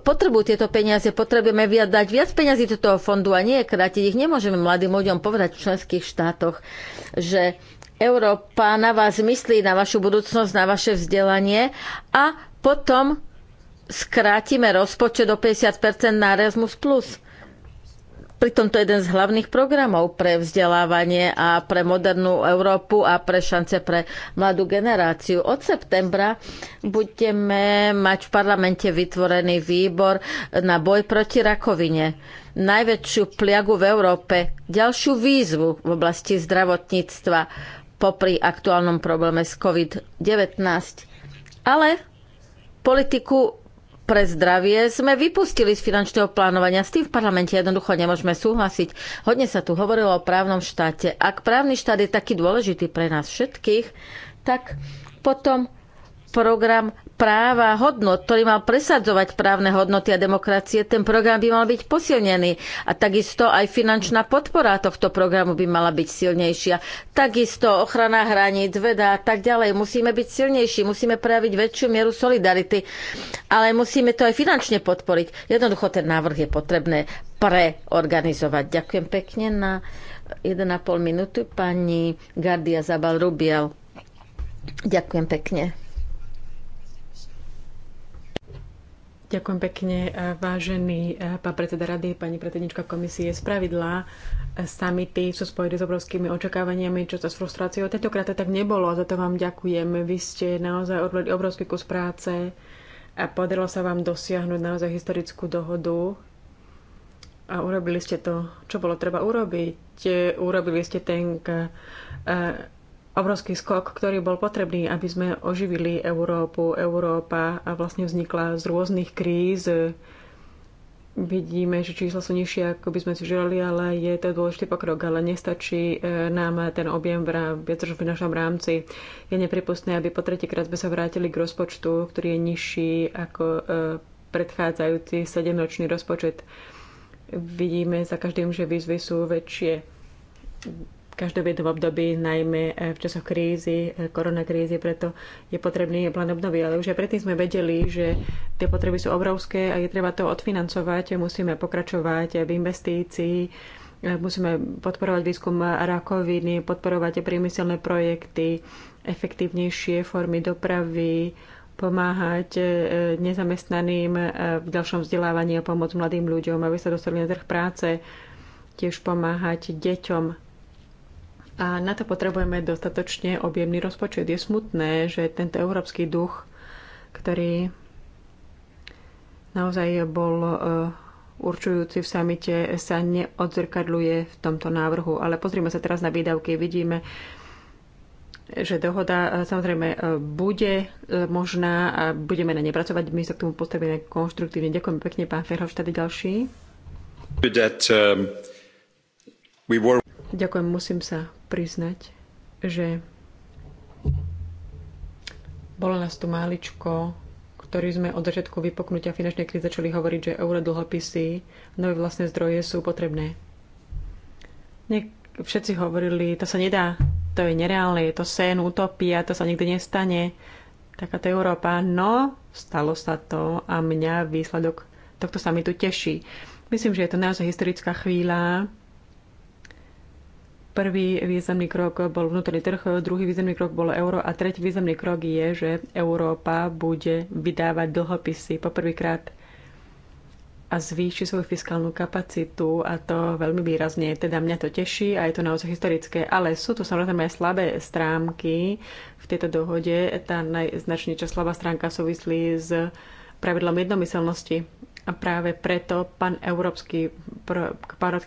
potrebujú tieto peniaze, potrebujeme viac, dať viac peniazy do toho fondu a nie krátiť ich. Nemôžeme mladým ľuďom povedať v členských štátoch, že Európa na vás myslí, na vašu budúcnosť, na vaše vzdelanie a potom skrátime rozpočet o 50% na Erasmus+. Pritom to je jeden z hlavných programov pre vzdelávanie a pre modernú Európu a pre šance pre mladú generáciu. Od septembra budeme mať v parlamente vytvorený výbor na boj proti rakovine najväčšiu pliagu v Európe, ďalšiu výzvu v oblasti zdravotníctva popri aktuálnom probléme s COVID-19. Ale politiku pre zdravie sme vypustili z finančného plánovania. S tým v parlamente jednoducho nemôžeme súhlasiť. Hodne sa tu hovorilo o právnom štáte. Ak právny štát je taký dôležitý pre nás všetkých, tak potom program práva hodnot, ktorý mal presadzovať právne hodnoty a demokracie, ten program by mal byť posilnený. A takisto aj finančná podpora tohto programu by mala byť silnejšia. Takisto ochrana hraníc, veda a tak ďalej. Musíme byť silnejší, musíme prejaviť väčšiu mieru solidarity, ale musíme to aj finančne podporiť. Jednoducho ten návrh je potrebné preorganizovať. Ďakujem pekne na 1,5 minúty pani Gardia Zabal Rubiel. Ďakujem pekne. Ďakujem pekne, e, vážený e, pán predseda rady, pani predsednička komisie. Spravidla e, samity sú spojené s obrovskými očakávaniami, čo sa s frustráciou. Tentokrát to tak nebolo a za to vám ďakujem. Vy ste naozaj odvedli obrovský kus práce a podarilo sa vám dosiahnuť naozaj historickú dohodu a urobili ste to, čo bolo treba urobiť. Urobili ste ten obrovský skok, ktorý bol potrebný, aby sme oživili Európu. Európa a vlastne vznikla z rôznych kríz. Vidíme, že čísla sú nižšie, ako by sme si želali, ale je to dôležitý pokrok. Ale nestačí eh, nám ten objem v našom rámci. Je nepripustné, aby po tretíkrát sme sa vrátili k rozpočtu, ktorý je nižší ako eh, predchádzajúci sedemročný rozpočet. Vidíme za každým, že výzvy sú väčšie každom jednom období, najmä e, v časoch krízy, e, koronakrízy, preto je potrebný plán obnovy. Ale už aj predtým sme vedeli, že tie potreby sú obrovské a je treba to odfinancovať, musíme pokračovať v investícii, e, musíme podporovať výskum rakoviny, podporovať priemyselné projekty, efektívnejšie formy dopravy, pomáhať nezamestnaným v ďalšom vzdelávaní a pomôcť mladým ľuďom, aby sa dostali na trh práce, tiež pomáhať deťom a na to potrebujeme dostatočne objemný rozpočet. Je smutné, že tento európsky duch, ktorý naozaj bol e, určujúci v samite, sa neodzrkadľuje v tomto návrhu. Ale pozrime sa teraz na výdavky. Vidíme, že dohoda e, samozrejme e, bude možná a budeme na nej pracovať. My sa k tomu postavíme konštruktívne. Ďakujem pekne, pán Ferhoštady ďalší. Um, Ďakujem, musím sa priznať, že bolo nás tu máličko, ktorí sme od začiatku vypoknutia finančnej krízy začali hovoriť, že dlhopisy, nové vlastné zdroje sú potrebné. všetci hovorili, to sa nedá, to je nereálne, je to sen, utopia, to sa nikdy nestane. Takáto Európa. No, stalo sa to a mňa výsledok tohto sa mi tu teší. Myslím, že je to naozaj historická chvíľa Prvý významný krok bol vnútorný trh, druhý významný krok bol euro a tretí významný krok je, že Európa bude vydávať dlhopisy poprvýkrát a zvýši svoju fiskálnu kapacitu a to veľmi výrazne. Teda mňa to teší a je to naozaj historické. Ale sú tu samozrejme aj slabé stránky v tejto dohode. Tá najznačnejšia slabá stránka súvislí s pravidlom jednomyselnosti. A práve preto pan európsky pro,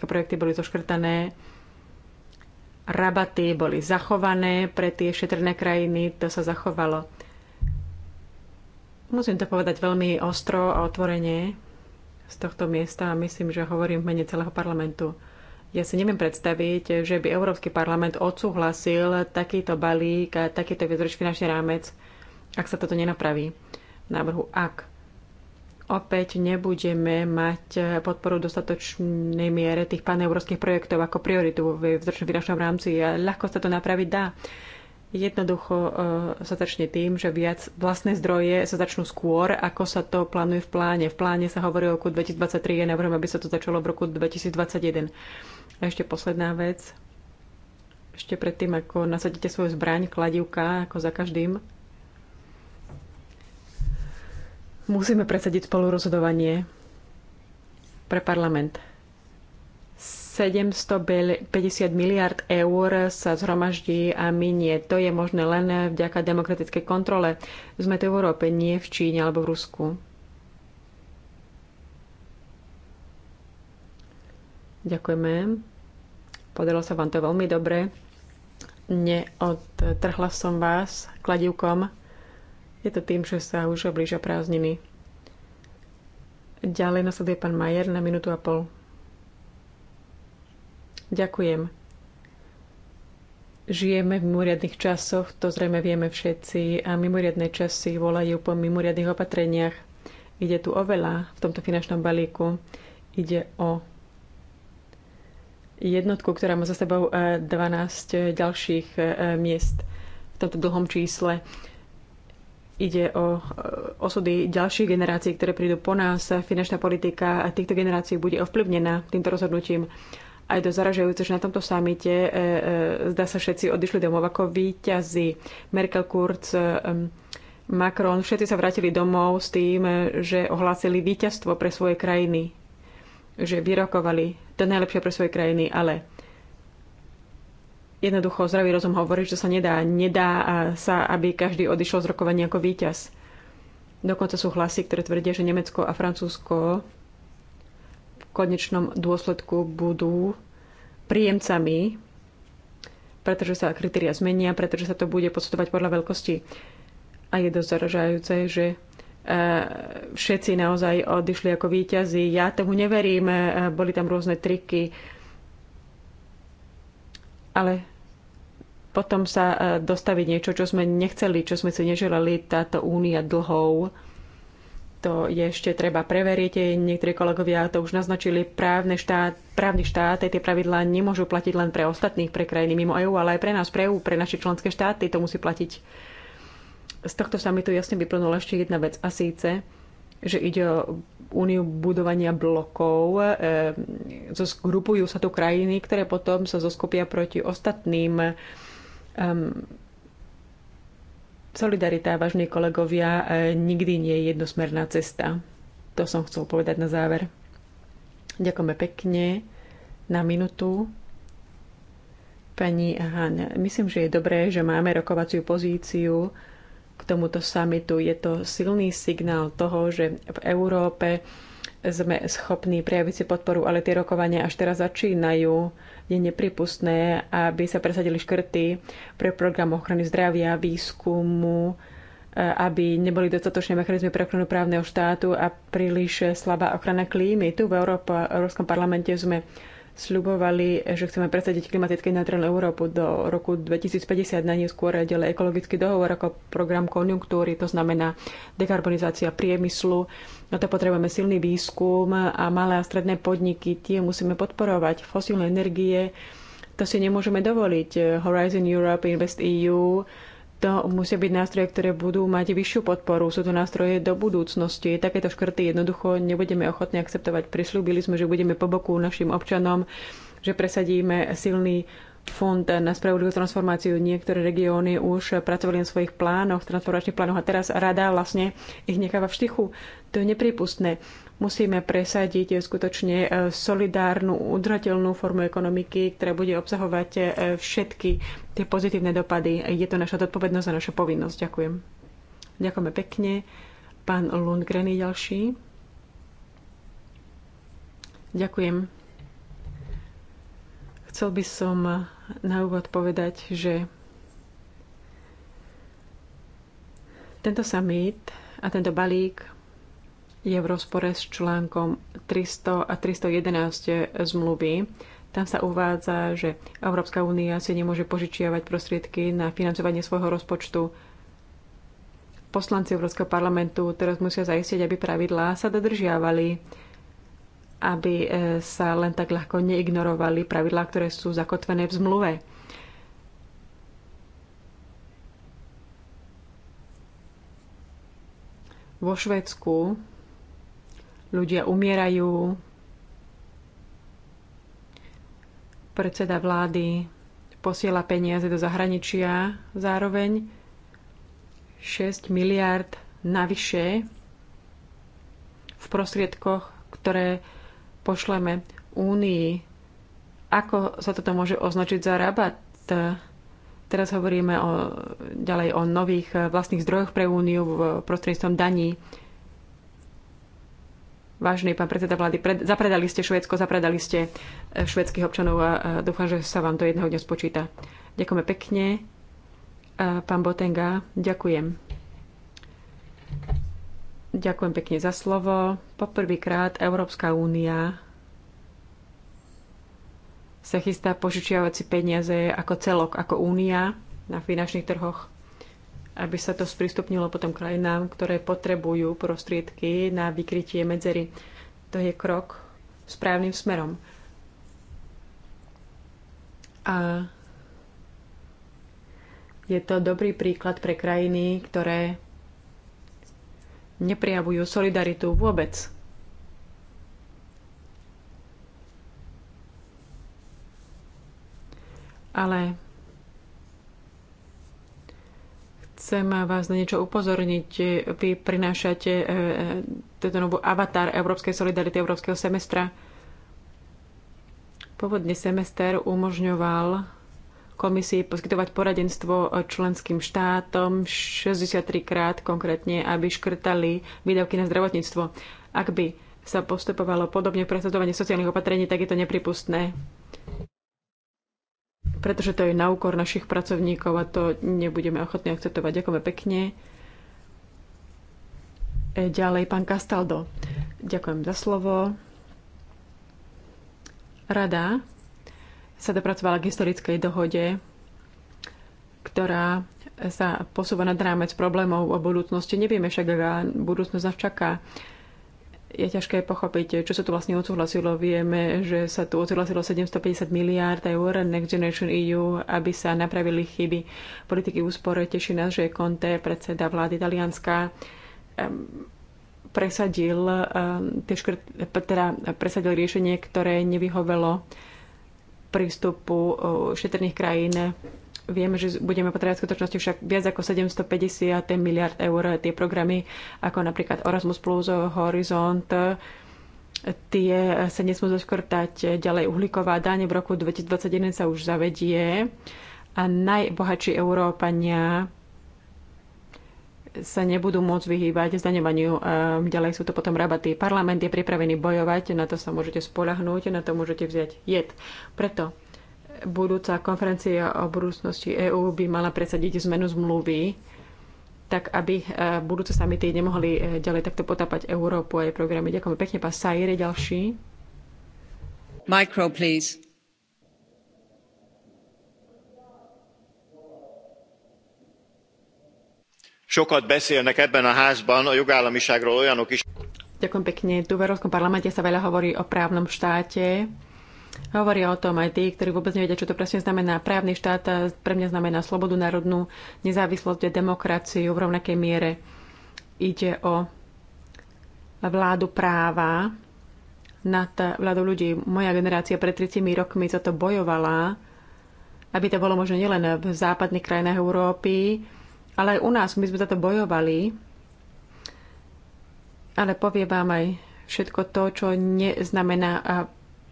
projekty boli zoškrtané rabaty boli zachované pre tie šetrné krajiny, to sa zachovalo. Musím to povedať veľmi ostro a otvorene z tohto miesta a myslím, že hovorím v mene celého parlamentu. Ja si neviem predstaviť, že by Európsky parlament odsúhlasil takýto balík a takýto viacročný finančný rámec, ak sa toto nenapraví. Návrhu ak opäť nebudeme mať eh, podporu dostatočnej miere tých paneurópskych projektov ako prioritu v vzročnom finančnom rámci. A ľahko sa to napraviť dá. Jednoducho eh, sa začne tým, že viac vlastné zdroje sa začnú skôr, ako sa to plánuje v pláne. V pláne sa hovorí o roku 2023, ja navrhujem, aby sa to začalo v roku 2021. A ešte posledná vec. Ešte predtým, ako nasadíte svoju zbraň, kladivka, ako za každým, Musíme presadiť spolurozhodovanie pre parlament. 750 miliard eur sa zhromaždí a minie. To je možné len vďaka demokratickej kontrole. Sme to v Európe, nie v Číne alebo v Rusku. Ďakujeme. Podarilo sa vám to veľmi dobre. Neodtrhla som vás kladivkom. Je to tým, že sa už blížia prázdniny. Ďalej nasleduje pán Majer na minútu a pol. Ďakujem. Žijeme v mimoriadných časoch, to zrejme vieme všetci, a mimoriadne časy volajú po mimoriadných opatreniach. Ide tu o veľa v tomto finančnom balíku. Ide o jednotku, ktorá má za sebou 12 eh, eh, ďalších eh, miest v tomto dlhom čísle ide o e, osudy ďalších generácií, ktoré prídu po nás. Finančná politika týchto generácií bude ovplyvnená týmto rozhodnutím. Aj do zaražajúce, že na tomto samite e, e, zdá sa všetci odišli domov ako víťazi. Merkel, Kurz, e, Macron, všetci sa vrátili domov s tým, že ohlásili víťazstvo pre svoje krajiny, že vyrokovali to najlepšie pre svoje krajiny, ale Jednoducho zdravý rozum hovorí, že sa nedá. Nedá sa, aby každý odišiel z rokovania ako víťaz. Dokonca sú hlasy, ktoré tvrdia, že Nemecko a Francúzsko v konečnom dôsledku budú príjemcami, pretože sa kritéria zmenia, pretože sa to bude podstovať podľa veľkosti. A je dosť zaražajúce, že e, všetci naozaj odišli ako víťazi. Ja tomu neverím, e, boli tam rôzne triky. Ale potom sa e, dostaviť niečo, čo sme nechceli, čo sme si neželali, táto únia dlhov. To je ešte treba preveriť. Niektorí kolegovia to už naznačili. Právny štát, právny štát, tie pravidlá nemôžu platiť len pre ostatných, pre krajiny mimo EÚ, ale aj pre nás, pre EÚ, pre naše členské štáty to musí platiť. Z tohto samitu jasne vyplnula ešte jedna vec a síce, že ide o úniu budovania blokov. E, zgrupujú sa tu krajiny, ktoré potom sa zoskopia proti ostatným Um, solidarita, vážni kolegovia, e, nikdy nie je jednosmerná cesta. To som chcel povedať na záver. Ďakujeme pekne na minutu. Pani Han, myslím, že je dobré, že máme rokovaciu pozíciu k tomuto samitu. Je to silný signál toho, že v Európe sme schopní prejaviť si podporu, ale tie rokovania až teraz začínajú je nepripustné, aby sa presadili škrty pre program ochrany zdravia, výskumu, e, aby neboli dostatočné mechanizmy pre ochranu právneho štátu a príliš slabá ochrana klímy. Tu v Európa, Európskom parlamente sme sľubovali, že chceme presadiť klimatické neutrálnu Európu do roku 2050, na neskôr ďalej ekologický dohovor ako program konjunktúry, to znamená dekarbonizácia priemyslu. Na to potrebujeme silný výskum a malé a stredné podniky, tie musíme podporovať. Fosílne energie, to si nemôžeme dovoliť. Horizon Europe, Invest EU, to musia byť nástroje, ktoré budú mať vyššiu podporu. Sú to nástroje do budúcnosti. Takéto škrty jednoducho nebudeme ochotní akceptovať. Prislúbili sme, že budeme po boku našim občanom, že presadíme silný fond na spravodlivú transformáciu. Niektoré regióny už pracovali na svojich plánoch, transformačných plánoch a teraz rada vlastne ich necháva v štichu. To je nepripustné. Musíme presadiť skutočne e, solidárnu, udržateľnú formu ekonomiky, ktorá bude obsahovať e, všetky tie pozitívne dopady. Je to naša zodpovednosť a naša povinnosť. Ďakujem. Ďakujeme pekne. Pán Lundgren je ďalší. Ďakujem. Chcel by som na úvod povedať, že tento summit a tento balík je v rozpore s článkom 300 a 311 zmluvy. Tam sa uvádza, že Európska únia si nemôže požičiavať prostriedky na financovanie svojho rozpočtu. Poslanci Európskeho parlamentu teraz musia zaistiť, aby pravidlá sa dodržiavali aby e, sa len tak ľahko neignorovali pravidlá, ktoré sú zakotvené v zmluve. Vo Švedsku ľudia umierajú, predseda vlády posiela peniaze do zahraničia, zároveň 6 miliard navyše v prostriedkoch, ktoré pošleme Únii. Ako sa toto môže označiť za rabat? Teraz hovoríme o, ďalej o nových eh, vlastných zdrojoch pre Úniu v prostredníctvom daní. Vážený pán predseda vlády, pred, zapredali ste Švédsko, zapredali ste eh, švédskych občanov a eh, dúfam, že sa vám to jedného dňa spočíta. Ďakujeme pekne. Pán Botenga, ďakujem. Ďakujem pekne za slovo. Poprvýkrát Európska únia sa chystá požičiavať si peniaze ako celok, ako únia na finančných trhoch, aby sa to sprístupnilo potom krajinám, ktoré potrebujú prostriedky na vykrytie medzery. To je krok správnym smerom. A je to dobrý príklad pre krajiny, ktoré neprijavujú solidaritu vôbec. Ale chcem vás na niečo upozorniť. Vy prinášate e, e, tento novú avatar Európskej solidarity, Európskeho semestra. Pôvodný semester umožňoval komisii poskytovať poradenstvo členským štátom 63 krát konkrétne, aby škrtali výdavky na zdravotníctvo. Ak by sa postupovalo podobne v presadzovaní sociálnych opatrení, tak je to nepripustné. Pretože to je na úkor našich pracovníkov a to nebudeme ochotní akceptovať. Ďakujeme pekne. E, ďalej pán Castaldo. Ďakujem za slovo. Rada sa dopracovala k historickej dohode, ktorá sa posúva nad rámec problémov o budúcnosti. Nevieme však, aká budúcnosť nás čaká. Je ťažké pochopiť, čo sa tu vlastne odsúhlasilo. Vieme, že sa tu odsúhlasilo 750 miliárd eur Next Generation EU, aby sa napravili chyby politiky úspore. Teší nás, že Conte, predseda vlády Talianska, presadil, tie teda presadil riešenie, ktoré nevyhovelo prístupu šetrných krajín. Vieme, že budeme potrebovať v skutočnosti však viac ako 750 miliard eur tie programy, ako napríklad Erasmus+, Horizont, tie sa nesmú zaškrtať Ďalej uhlíková daň v roku 2021 sa už zavedie a najbohatší Európania sa nebudú môcť vyhýbať zdaňovaniu. Ďalej sú to potom rabaty. Parlament je pripravený bojovať, na to sa môžete spolahnúť, na to môžete vziať jed. Preto budúca konferencia o budúcnosti EÚ by mala presadiť zmenu zmluvy, tak aby e, budúce samity nemohli e, ďalej takto potapať Európu a jej programy. Ďakujem pekne, pán Sajre, ďalší. Micro, please. sokat beszélnek ebben a házban a jogállamiságról olyanok is. Ďakujem pekne. Tu v Európskom parlamente sa veľa hovorí o právnom štáte. Hovoria o tom aj tí, ktorí vôbec nevedia, čo to presne znamená. Právny štát pre mňa znamená slobodu národnú, nezávislosť a demokraciu v rovnakej miere. Ide o vládu práva nad vládou ľudí. Moja generácia pred 30 rokmi za to bojovala, aby to bolo možno nielen v západných krajinách Európy, ale aj u nás, my sme za to bojovali, ale povie vám aj všetko to, čo neznamená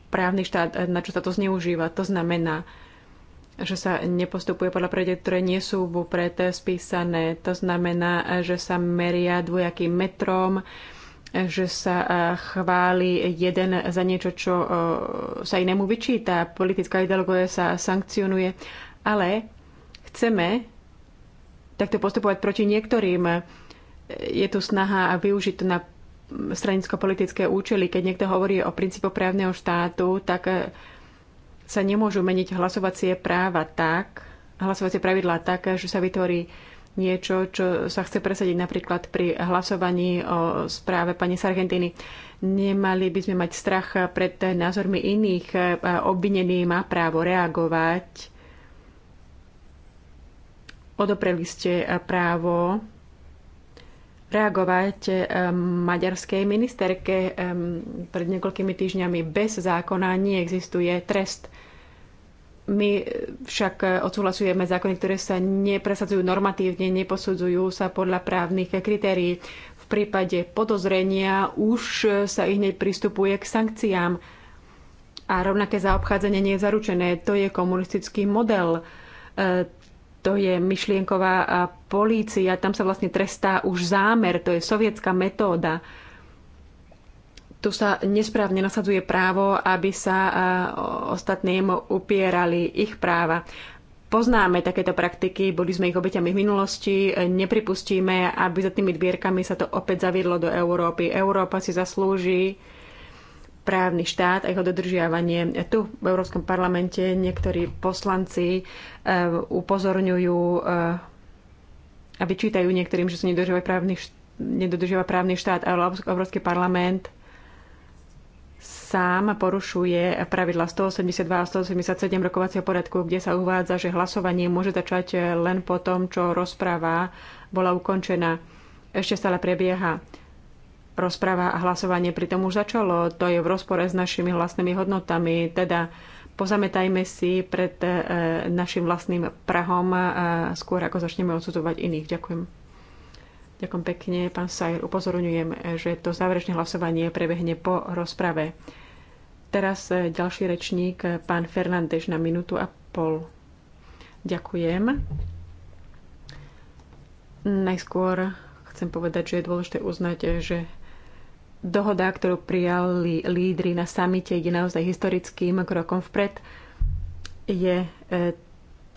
právny štát, na čo sa to zneužíva. To znamená, že sa nepostupuje podľa pravidel, ktoré nie sú vopred spísané. To znamená, že sa meria dvojakým metrom, že sa chváli jeden za niečo, čo sa inému vyčíta. Politická ideológia sa sankcionuje. Ale chceme, takto postupovať proti niektorým. Je tu snaha využiť to na stranicko-politické účely. Keď niekto hovorí o princípoch právneho štátu, tak eh, sa nemôžu meniť hlasovacie práva tak, hlasovacie pravidlá tak, že sa vytvorí niečo, čo sa chce presadiť napríklad pri hlasovaní o správe pani Sargentiny. Nemali by sme mať strach pred názormi iných. Eh, Obvinený má právo reagovať Odopreli ste eh, právo reagovať eh, maďarskej ministerke pred niekoľkými týždňami. Bez zákona neexistuje trest. My eh, však odsúhlasujeme zákony, ktoré sa nepresadzujú normatívne, neposudzujú sa podľa právnych kritérií. V prípade podozrenia už sa ich hneď pristupuje k sankciám a rovnaké zaobchádzanie nie je zaručené. To je komunistický model to je myšlienková polícia, tam sa vlastne trestá už zámer, to je sovietská metóda. Tu sa nesprávne nasadzuje právo, aby sa ostatným upierali ich práva. Poznáme takéto praktiky, boli sme ich obeťami v minulosti, nepripustíme, aby za tými dvierkami sa to opäť zaviedlo do Európy. Európa si zaslúži právny štát a jeho dodržiavanie. Tu v Európskom parlamente niektorí poslanci eh, upozorňujú eh, a vyčítajú niektorým, že sa nedodržiava právny, nedodržiava právny štát, ale Európsky parlament sám porušuje pravidla 182 a 187 rokovacieho poriadku, kde sa uvádza, že hlasovanie môže začať len po tom, čo rozpráva bola ukončená. Ešte stále prebieha rozpráva a hlasovanie pri tom už začalo. To je v rozpore s našimi vlastnými hodnotami, teda pozametajme si pred e, našim vlastným prahom e, skôr ako začneme odsudzovať iných. Ďakujem. Ďakujem pekne, pán Sajr. Upozorňujem, že to záverečné hlasovanie prebehne po rozprave. Teraz e, ďalší rečník, pán Fernández, na minútu a pol. Ďakujem. Najskôr chcem povedať, že je dôležité uznať, že Dohoda, ktorú prijali lídry na samite, ide naozaj historickým krokom vpred. Je e,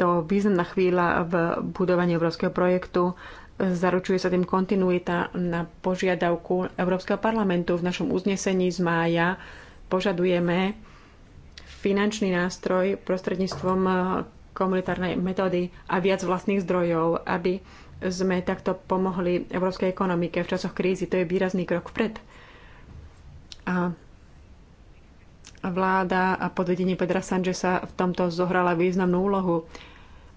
to významná chvíľa v budovaní európskeho projektu. Zaručuje sa tým kontinuita na požiadavku Európskeho parlamentu. V našom uznesení z mája požadujeme finančný nástroj prostredníctvom e, komunitárnej metódy a viac vlastných zdrojov, aby sme takto pomohli európskej ekonomike v časoch krízy. To je výrazný krok vpred a vláda a podvedenie Pedra Sanchesa v tomto zohrala významnú úlohu.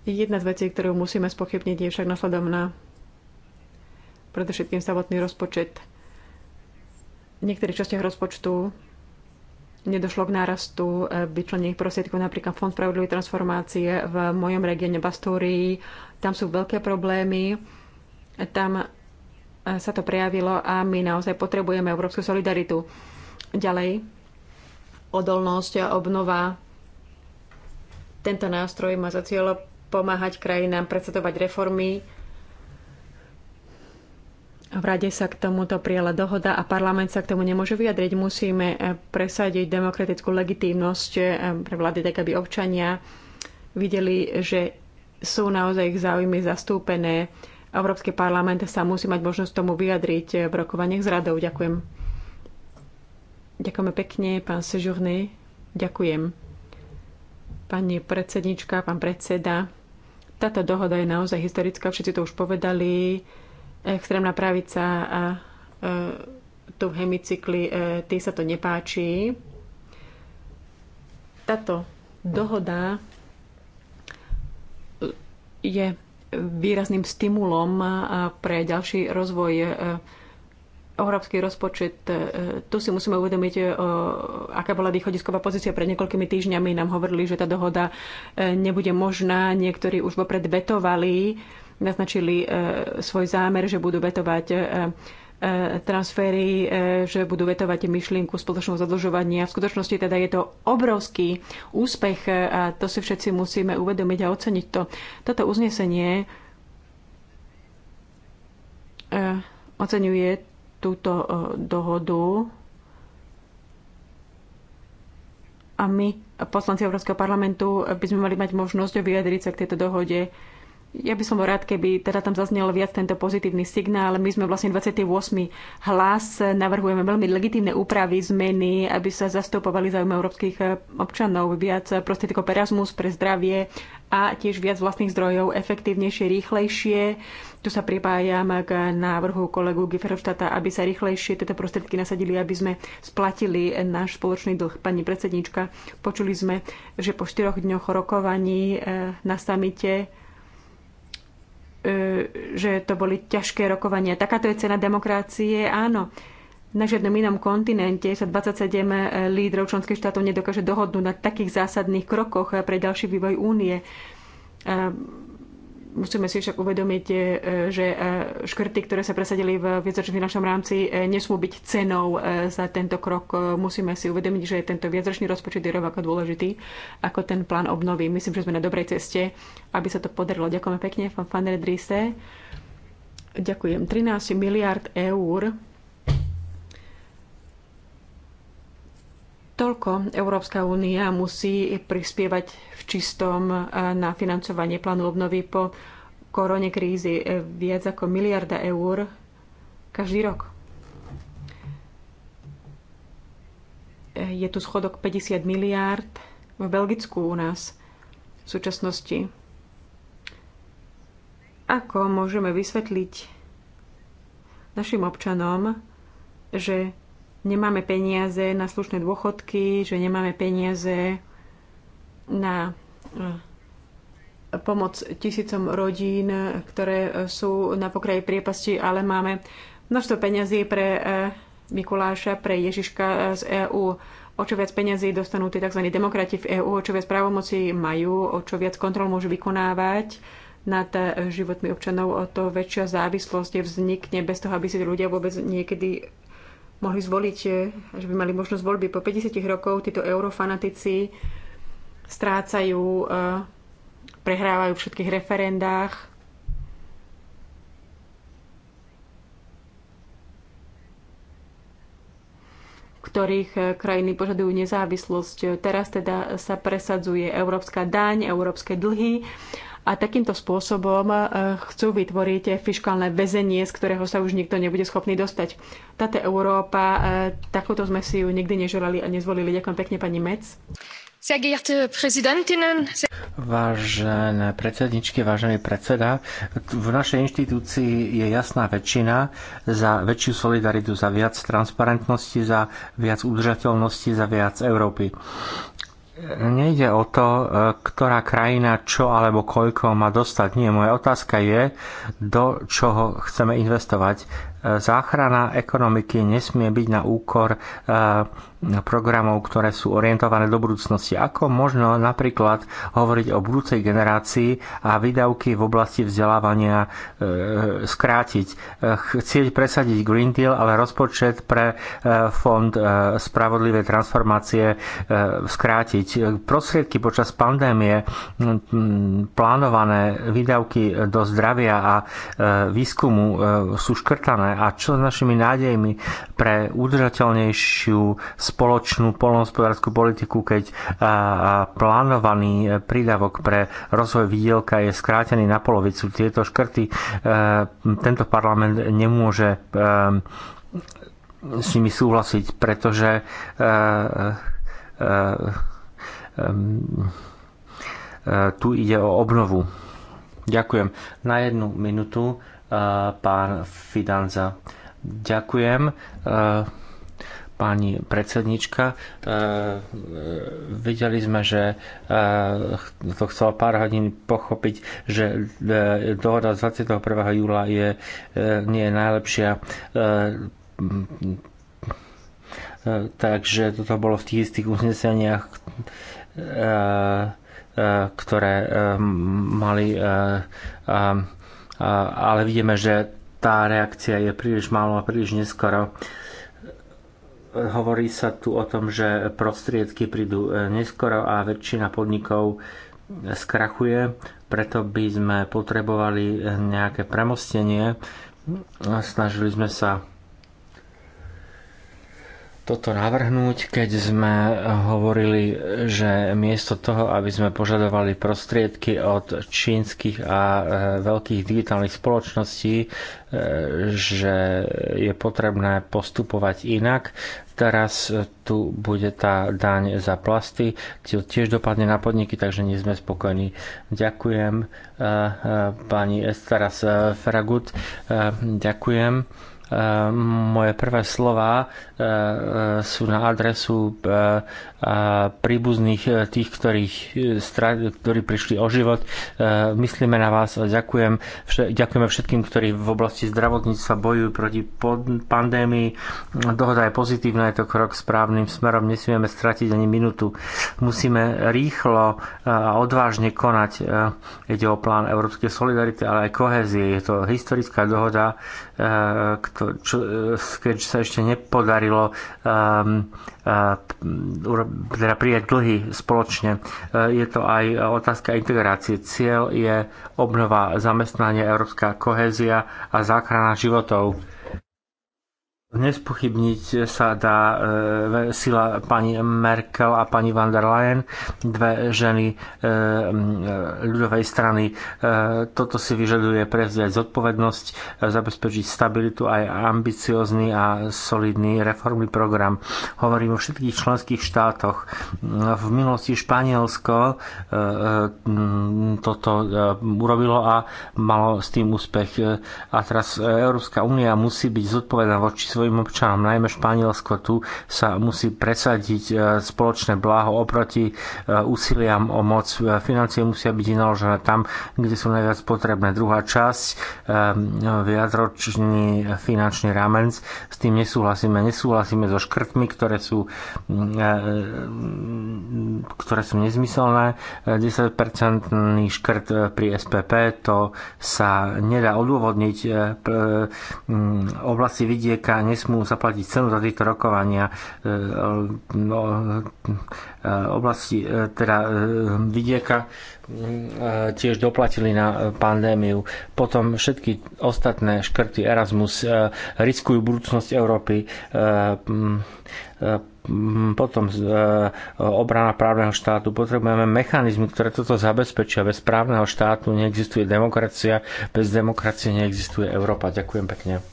Jedna z vecí, ktorú musíme spochybniť, je však nasledovná. Predovšetkým samotný rozpočet. V niektorých častiach rozpočtu nedošlo k nárastu e, vyčlenených prosiedkov, napríklad Fond spravodlivej transformácie v mojom regióne Bastúrii. Tam sú veľké problémy. Tam e, sa to prejavilo a my naozaj potrebujeme európsku solidaritu. Ďalej, odolnosť a obnova. Tento nástroj má za cieľ pomáhať krajinám predsedovať reformy. V rade sa k tomuto prijala dohoda a parlament sa k tomu nemôže vyjadriť. Musíme eh, presadiť demokratickú legitímnosť eh, pre vlády, tak aby občania videli, že sú naozaj ich záujmy zastúpené. Európsky parlament sa musí mať možnosť tomu vyjadriť eh, v rokovaniach s radou. Ďakujem. Ďakujeme pekne, pán Sežurný. Ďakujem. Pani predsednička, pán predseda, táto dohoda je naozaj historická, všetci to už povedali. Extrémna pravica a e, tu v hemicykli, e, tý sa to nepáči. Táto dohoda je výrazným stimulom pre ďalší rozvoj e, európsky rozpočet. E, tu si musíme uvedomiť, e, aká bola východisková pozícia. Pred niekoľkými týždňami nám hovorili, že tá dohoda e, nebude možná. Niektorí už vopred vetovali, naznačili svoj zámer, že budú vetovať transfery, že budú vetovať myšlienku spoločného zadlžovania. V skutočnosti teda je to obrovský úspech a to si všetci musíme uvedomiť a oceniť to. Toto uznesenie oceňuje túto e, dohodu a my, poslanci Európskeho parlamentu, by sme mali mať možnosť vyjadriť sa k tejto dohode. Ja by som rád, keby teda tam zaznel viac tento pozitívny signál. My sme vlastne 28. hlas, navrhujeme veľmi legitímne úpravy, zmeny, aby sa zastupovali záujmy európskych e, občanov, viac prostriedkov Erasmus pre zdravie a tiež viac vlastných zdrojov, efektívnejšie, rýchlejšie. Tu sa pripájam k návrhu kolegu Giferovštata, aby sa rýchlejšie tieto prostriedky nasadili, aby sme splatili náš spoločný dlh. Pani predsednička, počuli sme, že po štyroch dňoch rokovaní e, na samite e, že to boli ťažké rokovania. Takáto je cena demokracie, áno na žiadnom inom kontinente sa 27 eh, lídrov členských štátov nedokáže dohodnúť na takých zásadných krokoch eh, pre ďalší vývoj únie. Eh, musíme si však uvedomiť, že škrty, ktoré sa presadili v viacročnom finančnom rámci, nesmú byť cenou za tento krok. Musíme si uvedomiť, že tento viacročný rozpočet je rovnako dôležitý ako ten plán obnovy. Myslím, že sme na dobrej ceste, aby sa to podarilo. Ďakujeme pekne, pán Fanredrise. Ďakujem. 13 miliard eur Toľko Európska únia musí prispievať v čistom e, na financovanie plánu obnovy po korone krízy e, viac ako miliarda eur každý rok. E, je tu schodok 50 miliárd v Belgicku u nás v súčasnosti. Ako môžeme vysvetliť našim občanom, že nemáme peniaze na slušné dôchodky, že nemáme peniaze na eh, pomoc tisícom rodín, ktoré eh, sú na pokraji priepasti, ale máme množstvo peňazí pre eh, Mikuláša, pre Ježiška z EÚ. O čo viac peňazí dostanú tí tzv. demokrati v EÚ, o čo viac právomocí majú, o čo viac kontrol môžu vykonávať nad životmi občanov, o to väčšia závislosť vznikne bez toho, aby si ľudia vôbec niekedy mohli zvoliť, e, že by mali možnosť voľby. Po 50 rokov títo eurofanatici strácajú, e, prehrávajú v všetkých referendách. ktorých e, krajiny požadujú nezávislosť. Teraz teda sa presadzuje európska daň, európske dlhy a takýmto spôsobom e, chcú vytvoriť fiskálne väzenie, z ktorého sa už nikto nebude schopný dostať. Táto Európa, e, takúto sme si ju nikdy neželali a nezvolili. Ďakujem pekne, pani Mec. Vážené predsedničky, vážený predseda, v našej inštitúcii je jasná väčšina za väčšiu solidaritu, za viac transparentnosti, za viac udržateľnosti, za viac Európy nejde o to, e, ktorá krajina čo alebo koľko má dostať. Nie, moja otázka je, do čoho chceme investovať. E, záchrana ekonomiky nesmie byť na úkor e, programov, ktoré sú orientované do budúcnosti. Ako možno napríklad hovoriť o budúcej generácii a výdavky v oblasti vzdelávania e, skrátiť. E, chcieť presadiť Green Deal, ale rozpočet pre e, fond e, spravodlivé transformácie e, skrátiť. Prostriedky počas pandémie, plánované výdavky do zdravia a výskumu sú škrtané. A čo s našimi nádejmi pre udržateľnejšiu spoločnú polnohospodárskú politiku, keď plánovaný e, prídavok pre rozvoj výdielka je skrátený na polovicu. Tieto škrty e, tento parlament nemôže e, s nimi súhlasiť, pretože tu ide o obnovu. Ďakujem. Na jednu minútu pán Fidanza. Ďakujem pani predsednička. E, videli sme, že e, to chcelo pár hodín pochopiť, že e, dohoda z 21. júla je, e, nie je najlepšia. E, e, takže toto bolo v tých istých uzneseniach, e, e, ktoré mali, ale vidíme, že tá reakcia je príliš málo a príliš neskoro. Hovorí sa tu o tom, že prostriedky prídu e, neskoro a väčšina podnikov e, skrachuje, preto by sme potrebovali e, nejaké premostenie. Snažili sme sa toto navrhnúť, keď sme hovorili, že miesto toho, aby sme požadovali prostriedky od čínskych a veľkých digitálnych spoločností, že je potrebné postupovať inak, Teraz e, tu bude tá daň za plasty, tiež dopadne na podniky, takže nie sme spokojní. Ďakujem e, e, pani Estaras Feragut. Ďakujem. Eh, moje prvé slova eh, eh, sú na adresu príbuzných tých, ktorých, ktorí prišli o život. Myslíme na vás a ďakujem, ďakujeme všetkým, ktorí v oblasti zdravotníctva bojujú proti pandémii. Dohoda je pozitívna, je to krok správnym smerom, nesmieme stratiť ani minútu. Musíme rýchlo a odvážne konať. Ide o plán Európskej solidarity, ale aj kohezie. Je to historická dohoda Eh, eh, keď sa ešte nepodarilo ehm, eh, teda prijať dlhy spoločne. Je to aj otázka integrácie. Cieľ je obnova zamestnania, európska kohézia a záchrana životov Nespochybniť sa dá e, sila pani Merkel a pani van der Leyen, dve ženy e, e ľudovej strany. E, toto si vyžaduje prevziať zodpovednosť, e, zabezpečiť stabilitu aj ambiciozný a solidný reformný program. Hovorím o všetkých členských štátoch. V minulosti Španielsko e, e toto e, urobilo a malo s tým úspech. E, a teraz Európska únia musí byť zodpovedná voči svojim občanom, najmä Španielsko. Tu sa musí presadiť e, spoločné bláho oproti e, úsiliam o moc. E, financie musia byť naložené tam, kde sú najviac potrebné. Druhá časť, viacročný finančný rámenc, s tým nesúhlasíme. Nesúhlasíme so škrtmi, ktoré sú, mm, ktoré sú nezmyselné. 10-percentný škrt pri SPP, to sa nedá odôvodniť mm, oblasti vidieka nesmú zaplatiť cenu za tieto rokovania. E, no, e, oblasti e, teda vidieka tiež doplatili na pandémiu. Potom všetky ostatné škrty Erasmus riskujú budúcnosť Európy potom obrana právneho štátu. Potrebujeme mechanizmy, ktoré toto zabezpečia. Bez právneho štátu neexistuje demokracia, bez demokracie neexistuje Európa. Ďakujem pekne.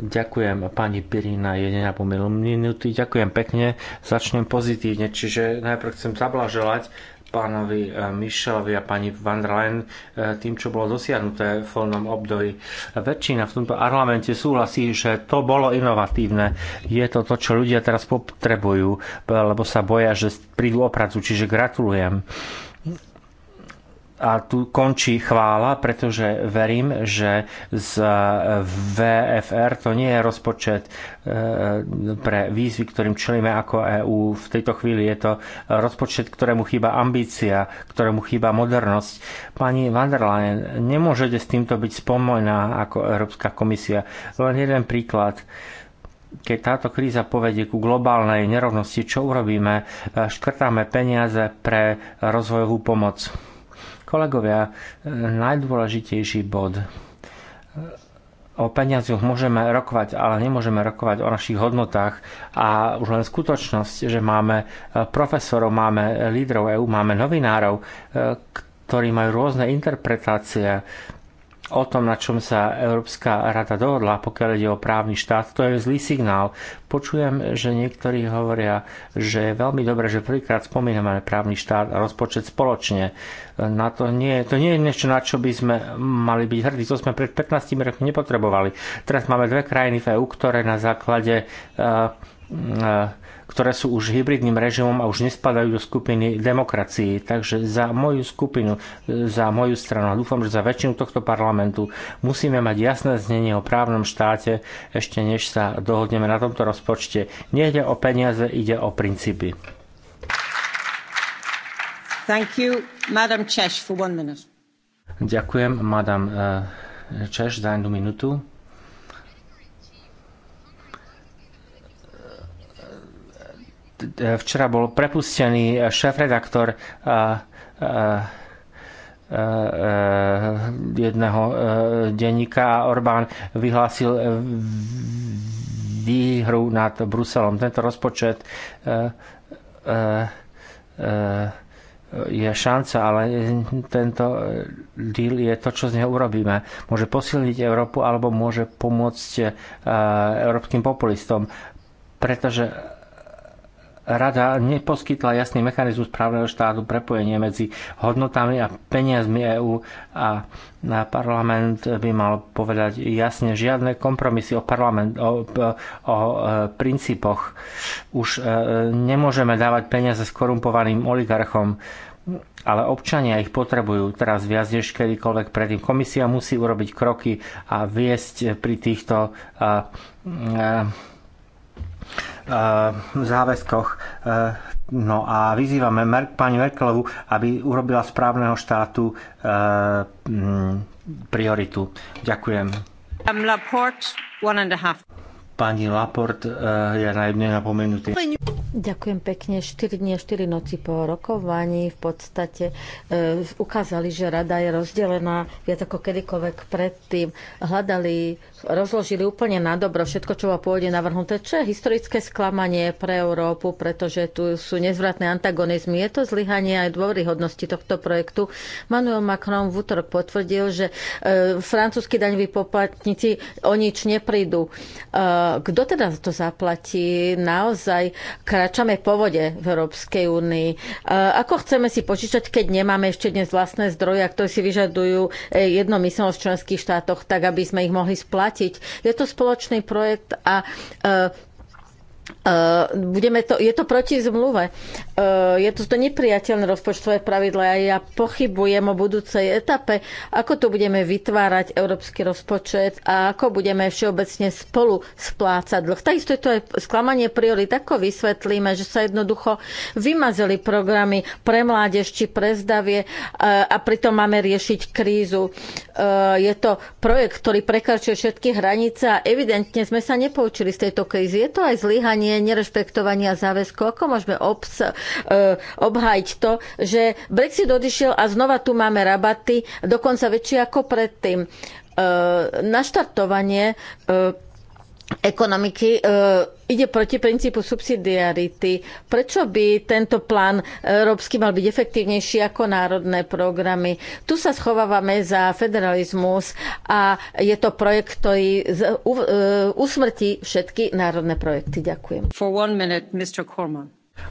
Ďakujem pani Pirina, 1,5 minúty. Ďakujem pekne. Začnem pozitívne, čiže najprv chcem zablaželať pánovi eh, Michelovi a pani van der Leyen eh, tým, čo bolo dosiahnuté v voľnom období. Väčšina v tomto parlamente súhlasí, že to bolo inovatívne. Je to to, čo ľudia teraz potrebujú, lebo sa boja, že prídu o prácu, čiže gratulujem. A tu končí chvála, pretože verím, že z eh, VFR to nie je rozpočet eh, pre výzvy, ktorým čelíme ako EÚ. V tejto chvíli je to rozpočet, ktorému chýba ambícia, ktorému chýba modernosť. Pani van der Leyen, nemôžete s týmto byť spomojná ako Európska komisia. Len jeden príklad keď táto kríza povedie ku globálnej nerovnosti, čo urobíme? Eh, škrtáme peniaze pre rozvojovú pomoc Kolegovia, e, najdôležitejší bod e, o peniazoch môžeme rokovať, ale nemôžeme rokovať o našich hodnotách a už len skutočnosť, že máme e, profesorov, máme lídrov EÚ, máme novinárov, ktorí majú rôzne interpretácie o tom, na čom sa Európska rada dohodla, pokiaľ ide o právny štát, to je zlý signál. Počujem, že niektorí hovoria, že je veľmi dobré, že prvýkrát spomíname právny štát a rozpočet spoločne. Na to, nie, to nie je niečo, na čo by sme mali byť hrdí. To sme pred 15 rokmi nepotrebovali. Teraz máme dve krajiny v EU, ktoré na základe uh, uh, ktoré sú už hybridným režimom a už nespadajú do skupiny demokracií. Takže za moju skupinu, za moju stranu a dúfam, že za väčšinu tohto parlamentu musíme mať jasné znenie o právnom štáte, ešte než sa dohodneme na tomto rozpočte. Nejde o peniaze, ide o princípy. Thank you, Madam for one minute. Ďakujem, Madam eh, Češ, za jednu minútu. včera bol prepustený šéf-redaktor jedného e, denníka a Orbán vyhlásil výhru nad Bruselom. Tento rozpočet e, e, je šanca, ale tento deal je to, čo z neho urobíme. Môže posilniť Európu alebo môže pomôcť európskym populistom, pretože Rada neposkytla jasný mechanizmus právneho štátu prepojenie medzi hodnotami a peniazmi EÚ a na parlament by mal povedať jasne žiadne kompromisy o, parlament, o, o, o e, princípoch. Už e, nemôžeme dávať peniaze skorumpovaným oligarchom ale občania ich potrebujú teraz viac než kedykoľvek predtým. Komisia musí urobiť kroky a viesť pri týchto a, e, a, Eh, záväzkoch. Eh, no a vyzývame pani Merkelovu, aby urobila štátu uh, eh, štátu prioritu. Ďakujem. Pani Laport je ja napomenutý. Ďakujem pekne. 4 dní a 4 noci po rokovaní v podstate uh, ukázali, že rada je rozdelená viac ako kedykoľvek predtým. Hľadali rozložili úplne na dobro všetko, čo bolo pôvodne navrhnuté, čo je historické sklamanie pre Európu, pretože tu sú nezvratné antagonizmy. Je to zlyhanie aj dôveryhodnosti tohto projektu. Manuel Macron v útorok potvrdil, že e, francúzski daňoví poplatníci o nič neprídu. E, kto teda to zaplatí? Naozaj kráčame po vode v Európskej únii. E, ako chceme si počítať, keď nemáme ešte dnes vlastné zdroje, ktoré si vyžadujú e, jednomyselnosť v členských štátoch, tak aby sme ich mohli splatiť? platiť. Je to spoločný projekt a e, Eh, budeme to, je to proti zmluve. Eh, je to, to nepriateľné rozpočtové pravidla a ja pochybujem o budúcej etape, ako tu budeme vytvárať európsky rozpočet a ako budeme všeobecne spolu splácať dlh. Takisto je to aj sklamanie priorit. Ako vysvetlíme, že sa jednoducho vymazili programy pre mládež či pre zdavie eh, a pritom máme riešiť krízu. Je to projekt, ktorý prekračuje všetky hranice a evidentne sme sa nepoučili z tejto krízy. Je to aj zlyhanie nerespektovania záväzkov. Ako môžeme obs- e, obhájiť to, že Brexit odišiel a znova tu máme rabaty, dokonca väčšie ako predtým. E, naštartovanie e, ekonomiky e, ide proti princípu subsidiarity. Prečo by tento plán európsky mal byť efektívnejší ako národné programy? Tu sa schovávame za federalizmus a je to projekt, ktorý z, u, e, usmrtí všetky národné projekty. Ďakujem. For one minute, Mr.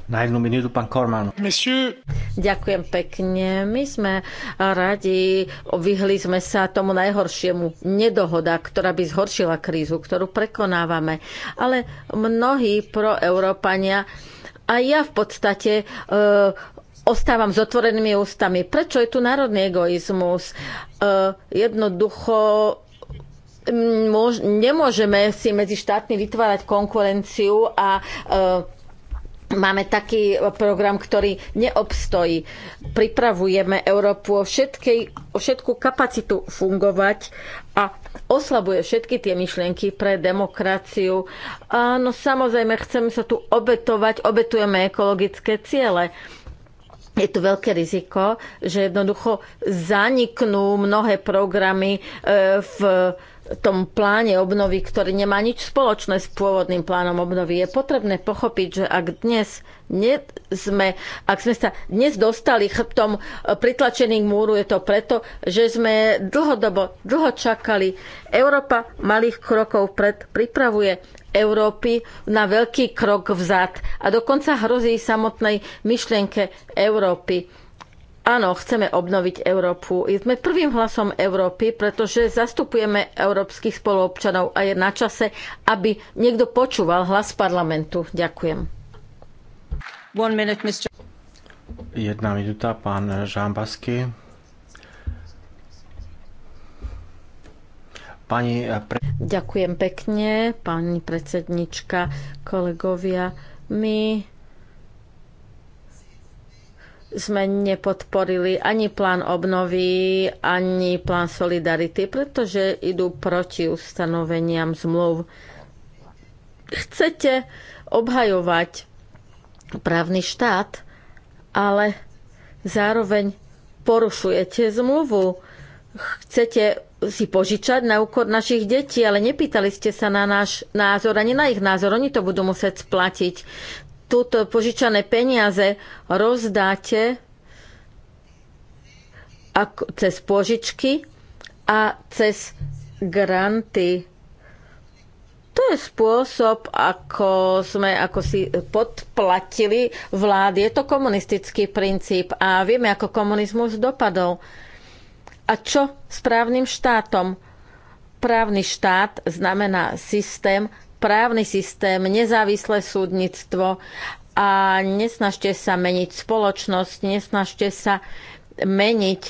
Na jednu minútu pán Korman. Monsieur. Ďakujem pekne. My sme radi, vyhli sme sa tomu najhoršiemu nedohoda, ktorá by zhoršila krízu, ktorú prekonávame. Ale mnohí proeurópania a ja v podstate e, ostávam s otvorenými ústami. Prečo je tu národný egoizmus? E, jednoducho nemôžeme si medzi štátmi vytvárať konkurenciu a e, Máme taký program, ktorý neobstojí. Pripravujeme Európu o, všetkej, o všetku kapacitu fungovať a oslabuje všetky tie myšlienky pre demokraciu. Áno, samozrejme, chceme sa tu obetovať, obetujeme ekologické ciele je tu veľké riziko, že jednoducho zaniknú mnohé programy e, v tom pláne obnovy, ktorý nemá nič spoločné s pôvodným plánom obnovy. Je potrebné pochopiť, že ak dnes nie sme, ak sme sa dnes dostali chrbtom e, pritlačený k múru, je to preto, že sme dlhodobo, dlho čakali. Európa malých krokov pred pripravuje Európy na veľký krok vzad a dokonca hrozí samotnej myšlienke Európy Áno, chceme obnoviť Európu. Sme prvým hlasom Európy, pretože zastupujeme európskych spoluobčanov a je na čase, aby niekto počúval hlas parlamentu. Ďakujem. One minute, Mr. Jedna minúta, pán Basky. Pani eh, pre... Ďakujem pekne, pani predsednička, kolegovia. My sme nepodporili ani plán obnovy, ani plán solidarity, pretože idú proti ustanoveniam zmluv. Chcete obhajovať právny štát, ale zároveň porušujete zmluvu. Chcete si požičať na úkor našich detí, ale nepýtali ste sa na náš názor ani na ich názor. Oni to budú musieť splatiť túto požičané peniaze rozdáte ako, cez požičky a cez granty. To je spôsob, ako sme ako si podplatili vlády. Je to komunistický princíp a vieme, ako komunizmus dopadol. A čo s právnym štátom? Právny štát znamená systém, právny systém, nezávislé súdnictvo a nesnažte sa meniť spoločnosť, nesnažte sa meniť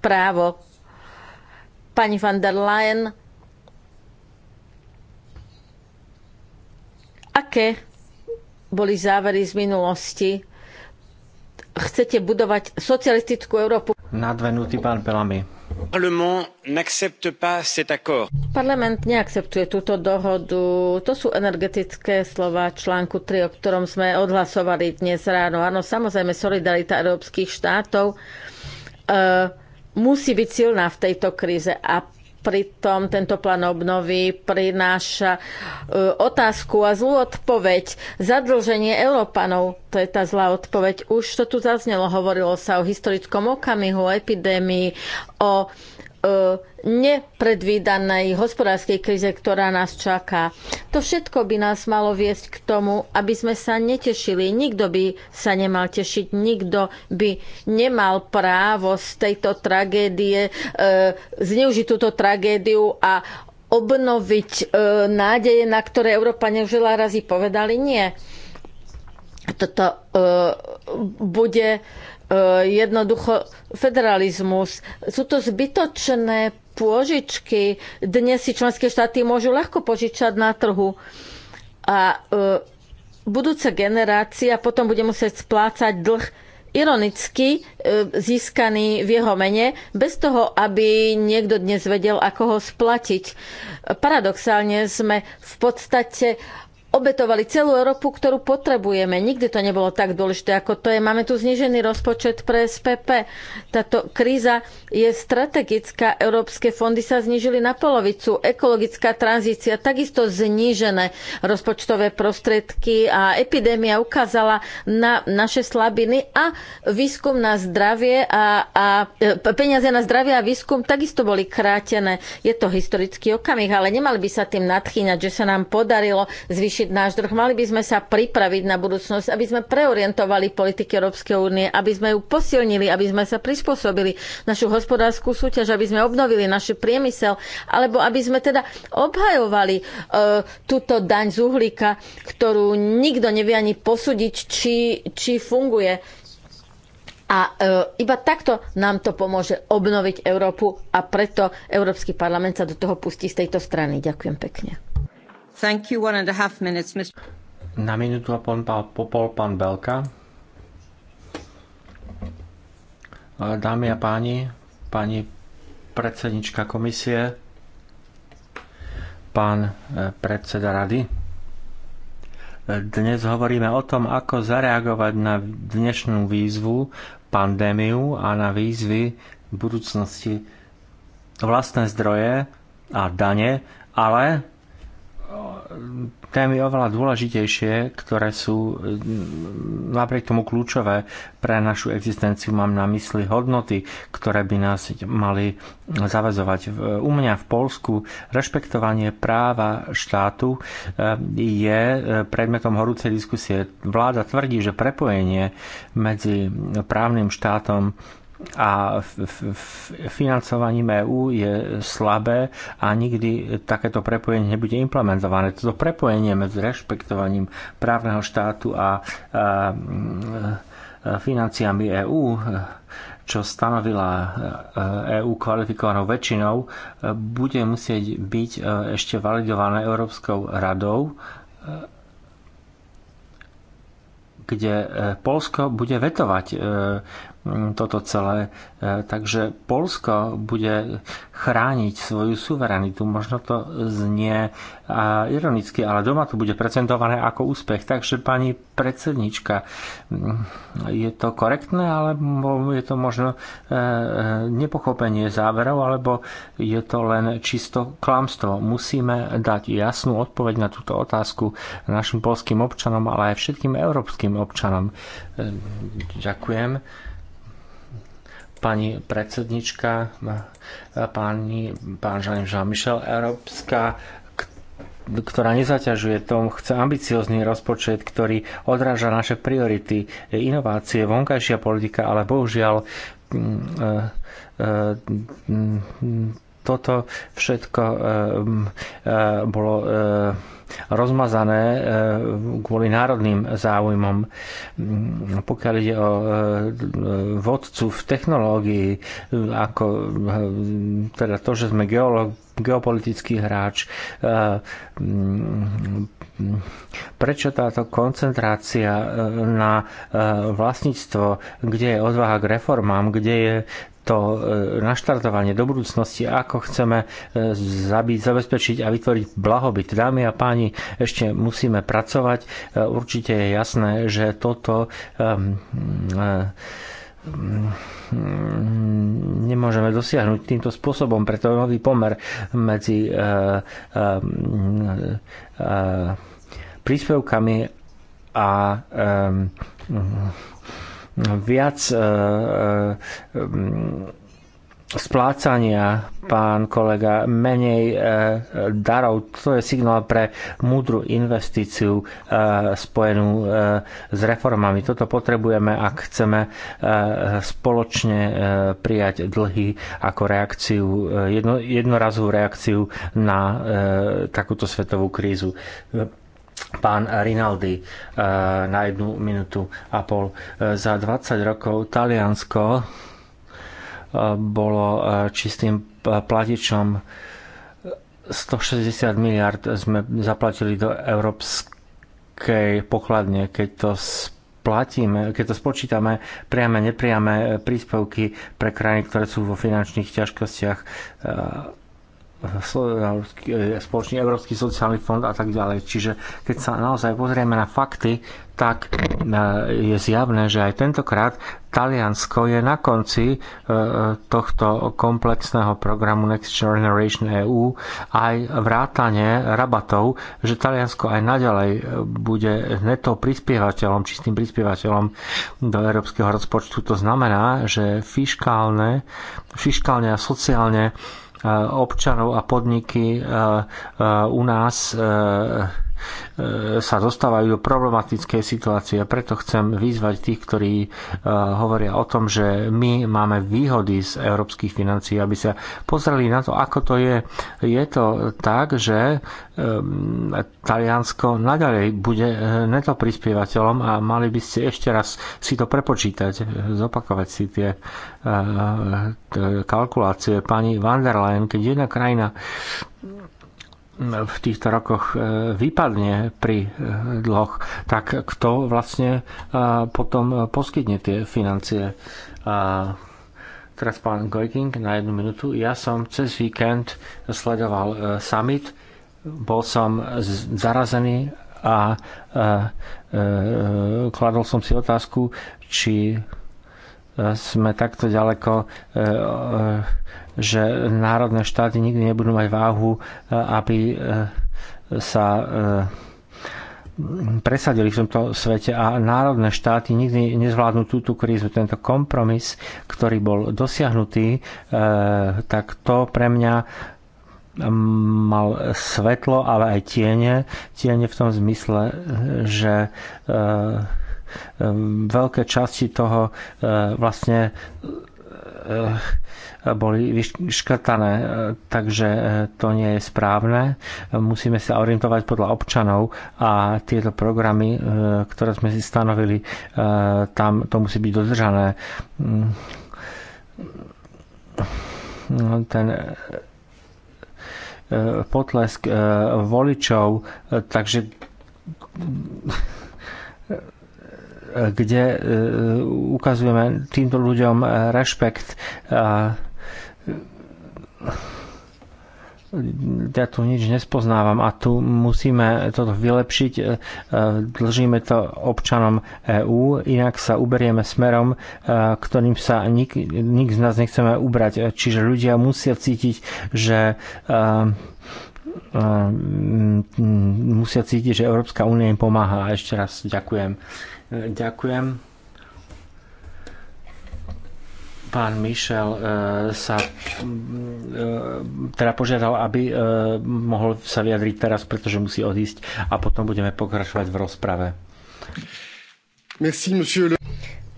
právo. Pani van der Leyen, aké boli závery z minulosti? Chcete budovať socialistickú Európu? Nadvenutý pán Pelami. Parlament neakceptuje túto dohodu. To sú energetické slova článku 3, o ktorom sme odhlasovali dnes ráno. Áno, samozrejme, solidarita európskych štátov e, musí byť silná v tejto kríze a Pritom tento plán obnovy prináša e, otázku a zlú odpoveď. Zadlženie Európanov, to je tá zlá odpoveď. Už to tu zaznelo, hovorilo sa o historickom okamihu, o epidémii, o e, nepredvídanej hospodárskej krize, ktorá nás čaká. To všetko by nás malo viesť k tomu, aby sme sa netešili. Nikto by sa nemal tešiť, nikto by nemal právo z tejto tragédie e, zneužiť túto tragédiu a obnoviť e, nádeje, na ktoré Európania nežila razy povedali nie. Toto e, bude e, jednoducho federalizmus. Sú to zbytočné pôžičky. Dnes si členské štáty môžu ľahko požičať na trhu. A e, budúca generácia potom bude musieť splácať dlh ironicky e, získaný v jeho mene, bez toho, aby niekto dnes vedel, ako ho splatiť. Paradoxálne sme v podstate obetovali celú Európu, ktorú potrebujeme. Nikdy to nebolo tak dôležité, ako to je. Máme tu znížený rozpočet pre SPP. Táto kríza je strategická. Európske fondy sa znížili na polovicu. Ekologická tranzícia, takisto znížené rozpočtové prostriedky a epidémia ukázala na naše slabiny a výskum na zdravie a, a e, peniaze na zdravie a výskum takisto boli krátené. Je to historický okamih, ale nemali by sa tým nadchýňať, že sa nám podarilo zvýšiť riešiť náš druh. Mali by sme sa pripraviť na budúcnosť, aby sme preorientovali politiky Európskej únie, aby sme ju posilnili, aby sme sa prispôsobili našu hospodárskú súťaž, aby sme obnovili naš priemysel, alebo aby sme teda obhajovali e, túto daň z uhlíka, ktorú nikto nevie ani posúdiť, či, či funguje. A e, iba takto nám to pomôže obnoviť Európu a preto Európsky parlament sa do toho pustí z tejto strany. Ďakujem pekne. Thank you, one and a half minutes, Mr. Na minútu a pol, pán Belka. Dámy a páni, pani predsednička komisie, pán e, predseda rady. Dnes hovoríme o tom, ako zareagovať na dnešnú výzvu, pandémiu a na výzvy budúcnosti vlastné zdroje a dane, ale témy oveľa dôležitejšie, ktoré sú mm, napriek tomu kľúčové pre našu existenciu. Mám na mysli hodnoty, ktoré by nás mali zavezovať. U mňa v Polsku rešpektovanie práva štátu e, je e, predmetom horúcej diskusie. Vláda tvrdí, že prepojenie medzi právnym štátom a financovaním EÚ je slabé a nikdy takéto prepojenie nebude implementované. Toto prepojenie medzi rešpektovaním právneho štátu a, a financiami EÚ, čo stanovila EÚ e kvalifikovanou väčšinou, bude musieť byť e, ešte validované Európskou radou e, kde Polsko bude vetovať Mm, toto celé. E, takže Polsko bude chrániť svoju suverenitu. Možno to znie e, ironicky, ale doma to bude prezentované ako úspech. Takže pani predsednička, mm, je to korektné, alebo je to možno e, nepochopenie záverov, alebo je to len čisto klamstvo. Musíme dať jasnú odpoveď na túto otázku našim polským občanom, ale aj všetkým európskym občanom. Ďakujem pani predsednička, pani, pán Jean-Michel, Európska ktorá nezaťažuje tom, chce ambiciózny rozpočet, ktorý odráža naše priority, e, inovácie, vonkajšia politika, ale bohužiaľ mm, e, e, mm, toto všetko bolo rozmazané e, kvôli národným záujmom. Pokiaľ ide o e, vodcu v technológii, ako e, teda to, že sme geológ, geopolitický hráč, prečo táto koncentrácia na vlastníctvo, kde je odvaha k reformám, kde je to e, naštartovanie do budúcnosti, ako chceme e, zabezpečiť a vytvoriť blahobyt. Dámy a páni, ešte musíme pracovať. E, určite je jasné, že toto nemôžeme dosiahnuť týmto spôsobom, preto nový pomer medzi príspevkami a viac e, e, splácania, pán kolega, menej e, darov. To je signál pre múdru investíciu spojenú s reformami. Toto potrebujeme, ak chceme spoločne prijať dlhy ako reakciu, jedno, jednorazovú reakciu na takúto svetovú krízu pán Rinaldi eh, na jednu minútu a pol. Eh, za 20 rokov Taliansko eh, bolo čistým platičom 160 miliard sme zaplatili do európskej pokladne, keď to splatíme, keď to spočítame, priame, nepriame príspevky pre krajiny, ktoré sú vo finančných ťažkostiach Eh, spoločný Európsky sociálny fond a tak ďalej. Čiže keď sa naozaj pozrieme na fakty, tak eh, je zjavné, že aj tentokrát Taliansko je na konci eh, tohto komplexného programu Next Generation EU aj vrátanie rabatov, že Taliansko aj naďalej bude neto prispievateľom, čistým prispievateľom do európskeho rozpočtu. To znamená, že fiskálne, fiskálne a sociálne občanov a podniky u nás E, sa dostávajú do problematickej situácie. Preto chcem vyzvať tých, ktorí e, hovoria o tom, že my máme výhody z európskych financií, aby sa pozreli na to, ako to je. Je to tak, že e, Taliansko naďalej bude neto prispievateľom a mali by ste ešte raz si to prepočítať, zopakovať si tie kalkulácie. Pani van der Leyen, keď jedna krajina v týchto rokoch e, vypadne pri e, dloch, tak kto vlastne e, potom poskytne tie financie. A teraz pán Gojking na jednu minútu. Ja som cez víkend sledoval summit, bol som zarazený a kladol som si otázku, či sme takto ďaleko že národné štáty nikdy nebudú mať váhu, e, aby e, sa e, presadili v tomto svete a národné štáty nikdy nezvládnu túto krízu. Tento kompromis, ktorý bol dosiahnutý, tak to pre mňa mal svetlo, ale aj tiene. Tiene v tom zmysle, že veľké časti toho vlastne Eh, boli vyškrtané, eh, takže eh, to nie je správne. Musíme sa orientovať podľa občanov a tieto programy, ktoré sme si stanovili, tam to musí byť dodržané. Mm. No, ten potlesk voličov, takže kde e, ukazujeme týmto ľuďom e, rešpekt. A ja tu nič nespoznávam a tu musíme toto vylepšiť. E, dlžíme to občanom EÚ, inak sa uberieme smerom, ktorým sa nik, nik z nás nechceme ubrať. Čiže ľudia musia cítiť, že musia cítiť, že Európska únia im pomáha. A ešte raz ďakujem. Ďakujem. Pán Mišel e, sa e, teda požiadal, aby e, mohol sa vyjadriť teraz, pretože musí odísť a potom budeme pokračovať v rozprave. Merci, monsieur.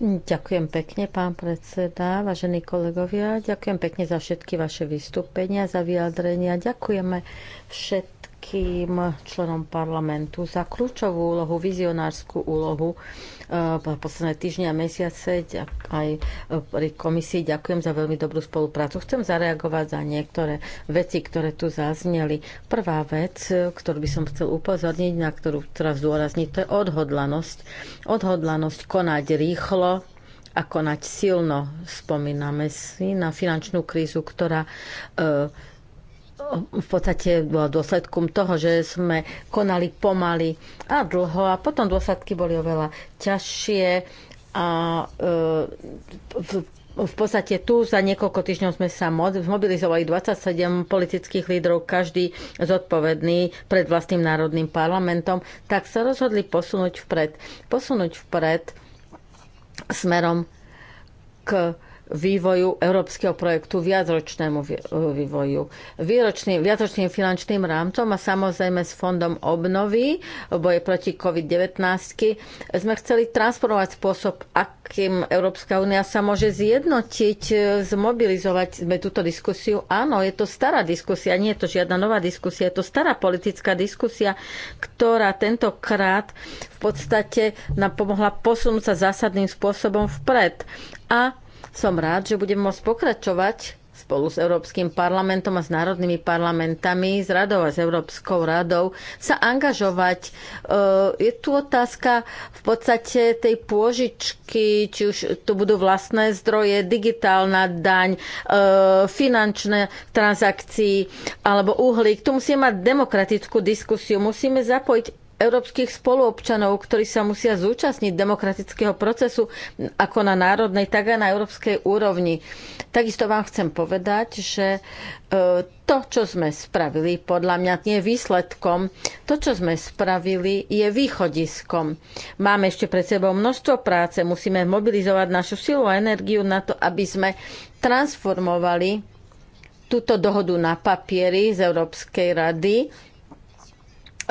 Ďakujem pekne, pán predseda, vážení kolegovia. Ďakujem pekne za všetky vaše vystúpenia, za vyjadrenia. Ďakujeme všetkým všetkým členom parlamentu za kľúčovú úlohu, vizionárskú úlohu v eh, posledné týždne a mesiace aj eh, pri komisii. Ďakujem za veľmi dobrú spoluprácu. Chcem zareagovať za niektoré veci, ktoré tu zazneli. Prvá vec, eh, ktorú by som chcel upozorniť, na ktorú teraz zdôrazniť, to je odhodlanosť. Odhodlanosť konať rýchlo, a konať silno. Spomíname si na finančnú krízu, ktorá v podstate bola dôsledkom toho, že sme konali pomaly a dlho a potom dôsledky boli oveľa ťažšie a e, v podstate tu za niekoľko týždňov sme sa mobilizovali 27 politických lídrov, každý zodpovedný pred vlastným národným parlamentom, tak sa rozhodli posunúť vpred. Posunúť vpred smerom k vývoju európskeho projektu, viacročnému e, vývoju, výročným, viacročným finančným rámcom a samozrejme s fondom obnovy boje proti COVID-19 sme chceli transformovať spôsob, akým Európska únia sa môže zjednotiť, e, zmobilizovať sme túto diskusiu. Áno, je to stará diskusia, nie je to žiadna nová diskusia, je to stará politická diskusia, ktorá tentokrát v podstate nám pomohla posunúť sa zásadným spôsobom vpred. A som rád, že budem môcť pokračovať spolu s Európskym parlamentom a s národnými parlamentami, s radou a s Európskou radou, sa angažovať. E, je tu otázka v podstate tej pôžičky, či už to budú vlastné zdroje, digitálna daň, e, finančné transakcie alebo uhlík. Tu musíme mať demokratickú diskusiu, musíme zapojiť európskych spoluobčanov, ktorí sa musia zúčastniť demokratického procesu ako na národnej, tak aj na európskej úrovni. Takisto vám chcem povedať, že e, to, čo sme spravili, podľa mňa nie je výsledkom. To, čo sme spravili, je východiskom. Máme ešte pred sebou množstvo práce, musíme mobilizovať našu silu a energiu na to, aby sme transformovali túto dohodu na papiery z Európskej rady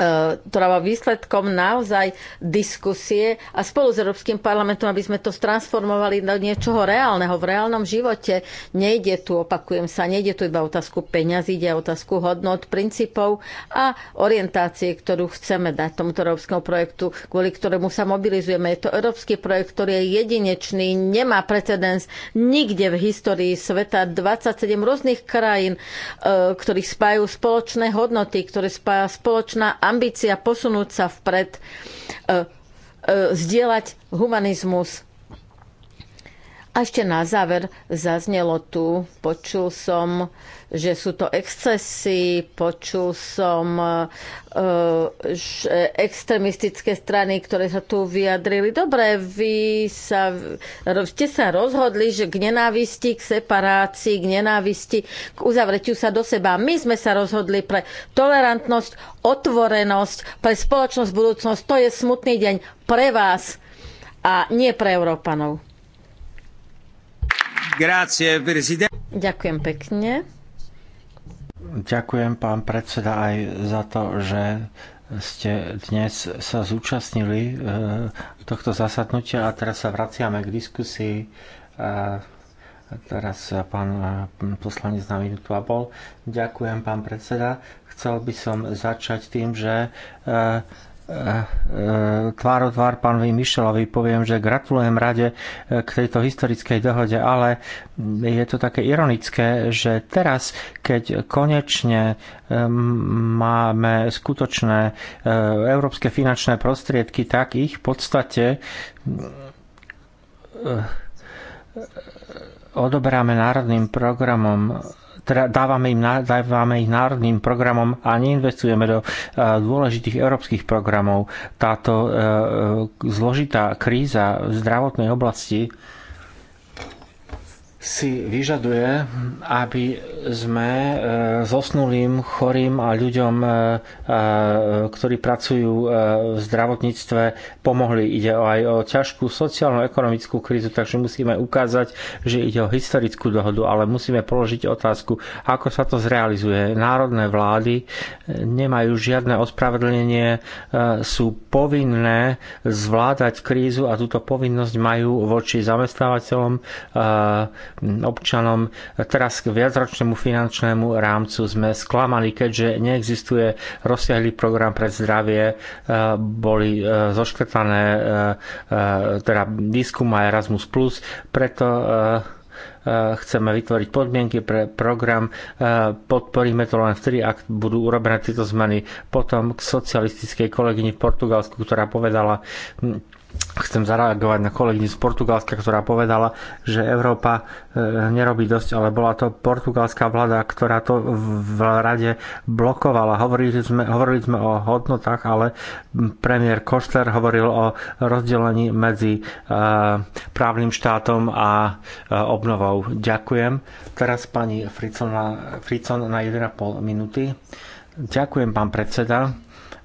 E, ktorá bola výsledkom naozaj diskusie a spolu s Európskym parlamentom, aby sme to transformovali do niečoho reálneho v reálnom živote. Nejde tu, opakujem sa, nejde tu iba otázku peňazí, ide o otázku hodnot, princípov a orientácie, ktorú chceme dať tomuto európskemu projektu, kvôli ktorému sa mobilizujeme. Je to európsky projekt, ktorý je jedinečný, nemá precedens nikde v histórii sveta. 27 rôznych krajín, e, ktorých spájajú spoločné hodnoty, ktoré spája spoločná ambícia posunúť sa vpred, e, e, zdieľať humanizmus. A ešte na záver zaznelo tu, počul som, že sú to excesy, počul som e, že extremistické strany, ktoré sa tu vyjadrili. Dobre, vy sa, ste sa rozhodli, že k nenávisti, k separácii, k nenávisti, k uzavretiu sa do seba. My sme sa rozhodli pre tolerantnosť, otvorenosť, pre spoločnosť, budúcnosť. To je smutný deň pre vás a nie pre Európanov. Grazie, Ďakujem pekne. Ďakujem, pán predseda, aj za to, že ste dnes sa zúčastnili eh, tohto zasadnutia a teraz sa vraciame k diskusii. Eh, teraz pán eh, poslanec na minútu a pol. Ďakujem, pán predseda. Chcel by som začať tým, že Eh, eh, tvár o tvár pánovi Mišelovi poviem, že gratulujem rade eh, k tejto historickej dohode, ale je to také ironické, že teraz, keď konečne máme skutočné európske finančné prostriedky, tak ich v podstate odoberáme národným programom dávame, im, dávame ich národným programom a neinvestujeme do e, dôležitých európskych programov. Táto e, e, zložitá kríza v zdravotnej oblasti si vyžaduje, aby sme e, zosnulým, chorým a ľuďom, e, e, ktorí pracujú v zdravotníctve, pomohli. Ide aj o ťažkú sociálno-ekonomickú krízu, takže musíme ukázať, že ide o historickú dohodu, ale musíme položiť otázku, ako sa to zrealizuje. Národné vlády nemajú žiadne ospravedlnenie, sú povinné zvládať krízu a túto povinnosť majú voči zamestnávateľom občanom. Teraz k viacročnému finančnému rámcu sme sklamali, keďže neexistuje rozsiahlý program pre zdravie. E, boli e, zoškrtané e, teda výskum a Erasmus+, preto chceme vytvoriť podmienky pre program, podporíme to len vtedy, ak budú urobené tieto zmeny. Potom k socialistickej kolegyni v Portugalsku, ktorá povedala, hm, chcem zareagovať na kolegyňu z Portugalska, ktorá povedala, že Európa e, nerobí dosť, ale bola to portugalská vláda, ktorá to v rade blokovala. Hovorili sme, hovorili sme o hodnotách, ale premiér Košter hovoril o rozdelení medzi e, právnym štátom a e, obnovou. Ďakujem. Teraz pani Fricon na, Fricon na 1,5 minúty. Ďakujem, pán predseda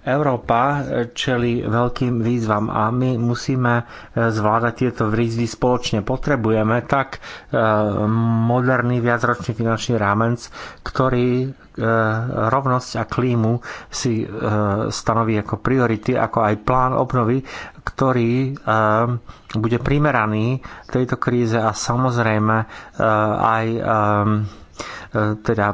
Európa e, čeli veľkým výzvam a my musíme e, zvládať tieto výzvy spoločne. Potrebujeme tak e, moderný viacročný finančný rámec, ktorý rovnosť a klímu si stanoví ako priority, ako aj plán obnovy, ktorý bude primeraný tejto kríze a samozrejme aj teda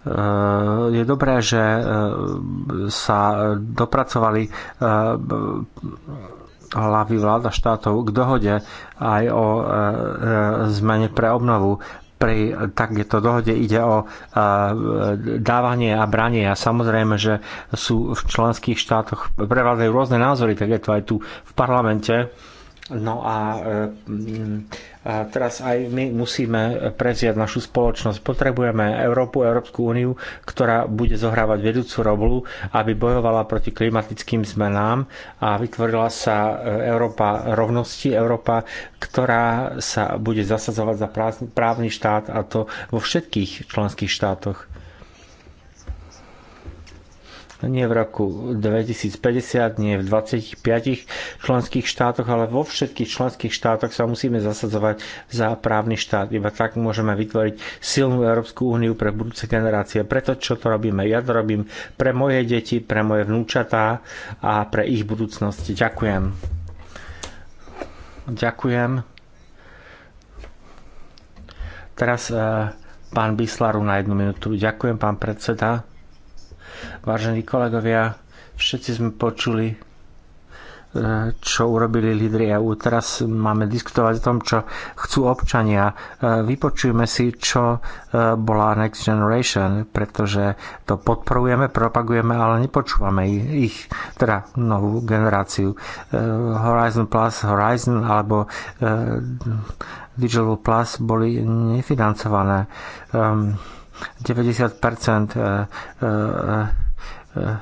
Eh, je dobré, že eh, sa dopracovali eh, hlavy vláda štátov k dohode aj o zmene pre obnovu. Pri takéto dohode ide o dávanie a branie a samozrejme, že sú v členských štátoch prevádzajú rôzne názory, tak je to aj tu v parlamente No eh, mm, a teraz aj my musíme prevziať našu spoločnosť. Potrebujeme Európu, Európsku úniu, ktorá bude zohrávať vedúcu roblu, aby bojovala proti klimatickým zmenám a vytvorila sa eh, Európa rovnosti, Európa, ktorá sa bude zasadzovať za právny štát a to vo všetkých členských štátoch nie v roku 2050, nie v 25 členských štátoch, ale vo všetkých členských štátoch sa musíme zasadzovať za právny štát. Iba tak môžeme vytvoriť silnú Európsku úniu pre budúce generácie. Preto, čo to robíme, ja to robím pre moje deti, pre moje vnúčatá a pre ich budúcnosť. Ďakujem. Ďakujem. Teraz eh, pán Bislaru na jednu minútu. Ďakujem, pán predseda. Vážení kolegovia, všetci sme počuli, e, čo urobili lídry EU. Teraz máme diskutovať o tom, čo chcú občania. E, Vypočujeme si, čo e, bola Next Generation, pretože to podporujeme, propagujeme, ale nepočúvame ich, teda novú generáciu. Horizon Plus, Horizon alebo Digital Plus boli nefinancované. Um, 90% eh, eh, eh,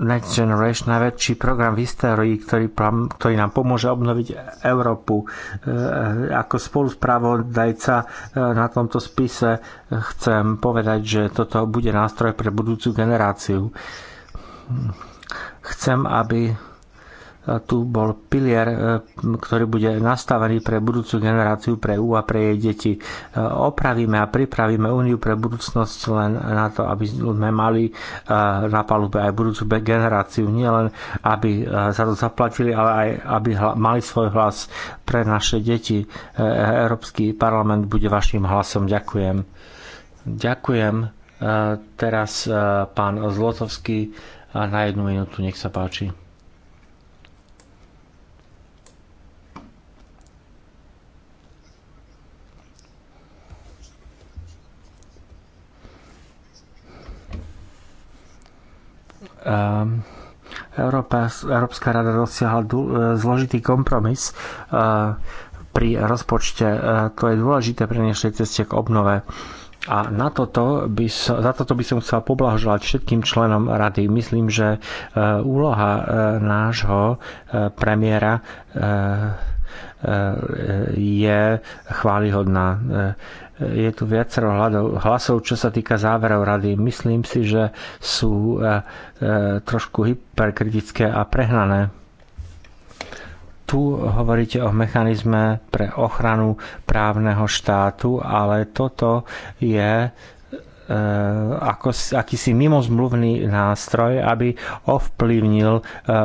Next Generation, najväčší program v histórii, ktorý, ktorý nám pomôže obnoviť Európu. Ako spoluspravodajca na tomto spise chcem povedať, že toto bude nástroj pre budúcu generáciu. Chcem, aby tu bol pilier, e, ktorý bude nastavený pre budúcu generáciu, pre EU a pre jej deti. E, opravíme a pripravíme Úniu pre budúcnosť len na to, aby sme mali e, na palube aj budúcu generáciu. Nie len, aby sa to zaplatili, ale aj, aby mali svoj hlas pre naše deti. Európsky parlament bude vašim hlasom. Ďakujem. Ďakujem. Teraz pán Zlotovský na jednu minútu, nech sa páči. Ehm, Európa, Európska rada dosiahla e, zložitý kompromis e, pri rozpočte. E, to je dôležité pre dnešnej ceste k obnove. A na toto by som, za toto by som chcel poblahoželať všetkým členom rady. Myslím, že úloha nášho premiéra je chválihodná. Je tu viacero hlasov, čo sa týka záverov rady. Myslím si, že sú e, e, trošku hyperkritické a prehnané. Tu hovoríte o mechanizme pre ochranu právneho štátu, ale toto je Eh, ako, akýsi mimozmluvný nástroj, aby ovplyvnil eh,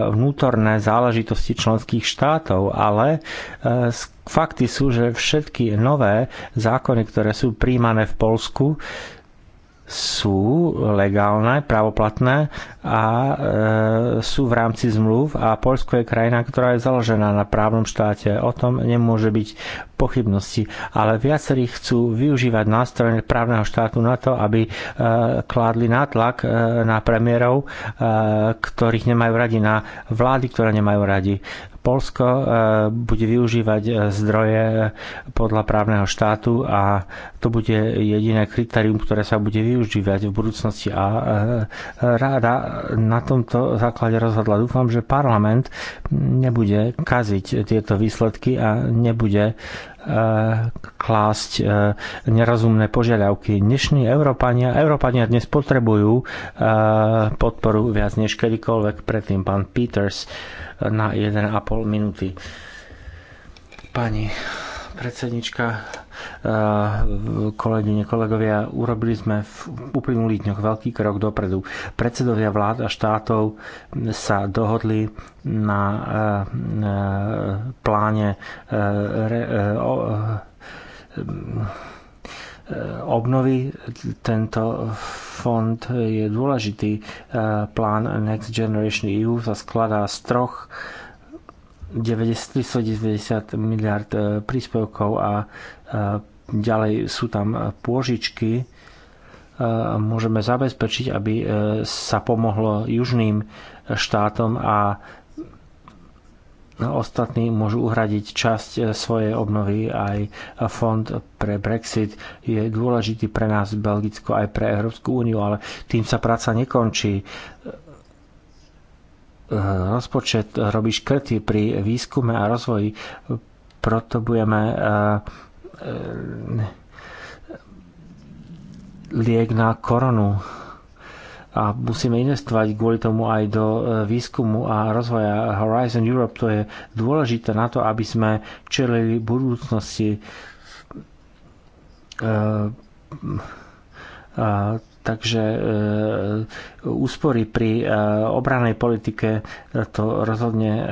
vnútorné záležitosti členských štátov, ale eh, fakty sú, že všetky nové zákony, ktoré sú príjmané v Polsku, sú legálne, právoplatné a e, sú v rámci zmluv a Polsko je krajina, ktorá je založená na právnom štáte. O tom nemôže byť pochybnosti, ale viacerí chcú využívať nástroje právneho štátu na to, aby e, kládli nátlak e, na premiérov, e, ktorých nemajú radi, na vlády, ktoré nemajú radi. Polsko e, bude využívať e, zdroje podľa právneho štátu a to bude jediné kritérium, ktoré sa bude využívať v budúcnosti. A e, ráda na tomto základe rozhodla. Dúfam, že parlament nebude kaziť tieto výsledky a nebude klásť e, nerozumné požiadavky. Dnešní Európania, Európania dnes potrebujú e, podporu viac než kedykoľvek predtým pán Peters na 1,5 minúty. Pani predsednička, Eh, kolegyne, kolegovia, urobili sme v uplynulých dňoch veľký krok dopredu. Predsedovia vlád a štátov sa dohodli na eh, pláne eh, obnovy. Tento fond je dôležitý. Plán Next Generation EU sa skladá z troch 390 miliard príspevkov a E, ďalej sú tam pôžičky, e, môžeme zabezpečiť, aby e, sa pomohlo južným štátom a ostatní môžu uhradiť časť svojej obnovy. Aj fond pre Brexit je dôležitý pre nás v Belgicku, aj pre Európsku úniu, ale tým sa práca nekončí. Rozpočet robí škrty pri výskume a rozvoji, proto budeme uh, E, liek na koronu a musíme investovať kvôli tomu aj do e, výskumu a rozvoja Horizon Europe. To je dôležité na to, aby sme čelili budúcnosti. E, takže úspory pri obranej politike to rozhodne e,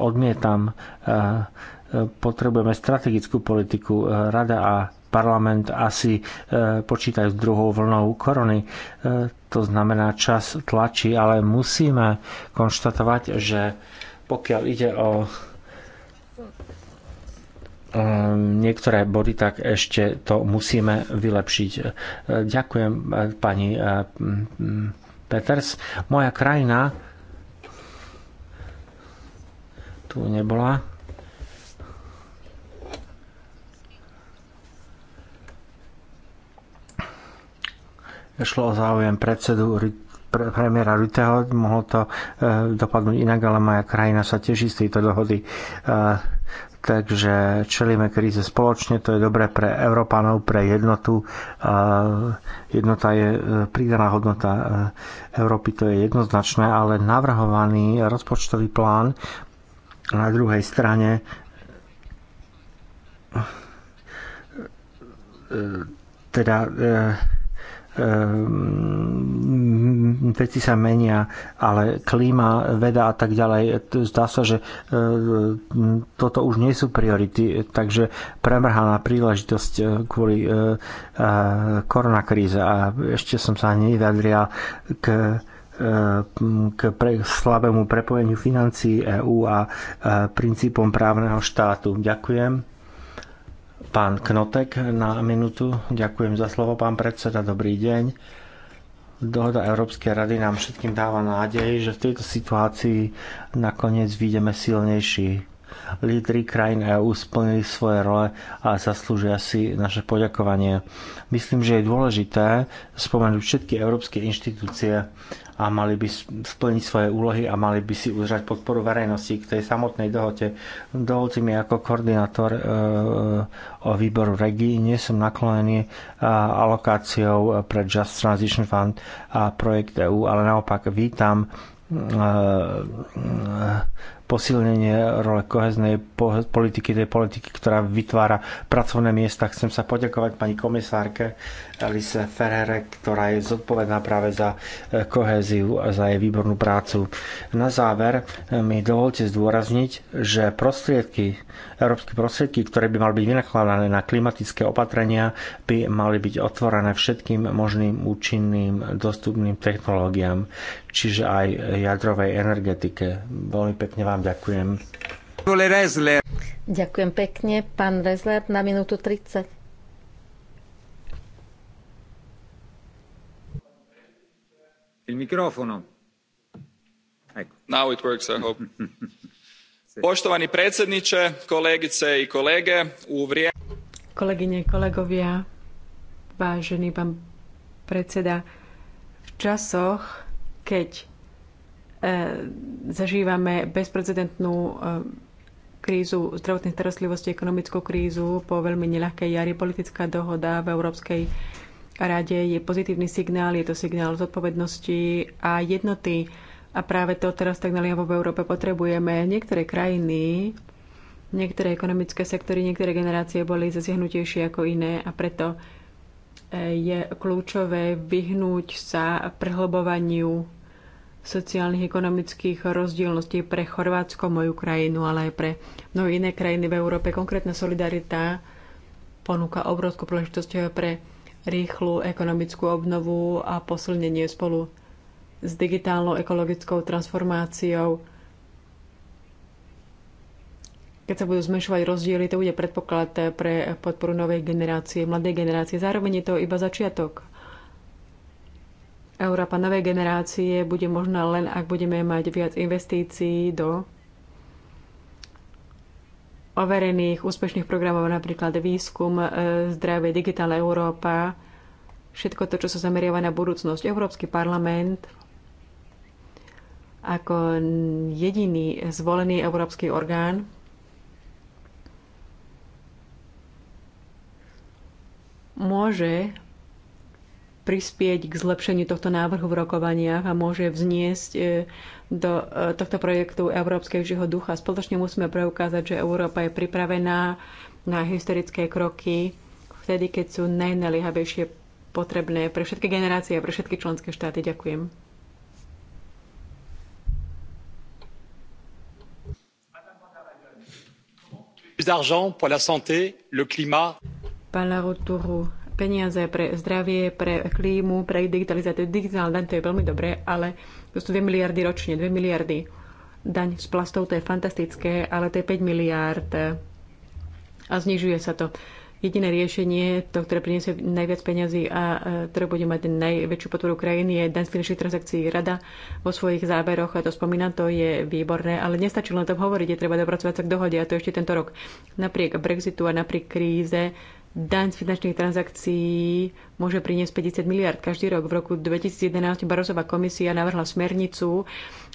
odmietam potrebujeme strategickú politiku. Rada a parlament asi e, počítajú s druhou vlnou korony. E, to znamená, čas tlačí, ale musíme konštatovať, že pokiaľ ide o e, niektoré body, tak ešte to musíme vylepšiť. Ďakujem pani Peters. Moja krajina tu nebola šlo o záujem predsedu premiéra Ruteho, mohlo to e, dopadnúť inak, ale moja krajina sa teší z tejto dohody. E, takže čelíme kríze spoločne, to je dobré pre Európanov, pre jednotu. E, jednota je pridaná hodnota Európy, to je jednoznačné, ale navrhovaný rozpočtový plán na druhej strane teda Ehm, veci sa menia, ale klíma, veda a tak ďalej, zdá sa, že ehm, toto už nie sú priority, takže premrhaná príležitosť eh, kvôli eh, eh, koronakríze a ešte som sa nevyjadrial k k pre, slabému prepojeniu financií EÚ a princípom právneho štátu. Ďakujem. Pán Knotek na minútu. Ďakujem za slovo, pán predseda. Dobrý deň. Dohoda Európskej rady nám všetkým dáva nádej, že v tejto situácii nakoniec vyjdeme silnejší. Lídry krajín EÚ splnili svoje role a zaslúžia si naše poďakovanie. Myslím, že je dôležité spomenúť všetky európske inštitúcie a mali by splniť svoje úlohy a mali by si udržať podporu verejnosti k tej samotnej dohote. Dovolte mi ako koordinátor e, o výboru REGI, nie som naklonený e, alokáciou pre Just Transition Fund a projekt EU, ale naopak vítam e, e, posilnenie role koheznej politiky, tej politiky, ktorá vytvára pracovné miesta. Chcem sa poďakovať pani komisárke Elise Ferrere, ktorá je zodpovedná práve za eh, koheziu a za jej výbornú prácu. Na záver eh, mi dovolte zdôrazniť, že prostriedky, európske prostriedky, ktoré by mali byť vynakladané na klimatické opatrenia, by mali byť otvorené všetkým možným účinným dostupným technológiám, čiže aj jadrovej energetike. Veľmi pekne vám ďakujem. Ďakujem pekne. Pán Rezler na minútu 30. Il microfono. Ecco. Now it works, I hope. *laughs* Poštovani predsjedniče, kolegice i kolege, u vrijeme... Kolegyne, kolegovia, vážený pán predseda, v časoch, keď E, zažívame bezprecedentnú e, krízu zdravotnej starostlivosti, ekonomickú krízu po veľmi neľahkej jari. Politická dohoda v Európskej rade je pozitívny signál, je to signál zodpovednosti a jednoty. A práve to teraz tak naliehavo v Európe potrebujeme. Niektoré krajiny, niektoré ekonomické sektory, niektoré generácie boli zasiahnutejšie ako iné a preto e, je kľúčové vyhnúť sa prehlbovaniu sociálnych, ekonomických rozdielností pre Chorvátsko, moju krajinu, ale aj pre mnohé iné krajiny v Európe. Konkrétna solidarita ponúka obrovskú príležitosť pre rýchlu ekonomickú obnovu a posilnenie spolu s digitálnou ekologickou transformáciou. Keď sa budú zmenšovať rozdiely, to bude predpoklad pre podporu novej generácie, mladej generácie. Zároveň je to iba začiatok. Európa novej generácie bude možná len, ak budeme mať viac investícií do overených úspešných programov, napríklad výskum, e, zdravie, digitálna Európa, všetko to, čo sa zameriava na budúcnosť. Európsky parlament ako jediný zvolený európsky orgán môže prispieť k zlepšeniu tohto návrhu v rokovaniach a môže vzniesť e, do e, tohto projektu európskejšieho ducha. Spoločne musíme preukázať, že Európa je pripravená na historické kroky vtedy, keď sú najnaliehavejšie potrebné pre všetky generácie a pre všetky členské štáty. Ďakujem. d'argent pour la santé, le climat peniaze pre zdravie, pre klímu, pre digitalizáciu. Digitálna daň to je veľmi dobré, ale to sú 2 miliardy ročne, 2 miliardy. Daň z plastov to je fantastické, ale to je 5 miliard a znižuje sa to. Jediné riešenie, to, ktoré priniesie najviac peňazí a e, ktoré bude mať najväčšiu podporu krajiny, je daň z finančných transakcií. Rada vo svojich záberoch a to spomína, to je výborné, ale nestačí len to hovoriť, je treba dopracovať sa k dohode a to ešte tento rok. Napriek Brexitu a napriek kríze daň z finančných transakcií môže priniesť 50 miliard každý rok. V roku 2011 Barosová komisia navrhla smernicu.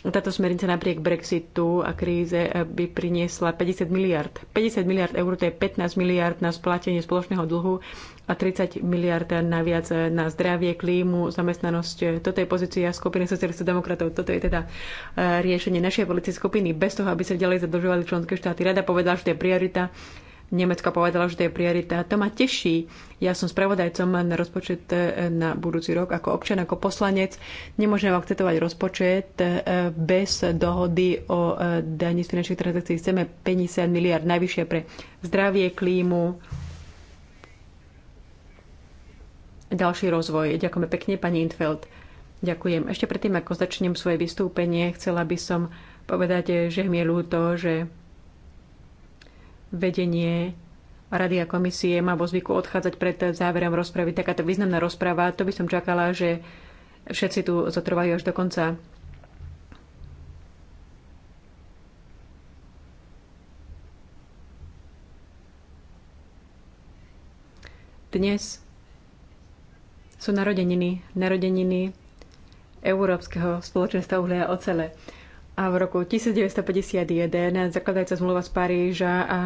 Táto smernica napriek Brexitu a kríze eh, by priniesla 50 miliard. 50 miliard eur to je 15 miliard na splatenie spoločného dlhu a 30 miliard naviac eh, na zdravie, klímu, zamestnanosť. Eh, toto je pozícia skupiny socialistov demokratov. Toto je teda riešenie našej politickej skupiny bez toho, aby sa ďalej zadlžovali členské štáty. Rada povedala, že to je priorita Nemecko povedala, že to je priorita. To ma teší. Ja som spravodajcom na rozpočet e, na budúci rok ako občan, ako poslanec. Nemôžem akceptovať rozpočet e, bez dohody o e, daní z finančných transakcií. Chceme 50 miliard najvyššie pre zdravie, klímu, ďalší rozvoj. Ďakujeme pekne, pani Intfeld. Ďakujem. Ešte predtým, ako začnem svoje vystúpenie, chcela by som povedať, že mi je ľúto, že vedenie Rady a komisie má vo zvyku odchádzať pred záverom rozpravy. Takáto významná rozprava, to by som čakala, že všetci tu zatrvajú až do konca. Dnes sú narodeniny, narodeniny Európskeho spoločenstva uhlia a ocele. A v roku 1951 zakladajúca zmluva z Paríža a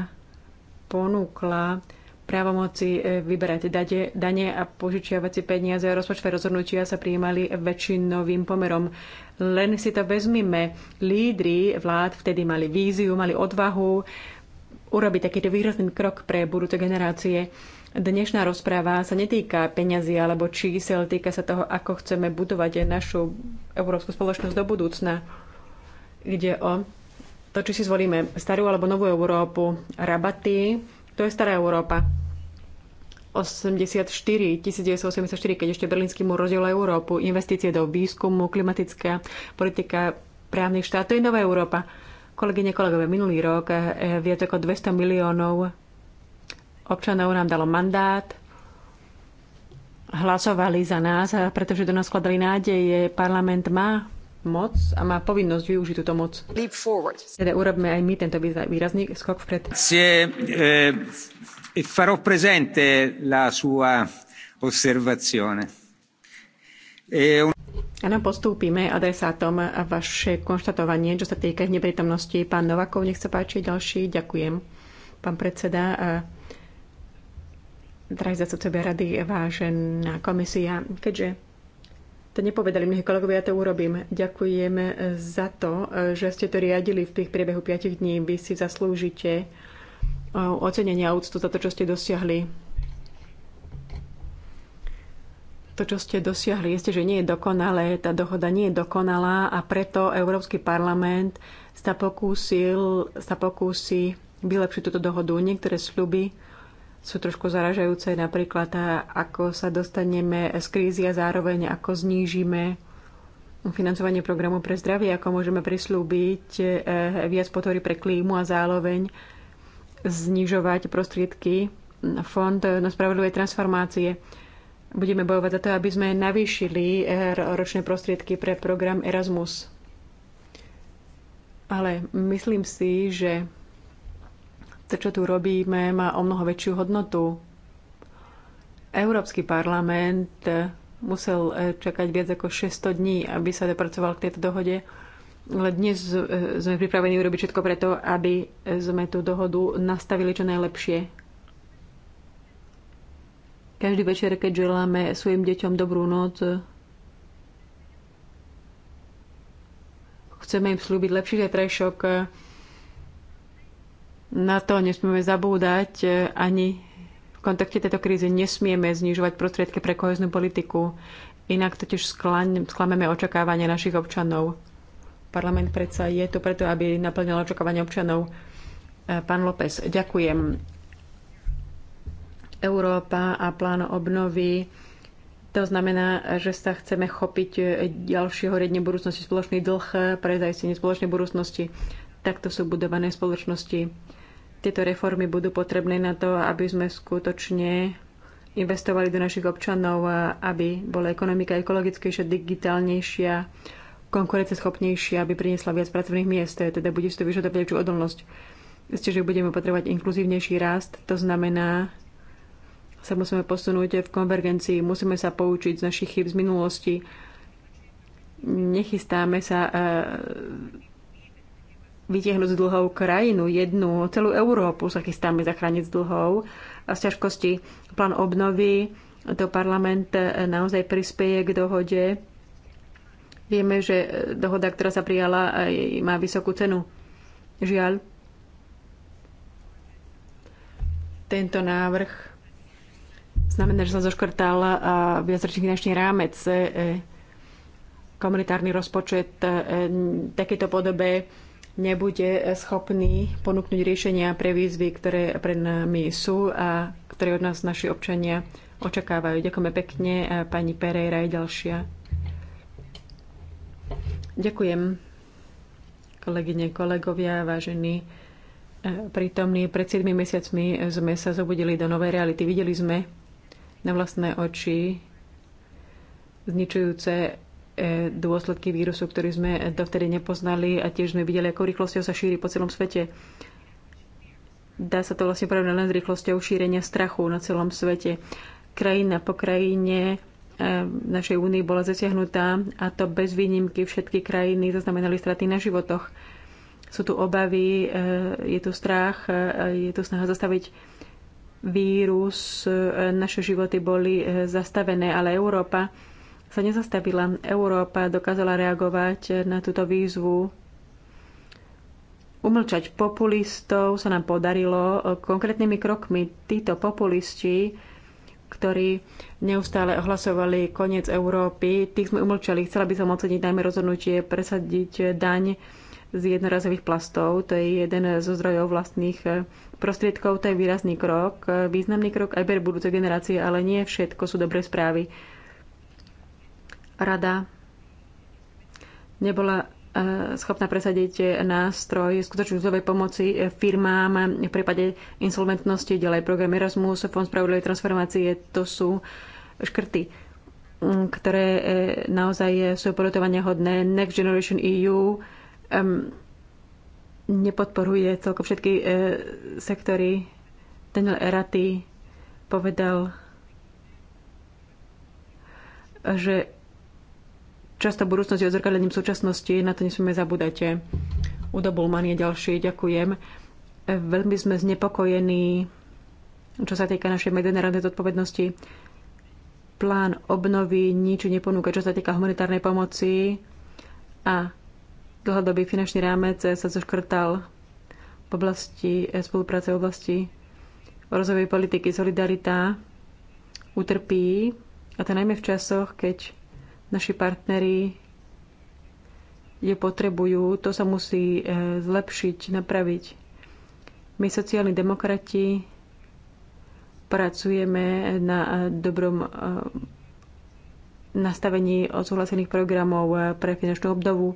ponúkla právomoci e, vyberať dane a požičiavať si peniaze. a Rozpočtové rozhodnutia sa prijímali väčšinovým pomerom. Len si to vezmime. Lídry vlád vtedy mali víziu, mali odvahu urobiť takýto výrazný krok pre budúce generácie. Dnešná rozpráva sa netýka peňazí alebo čísel, týka sa toho, ako chceme budovať našu európsku spoločnosť do budúcna Ide o to, či si zvolíme starú alebo novú Európu. Rabaty, to je stará Európa. 84, 1984, keď ešte Berlínsky múr rozdiel Európu, investície do výskumu, klimatická politika, právnych štát, to je nová Európa. Kolegyne, kolegové, minulý rok eh, viac ako 200 miliónov občanov nám dalo mandát, hlasovali za nás, pretože do nás skladali nádeje. Parlament má moc a má povinnosť využiť túto moc. Teda urobme aj my tento výrazný skok vpred. Se, eh, farò presente la sua osservazione. Áno, postúpime adresátom a vaše konštatovanie, čo sa týka neprítomnosti. Pán Novakov, nech sa páči, ďalší. Ďakujem, pán predseda. Drahí zastupcovia rady, vážená komisia, keďže to nepovedali mnohí kolegovia, ja to urobím. Ďakujem za to, že ste to riadili v tých priebehu 5 dní. Vy si zaslúžite eh, ocenenia a úctu za to, čo ste dosiahli. To, čo ste dosiahli, je, že nie je dokonalé, tá dohoda nie je dokonalá a preto Európsky parlament sa pokúsil, sa pokúsi vylepšiť túto dohodu. Niektoré sľuby sú trošku zaražajúce, napríklad ako sa dostaneme z krízy a zároveň ako znížime financovanie programu pre zdravie, ako môžeme prislúbiť e, viac podpory pre klímu a zároveň znižovať prostriedky Fond e, na spravodlivé transformácie. Budeme bojovať za to, aby sme navýšili e, ročné prostriedky pre program Erasmus. Ale myslím si, že to, čo tu robíme, má o mnoho väčšiu hodnotu. Európsky parlament musel eh, čakať viac ako 600 dní, aby sa dopracoval k tejto dohode. Ale dnes eh, sme pripravení urobiť všetko preto, aby eh, sme tú dohodu nastavili čo najlepšie. Každý večer, keď želáme svojim deťom dobrú noc, chceme im slúbiť lepší zajtrajšok, na to nesmieme zabúdať e, ani v kontakte tejto krízy nesmieme znižovať prostriedky pre koheznú politiku. Inak totiž sklameme očakávania našich občanov. Parlament predsa je tu preto, aby naplnil očakávania občanov. E, pán López, ďakujem. Európa a plán obnovy. To znamená, že sa chceme chopiť ďalšieho riedne budúcnosti, spoločný dlh pre zajistenie spoločnej budúcnosti. Takto sú budované spoločnosti tieto reformy budú potrebné na to, aby sme skutočne investovali do našich občanov, aby bola ekonomika ekologickejšia, digitálnejšia, konkurenceschopnejšia, aby priniesla viac pracovných miest, teda bude si to vyžadovať väčšiu odolnosť. Ste, že budeme potrebovať inkluzívnejší rast, to znamená, sa musíme posunúť v konvergencii, musíme sa poučiť z našich chyb z minulosti, nechystáme sa e, vytiahnuť z dlhov krajinu, jednu, celú Európu sa chystáme zachrániť z dlhov a z ťažkosti. Plán obnovy, to parlament eh, naozaj prispieje k dohode. Vieme, že eh, dohoda, ktorá sa prijala, má vysokú cenu. Žiaľ. Tento návrh znamená, že sa zoškrtal eh, viacročný finančný rámec komunitárny rozpočet v takejto podobe nebude schopný ponúknuť riešenia pre výzvy, ktoré pred nami sú a ktoré od nás naši občania očakávajú. Ďakujeme pekne. Pani Pereira je ďalšia. Ďakujem, kolegyne, kolegovia, vážení e, prítomní. Pred 7 mesiacmi sme sa zobudili do novej reality. Videli sme na vlastné oči zničujúce E, dôsledky vírusu, ktorý sme dovtedy nepoznali a tiež sme videli, ako rýchlosťou sa šíri po celom svete. Dá sa to vlastne porovnať len s rýchlosťou šírenia strachu na celom svete. Krajina po krajine e, v našej únii bola zasiahnutá a to bez výnimky všetky krajiny zaznamenali straty na životoch. Sú tu obavy, e, je tu strach, je tu snaha zastaviť vírus, naše životy boli zastavené, ale Európa sa nezastavila. Európa dokázala reagovať na túto výzvu. Umlčať populistov sa nám podarilo konkrétnymi krokmi. Títo populisti, ktorí neustále ohlasovali koniec Európy, tých sme umlčali. Chcela by som oceniť najmä rozhodnutie presadiť daň z jednorazových plastov. To je jeden zo zdrojov vlastných prostriedkov. To je výrazný krok, významný krok aj pre budúce generácie, ale nie všetko sú dobré správy. Rada nebola e, schopná presadiť nástroj skutočnú úzovej pomoci firmám v prípade insolventnosti, ďalej program Erasmus, Fond spravodlivej transformácie, to sú škrty, ktoré e, naozaj sú porotovania hodné. Next Generation EU um, nepodporuje celkom všetky uh, sektory. Daniel Eraty povedal, že často budúcnosť je odzrkadlením súčasnosti, na to nesmieme zabúdať. Udo Bulman je ďalší, ďakujem. Veľmi sme znepokojení, čo sa týka našej medzinárodnej zodpovednosti. Plán obnovy nič neponúka, čo sa týka humanitárnej pomoci a dlhodobý finančný rámec sa zoškrtal v oblasti eh, spolupráce v oblasti rozvojovej politiky. Solidarita utrpí, a to najmä v časoch, keď Naši partneri je potrebujú, to sa musí e, zlepšiť, napraviť. My, sociálni demokrati, pracujeme na e, dobrom e, nastavení odsúhlasených programov pre finančnú obdovu.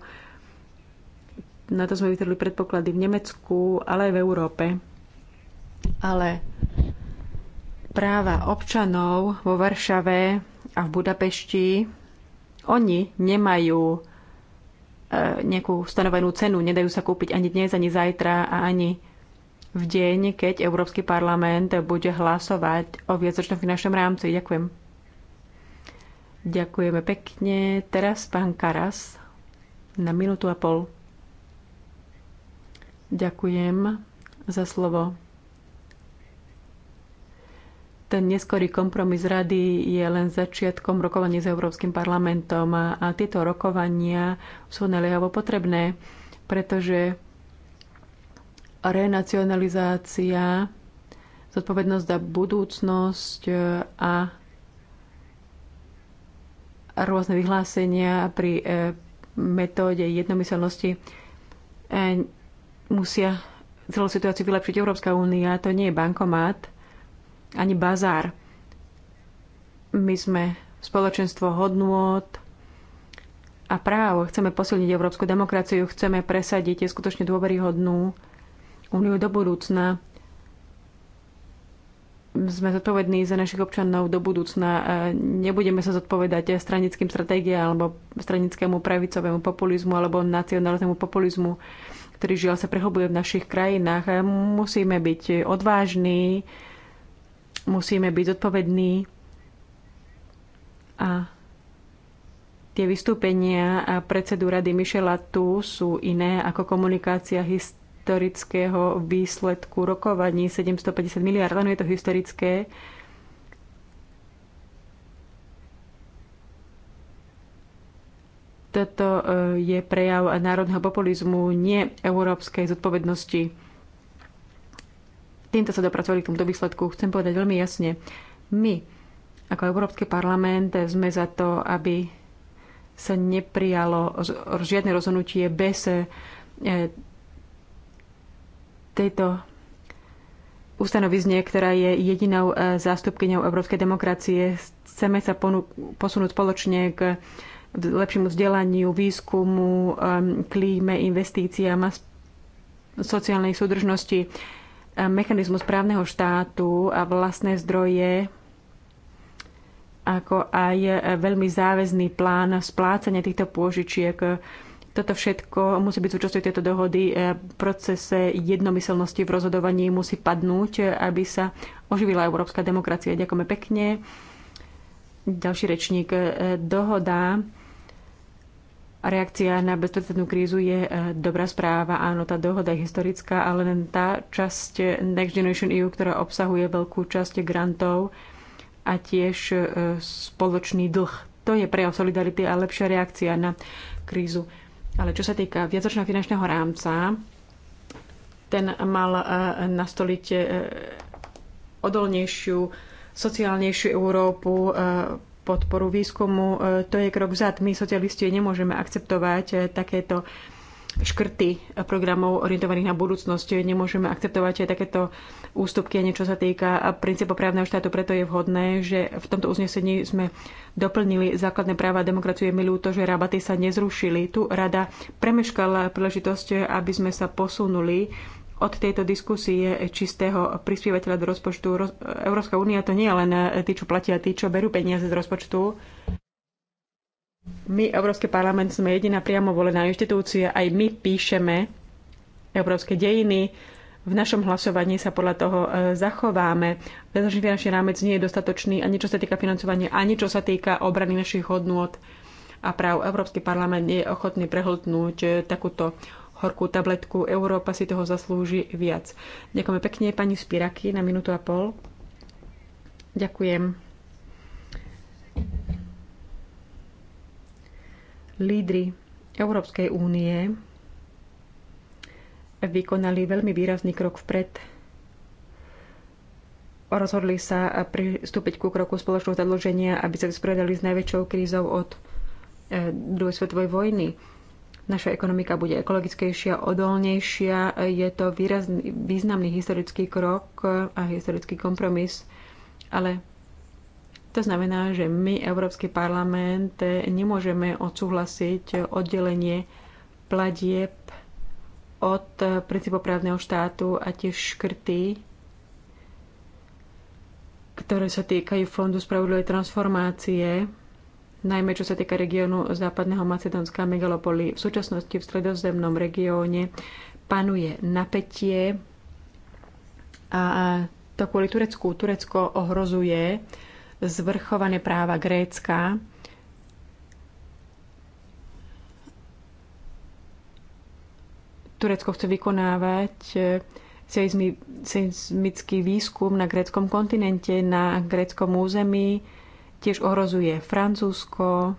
Na to sme vytvorili predpoklady v Nemecku, ale aj v Európe. Ale práva občanov vo Varšave a v Budapešti oni nemajú e, nejakú stanovenú cenu, nedajú sa kúpiť ani dnes, ani zajtra a ani v deň, keď Európsky parlament bude hlasovať o viacročnom finančnom rámci. Ďakujem. Ďakujeme pekne. Teraz pán Karas na minútu a pol. Ďakujem za slovo. Ten neskorý kompromis rady je len začiatkom rokovania s Európskym parlamentom a tieto rokovania sú naliehavo potrebné, pretože renacionalizácia, zodpovednosť za budúcnosť e, a rôzne vyhlásenia pri e, metóde jednomyselnosti e, musia celú situáciu vylepšiť Európska únia. To nie je bankomat, ani bazár. My sme spoločenstvo hodnôt a práv. Chceme posilniť európsku demokraciu, chceme presadiť skutočne dôveryhodnú úniu do budúcna sme zodpovední za našich občanov do budúcna. E, nebudeme sa zodpovedať stranickým stratégiám alebo stranickému pravicovému populizmu alebo nacionálnemu populizmu, ktorý žiaľ sa prehobuje v našich krajinách. E, musíme byť odvážni, Musíme byť zodpovední a tie vystúpenia a predsedu rady Michela tu sú iné ako komunikácia historického výsledku rokovaní 750 miliard. len je to historické. Toto e, je prejav národného populizmu, nie európskej zodpovednosti týmto sa dopracovali k tomuto výsledku. Chcem povedať veľmi jasne, my ako Európsky parlament sme za to, aby sa neprijalo žiadne rozhodnutie bez e, tejto ustanovizne, ktorá je jedinou e, zástupkyňou európskej demokracie. Chceme sa posunúť spoločne k lepšiemu vzdelaniu, výskumu, e, klíme, investíciám a sociálnej súdržnosti mechanizmus právneho štátu a vlastné zdroje, ako aj veľmi záväzný plán splácania týchto pôžičiek. Toto všetko musí byť súčasťou tejto dohody. V procese jednomyselnosti v rozhodovaní musí padnúť, aby sa oživila európska demokracia. Ďakujeme pekne. Ďalší rečník. Dohoda reakcia na bezprecednú krízu je e, dobrá správa. Áno, tá dohoda je historická, ale len tá časť Next Generation EU, ktorá obsahuje veľkú časť grantov a tiež e, spoločný dlh. To je prejav solidarity a lepšia reakcia na krízu. Ale čo sa týka viacročného finančného rámca, ten mal e, nastoliť odolnejšiu, sociálnejšiu Európu, podporu výskumu. E, to je krok vzad. My, socialisti, nemôžeme akceptovať e, takéto škrty programov orientovaných na budúcnosť. Nemôžeme akceptovať aj e, takéto ústupky niečo sa týka princípu právneho štátu. Preto je vhodné, že v tomto uznesení sme doplnili základné práva a demokraciu. Je mi ľúto, že rabaty sa nezrušili. Tu rada premeškala príležitosť, aby sme sa posunuli od tejto diskusie čistého prispievateľa do rozpočtu. Európska únia to nie je len eh, tí, čo platia, tí, čo berú peniaze z rozpočtu. My, Európsky parlament, sme jediná priamo volená inštitúcia. Aj my píšeme európske dejiny. V našom hlasovaní sa podľa toho eh, zachováme. Pretože finančný rámec nie je dostatočný ani čo sa týka financovania, ani čo sa týka obrany našich hodnôt a práv. Európsky parlament nie je ochotný prehltnúť eh, takúto horkú tabletku. Európa si toho zaslúži viac. Ďakujeme pekne pani Spiraky na minútu a pol. Ďakujem. Lídry Európskej únie vykonali veľmi výrazný krok vpred rozhodli sa pristúpiť ku kroku spoločného zadlženia, aby sa vysporiadali s najväčšou krízou od eh, druhej svetovej vojny. Naša ekonomika bude ekologickejšia, odolnejšia. Je to výrazný, významný historický krok a historický kompromis, ale to znamená, že my, Európsky parlament, nemôžeme odsúhlasiť oddelenie platieb od princípoprávneho štátu a tiež škrty, ktoré sa týkajú Fondu spravodlivej transformácie najmä čo sa týka regiónu západného Macedónska a Megalopoly. V súčasnosti v stredozemnom regióne panuje napätie a to kvôli Turecku. Turecko ohrozuje zvrchované práva Grécka Turecko chce vykonávať seizmický výskum na gréckom kontinente, na gréckom území tiež ohrozuje Francúzsko,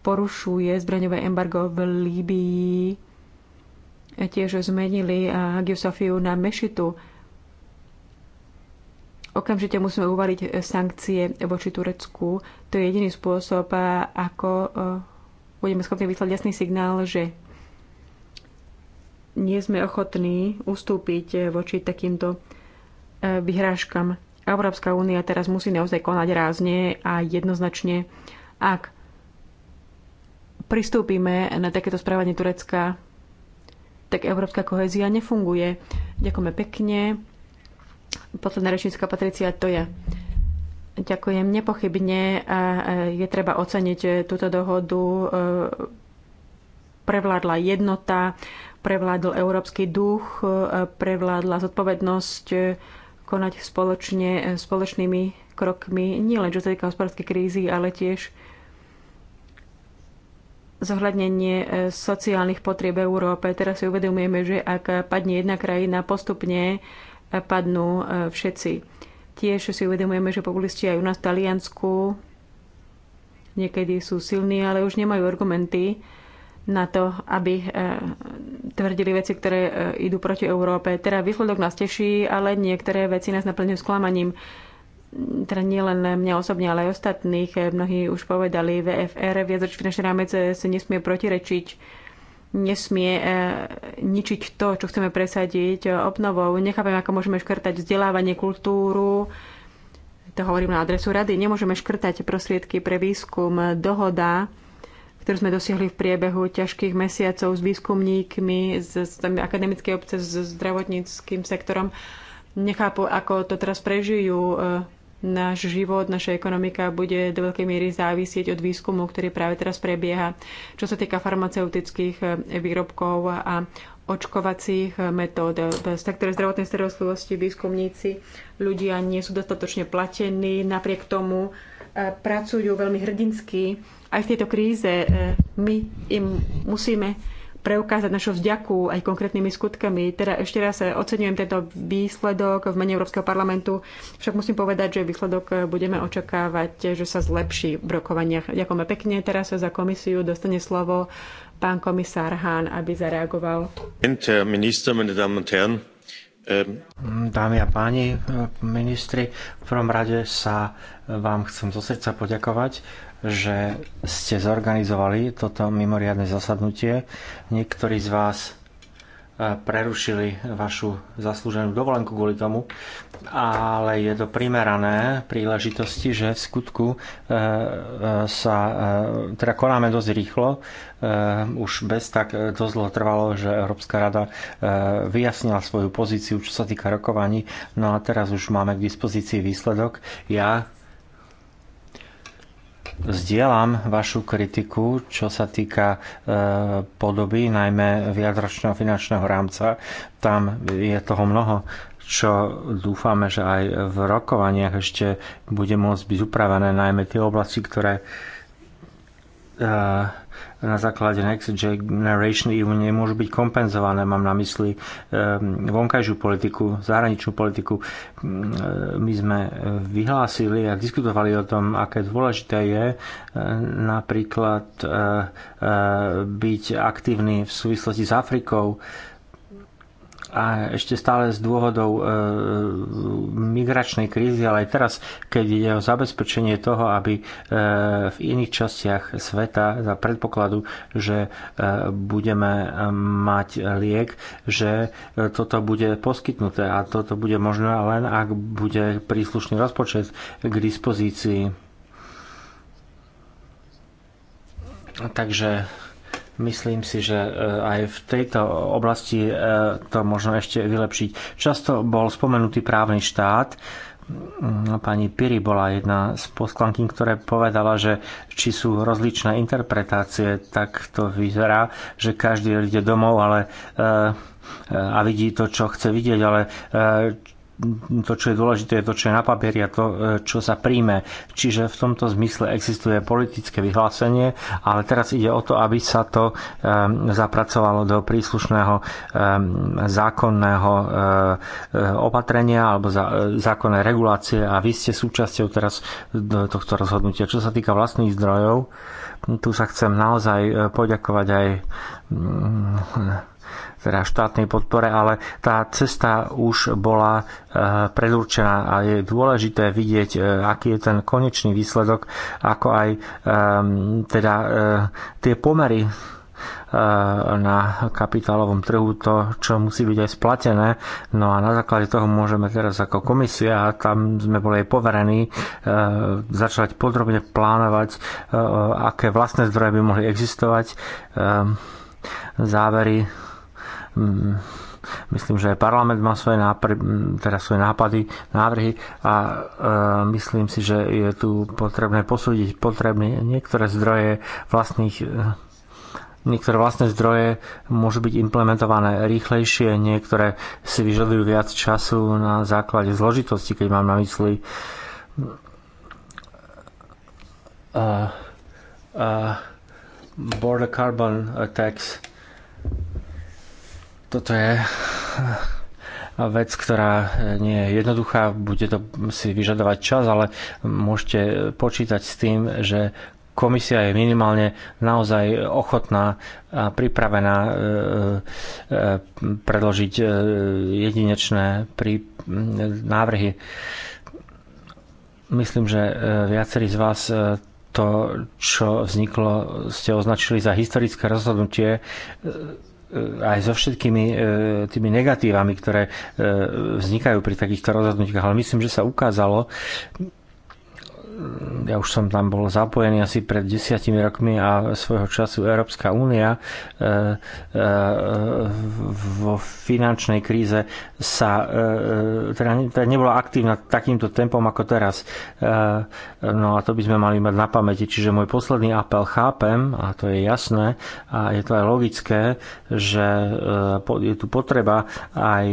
porušuje zbraňové embargo v Líbii, tiež zmenili eh, Hagiu Sofiu na mešitu. Okamžite musíme uvaliť eh, sankcie voči Turecku. To je jediný spôsob, eh, ako budeme schopní vyslať jasný signál, že nie sme ochotní ustúpiť voči takýmto vyhrážkam. Európska únia teraz musí naozaj konať rázne a jednoznačne. Ak pristúpime na takéto správanie Turecka, tak európska kohézia nefunguje. Ďakujeme pekne. Posledná rečnícka Patricia, to je. Ďakujem nepochybne. A eh, eh, je treba oceniť túto dohodu. Eh, prevládla jednota, prevládol európsky duch, prevládla zodpovednosť konať spoločne, e, spoločnými krokmi, nielen čo sa týka hospodárskej krízy, ale tiež zohľadnenie e, sociálnych potrieb Európe. Teraz si uvedomujeme, že ak padne jedna krajina, postupne e, padnú všetci. Tiež si uvedomujeme, že populisti aj u nás v Taliansku niekedy sú silní, ale už nemajú argumenty na to, aby e, tvrdili veci, ktoré e, idú proti Európe. Teda výsledok nás teší, ale niektoré veci nás naplňujú sklamaním. Teda nie len mňa osobne, ale aj ostatných. E, mnohí už povedali, VFR, viacročný finančný rámec, si nesmie protirečiť nesmie ničiť to, čo chceme presadiť obnovou. Nechápem, ako môžeme škrtať vzdelávanie, kultúru, to hovorím na adresu rady. Nemôžeme škrtať prostriedky pre výskum. Dohoda ktorú sme dosiahli v priebehu ťažkých mesiacov s výskumníkmi, s, s akademickej obce, s zdravotníckým sektorom. Nechápu, ako to teraz prežijú. E, náš život, naša ekonomika bude do veľkej miery závisieť od výskumu, ktorý práve teraz prebieha. Čo sa týka farmaceutických e, výrobkov a očkovacích e, metód. V sektore zdravotnej starostlivosti výskumníci ľudia nie sú dostatočne platení, napriek tomu pracujú veľmi hrdinsky aj v tejto kríze e, my im musíme preukázať našu vďaku aj konkrétnymi skutkami. Teda ešte raz e, oceňujem tento výsledok v mene Európskeho parlamentu, však musím povedať, že výsledok e, budeme očakávať, že sa zlepší v rokovaniach. Ďakujeme pekne. Teraz za komisiu dostane slovo pán komisár Hán, aby zareagoval. Ähm, Dámy a páni, ministri, v prvom rade sa vám chcem zo srdca poďakovať že ste zorganizovali toto mimoriadne zasadnutie. Niektorí z vás eh, prerušili vašu zaslúženú dovolenku kvôli tomu, ale je to primerané príležitosti, že v skutku eh, eh, sa teda konáme dosť rýchlo. Už bez tak dosť dlho trvalo, že Európska rada vyjasnila svoju pozíciu, čo sa týka rokovaní. No a teraz už máme k dispozícii výsledok. Ja Zdieľam vašu kritiku, čo sa týka e, podoby, najmä viacročného finančného rámca. Tam je toho mnoho, čo dúfame, že aj v rokovaniach ešte bude môcť byť upravené, najmä tie oblasti, ktoré e, na základe Next Generation EU nemôžu byť kompenzované. Mám na mysli ehm, vonkajšiu politiku, zahraničnú politiku. Ehm, my sme vyhlásili a diskutovali o tom, aké dôležité je ehm, napríklad byť aktívny v súvislosti s Afrikou, a ešte stále z dôvodov e, migračnej krízy, ale aj teraz, keď ide o zabezpečenie toho, aby e, v iných častiach sveta za predpokladu, že e, budeme e, mať liek, že e, toto bude poskytnuté a toto bude možné len, ak bude príslušný rozpočet k dispozícii. Takže Myslím si, že eh, aj v tejto oblasti eh, to možno ešte vylepšiť. Často bol spomenutý právny štát. Mm, no, pani Piri bola jedna z posklanky, ktoré povedala, že či sú rozličné interpretácie, tak to vyzerá, že každý ide domov ale, eh, a vidí to, čo chce vidieť, ale to, čo je dôležité, je to, čo je na papieri a to, e, čo sa príjme. Čiže v tomto zmysle existuje politické vyhlásenie, ale teraz ide o to, aby sa to e, zapracovalo do príslušného e, zákonného opatrenia alebo zákonnej regulácie a vy ste súčasťou teraz tohto rozhodnutia. Čo sa týka vlastných zdrojov, tu sa chcem naozaj poďakovať aj mm, teda štátnej podpore, ale tá cesta už bola e, predurčená a je dôležité vidieť, e, aký je ten konečný výsledok, ako aj e, teda tie pomery na kapitálovom trhu to, čo musí byť aj splatené. No a na základe toho môžeme teraz ako komisia, a tam sme boli aj poverení, začať podrobne plánovať, aké vlastné zdroje by mohli existovať. Závery Mm, myslím, že parlament má svoje, nápr- teda svoje nápady, návrhy a e, myslím si, že je tu potrebné posúdiť potrebné niektoré zdroje vlastných e, Niektoré vlastné zdroje môžu byť implementované rýchlejšie, niektoré si vyžadujú viac času na základe zložitosti, keď mám na mysli uh, uh, Border Carbon Tax toto je vec, ktorá nie je jednoduchá, bude to si vyžadovať čas, ale môžete počítať s tým, že komisia je minimálne naozaj ochotná a pripravená e, e, predložiť e, jedinečné návrhy. Myslím, že viacerí z vás to, čo vzniklo, ste označili za historické rozhodnutie E, aj so všetkými e, tými negatívami, ktoré e, vznikajú pri takýchto rozhodnutiach. Ale myslím, že sa ukázalo, ja už som tam bol zapojený asi pred desiatimi rokmi a svojho času Európska únia e, e, vo finančnej kríze sa e, teda, teda nebola aktívna takýmto tempom ako teraz. No a to by sme mali mať na pamäti. Čiže môj posledný apel chápem a to je jasné a je to aj logické, že je tu potreba aj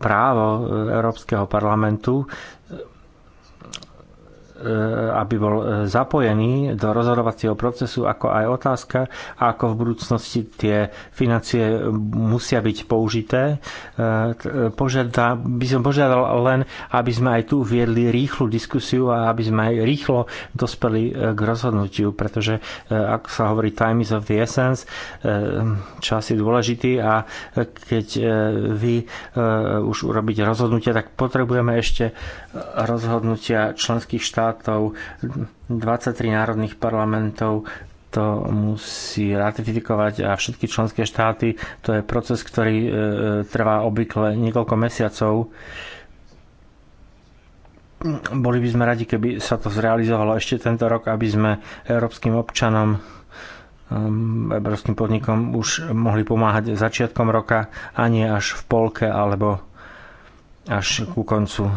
právo Európskeho parlamentu Eh, aby bol eh, zapojený do rozhodovacieho procesu, ako aj otázka, ako v budúcnosti tie financie musia byť použité. Eh, požiada, by som požiadal len, aby sme aj tu viedli rýchlu diskusiu a aby sme aj rýchlo dospeli k rozhodnutiu, pretože ak sa hovorí time is of the essence, čas je dôležitý a keď vy už urobíte rozhodnutie, tak potrebujeme ešte rozhodnutia členských štátov štátov, 23 národných parlamentov to musí ratifikovať a všetky členské štáty. To je proces, ktorý e, e, trvá obvykle niekoľko mesiacov. Boli by sme radi, keby sa to zrealizovalo ešte tento rok, aby sme európskym občanom um, európskym podnikom už mohli pomáhať začiatkom roka a nie až v polke alebo až ku koncu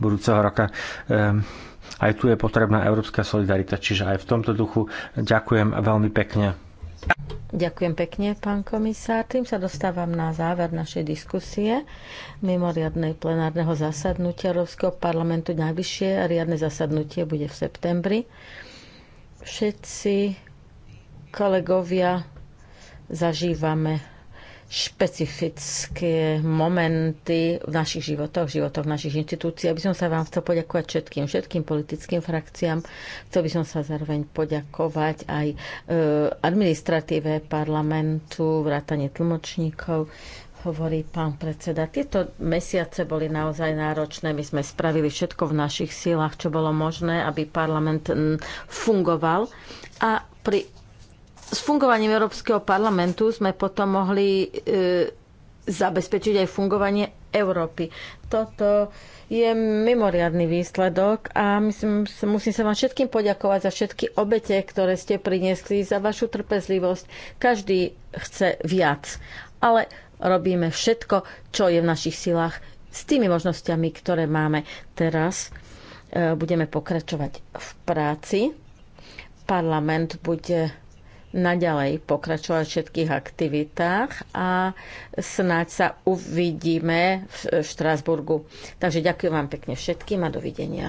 budúceho roka. Ehm aj tu je potrebná európska solidarita, čiže aj v tomto duchu ďakujem veľmi pekne. Ďakujem pekne, pán komisár. Tým sa dostávam na záver našej diskusie mimoriadnej plenárneho zasadnutia Európskeho parlamentu. Najvyššie riadne zasadnutie bude v septembri. Všetci kolegovia zažívame špecifické momenty v našich životoch, v životoch našich inštitúcií. Aby som sa vám chcel poďakovať všetkým, všetkým politickým frakciám. Chcel by som sa zároveň poďakovať aj e, administratíve parlamentu, vrátanie tlmočníkov, hovorí pán predseda. Tieto mesiace boli naozaj náročné. My sme spravili všetko v našich silách, čo bolo možné, aby parlament fungoval. A pri s fungovaním Európskeho parlamentu sme potom mohli e, zabezpečiť aj fungovanie Európy. Toto je mimoriadný výsledok a myslím, musím sa vám všetkým poďakovať za všetky obete, ktoré ste priniesli, za vašu trpezlivosť. Každý chce viac, ale robíme všetko, čo je v našich silách s tými možnosťami, ktoré máme teraz. E, budeme pokračovať v práci. Parlament bude naďalej pokračovať v všetkých aktivitách a snáď sa uvidíme v Štrásburgu. Takže ďakujem vám pekne všetkým a dovidenia.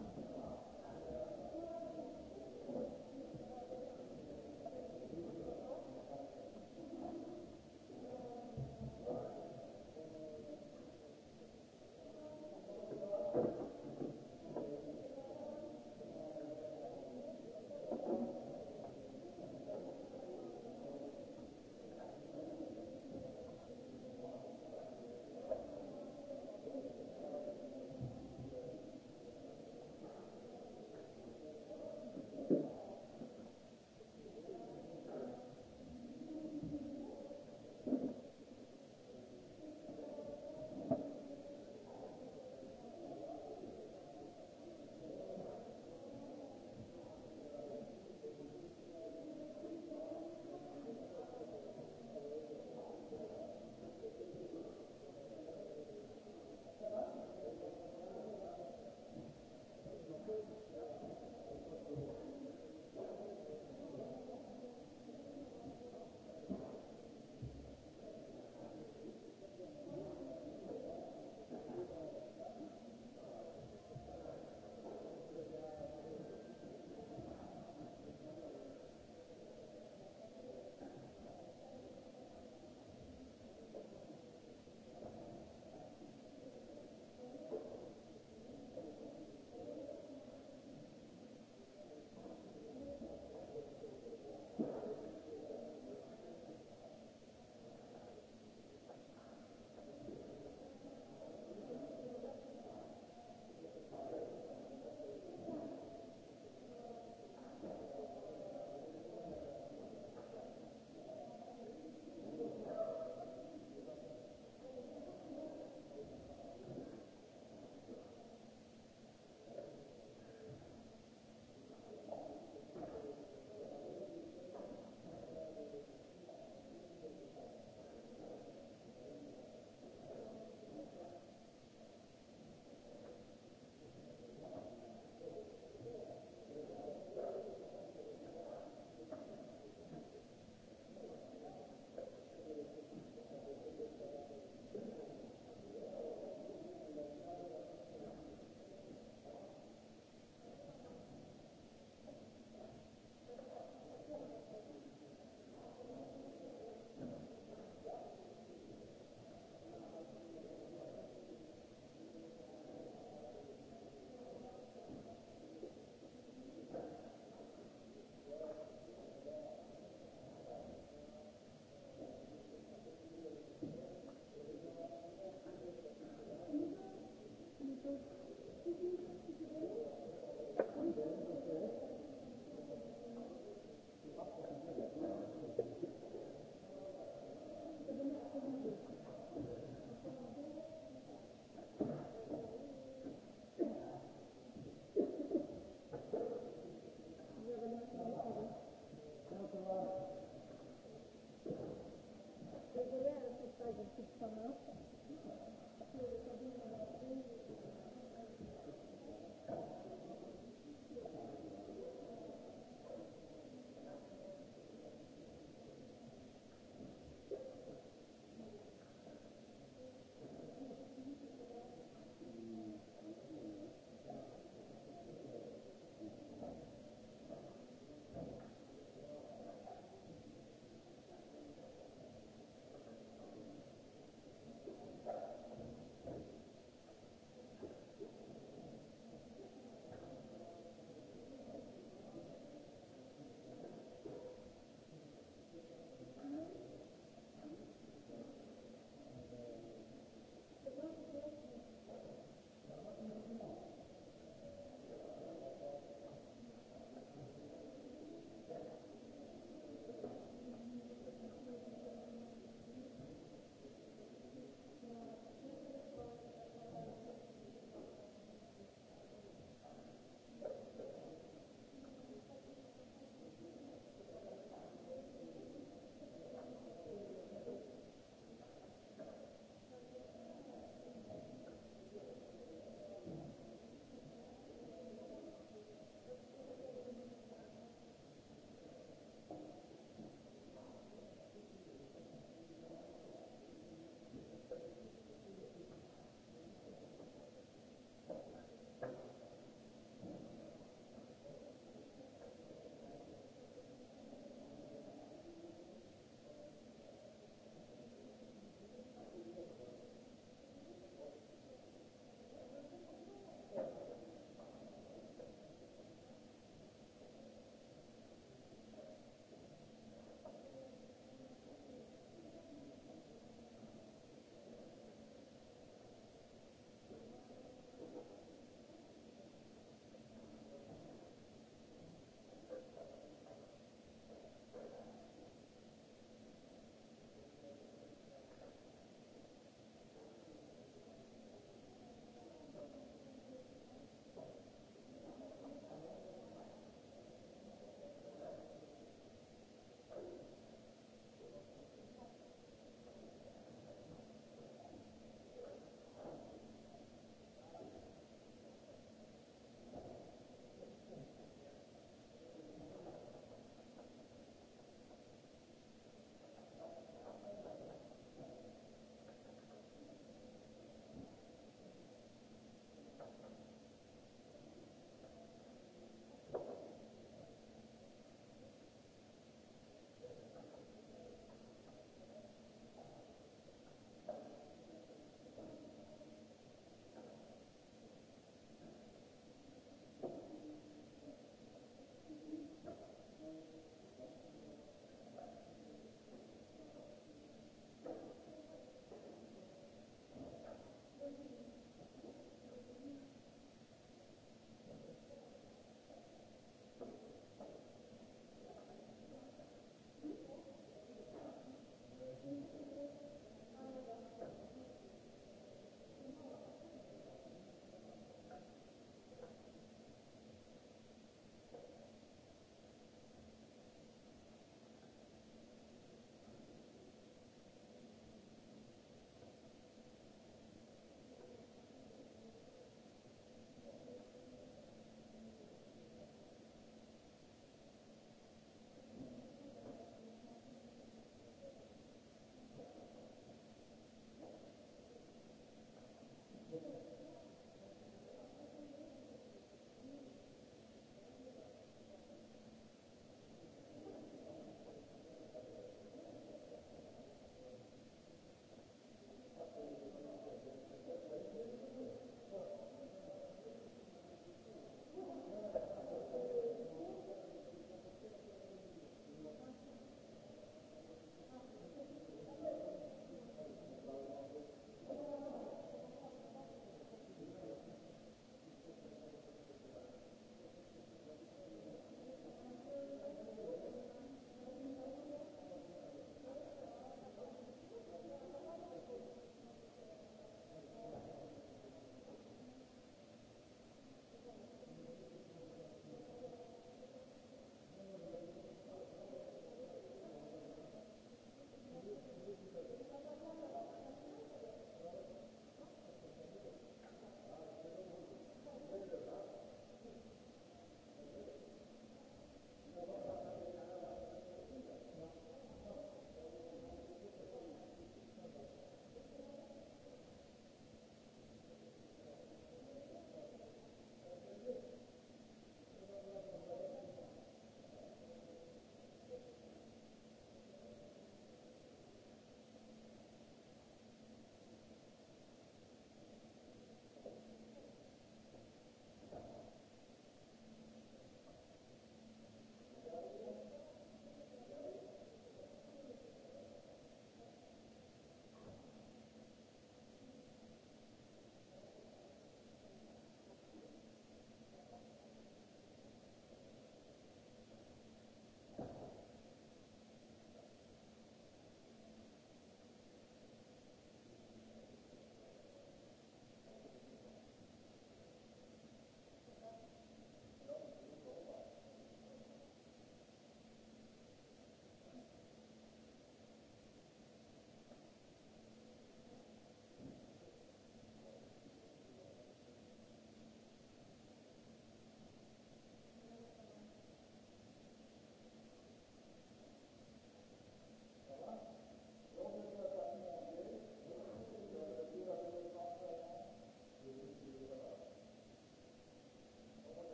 toho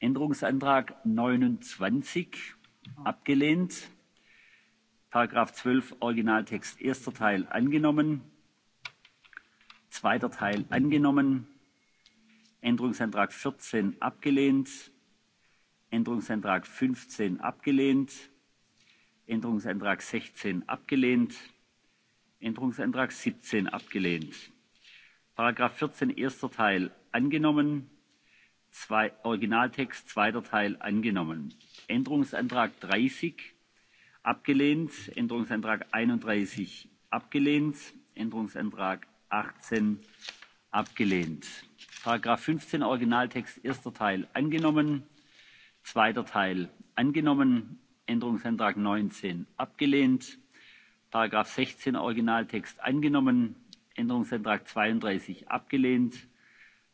änderungsantrag neunundzwanzig abgelehnt; zwölf originaltext erster teil angenommen; zweiter teil angenommen; änderungsantrag vierzehn abgelehnt; änderungsantrag fünfzehn abgelehnt; änderungsantrag sechzehn abgelehnt; änderungsantrag siebzehn abgelehnt; vierzehn erster teil angenommen; Originaltext zweiter Teil angenommen. Änderungsantrag dreißig abgelehnt. Änderungsantrag einunddreißig abgelehnt. Änderungsantrag achtzehn abgelehnt. Paragraph 15 Originaltext erster Teil angenommen. Zweiter Teil angenommen. Änderungsantrag 19 abgelehnt. Paragraph 16 Originaltext angenommen. Änderungsantrag 32 abgelehnt.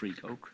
free coke.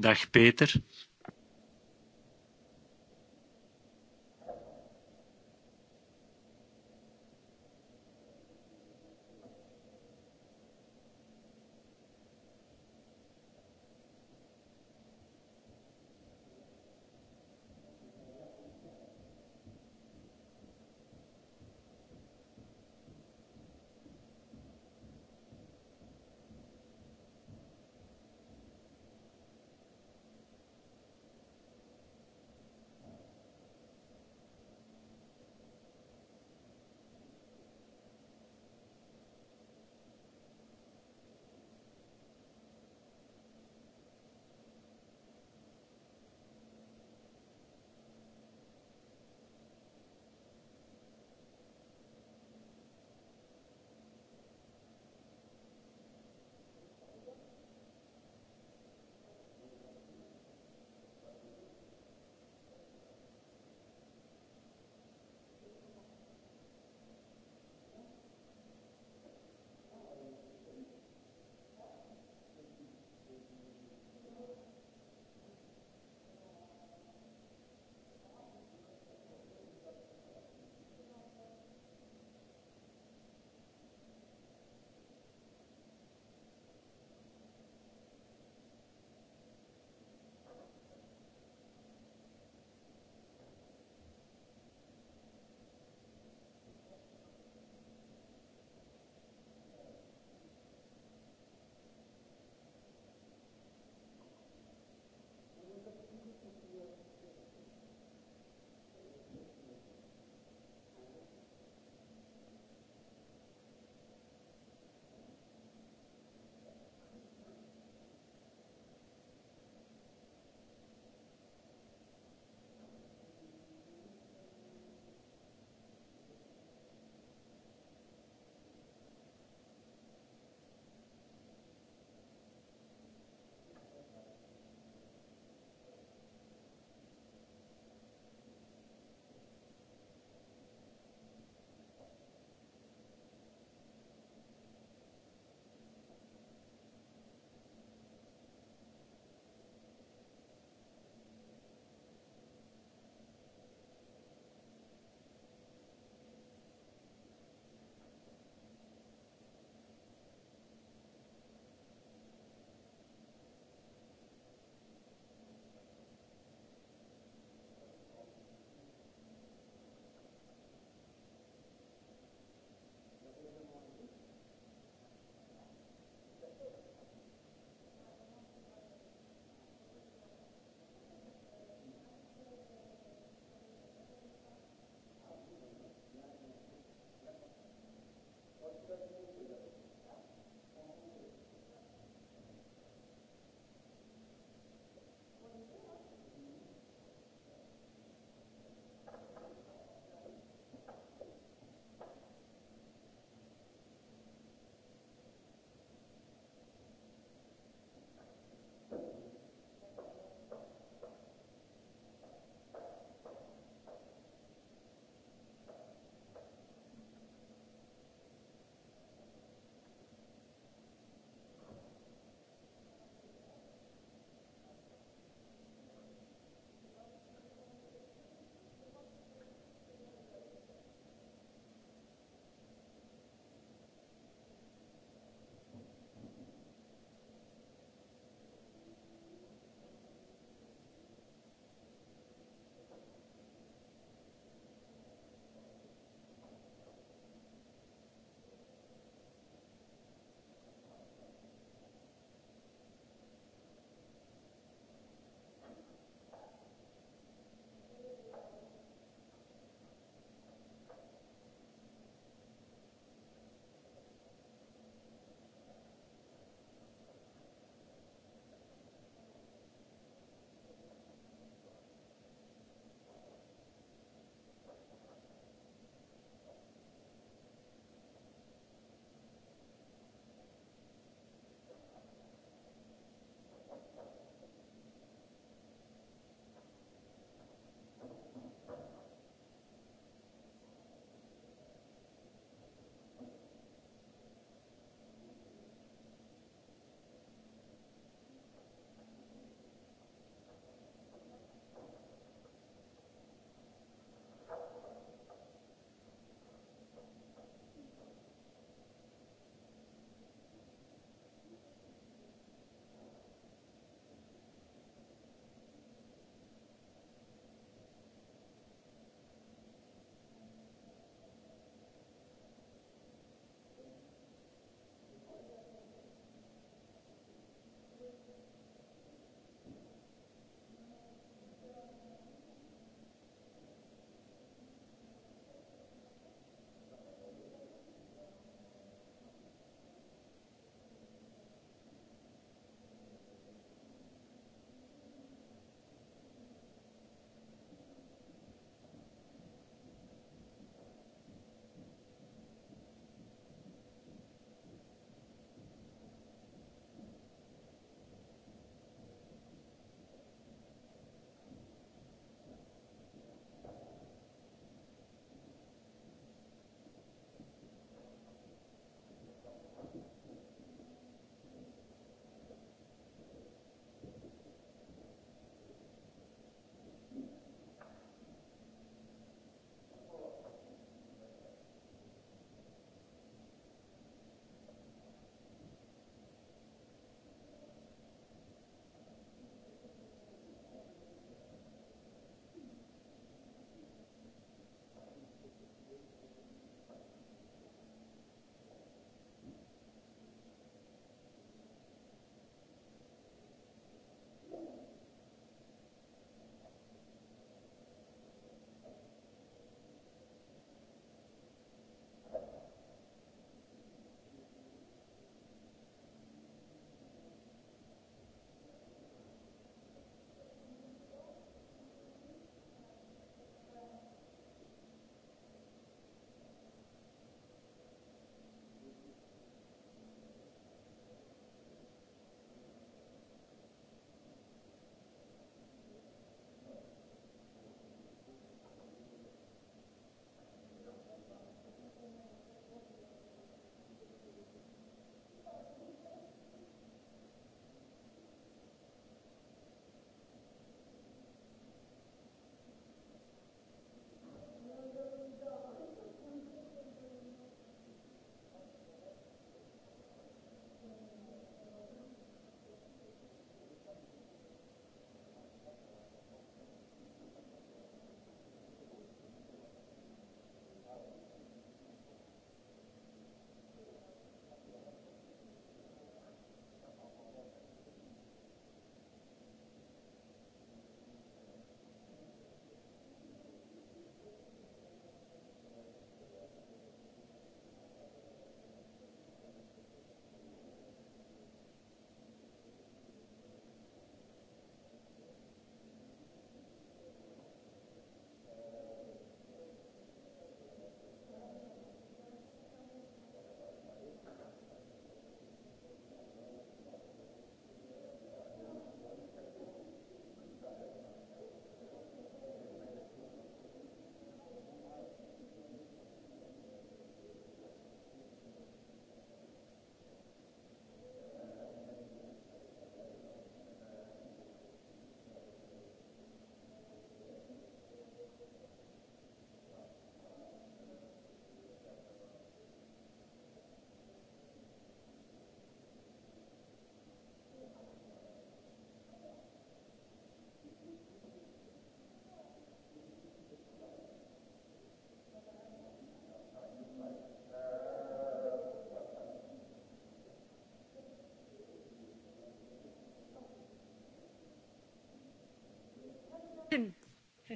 dag Peter.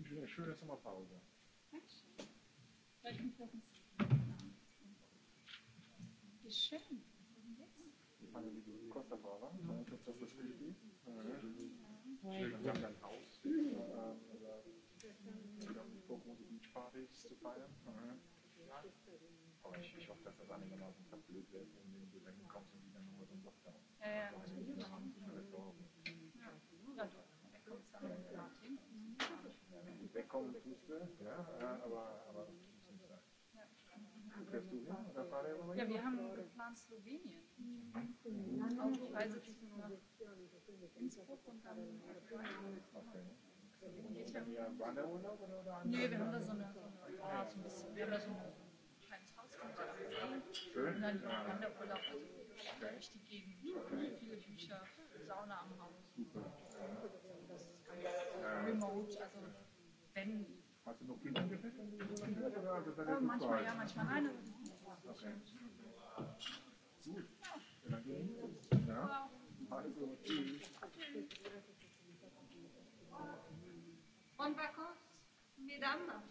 wünsche Ihnen eine schöne Sommerpause. Dankeschön. Danke für Wie schön. Die Pandemie Costa das ist richtig. wir haben ein Haus. Wir haben große Beachpartys zu feiern. Aber ich, hoffe, dass das einigermaßen verblöd wird, wenn du dann kommst und die dann holt und sagt, Ja, ja kommen Füße, ja, äh, aber, aber das muss nicht sein. Fährst du hin oder der Ja, wir haben geplant Slowenien. Mhm. Mhm. die Reise nach Innsbruck und dann okay. Geht ja. oder, Nee, wir haben da so eine, so eine ja, so ein bisschen, wir haben da so ein kleines Haus Schön. Und dann ja. Wanderurlaub, also okay. durch die Gegend. Okay. Viele Bücher, Sauna am Haus. Super. Ja. Remote, also wenn. Hast du noch Kinder manchmal ja, manchmal nein. Okay. Gut. Ja. Also, tschüss. vacances, mesdames.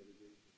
intelligence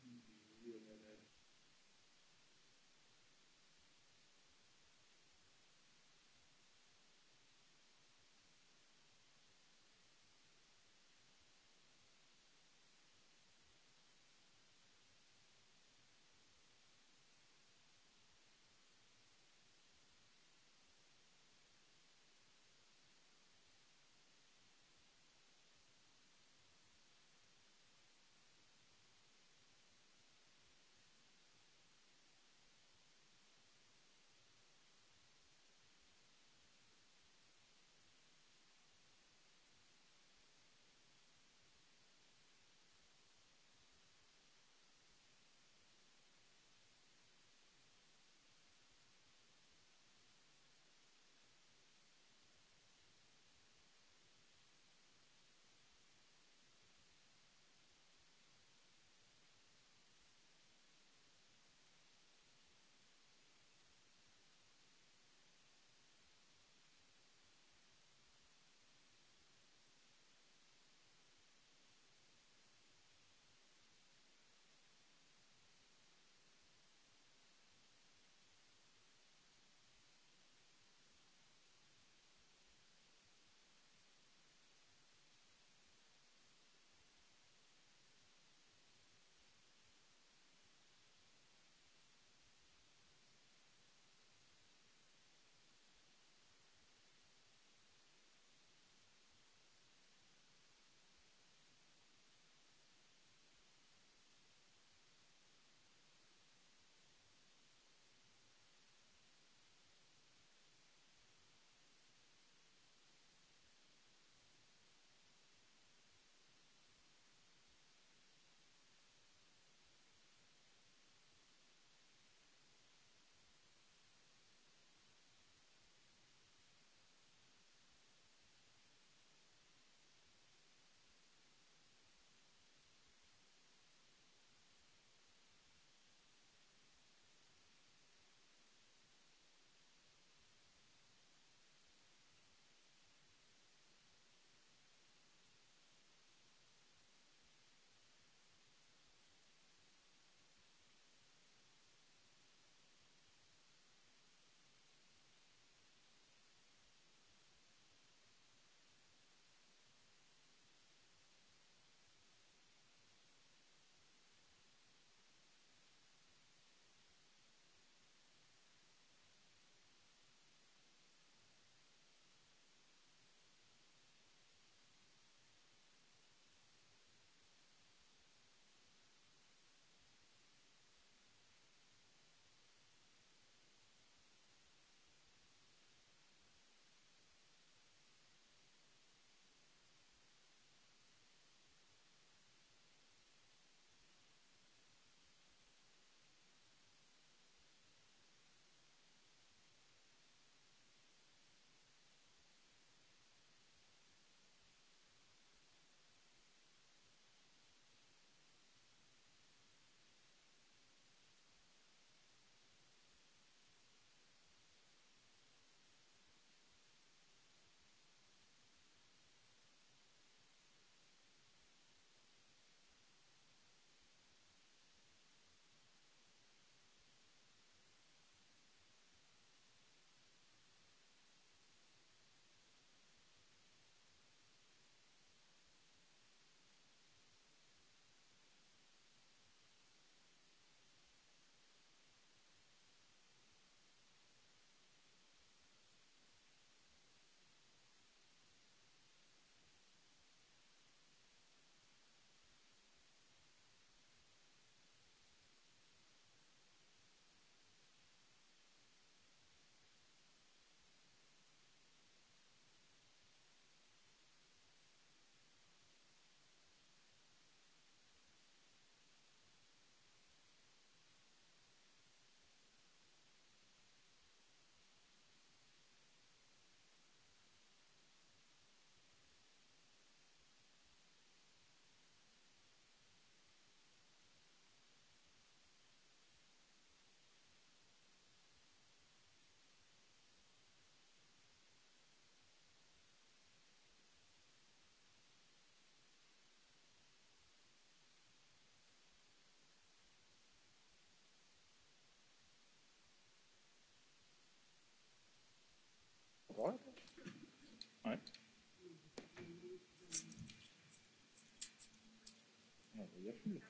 Yes, please.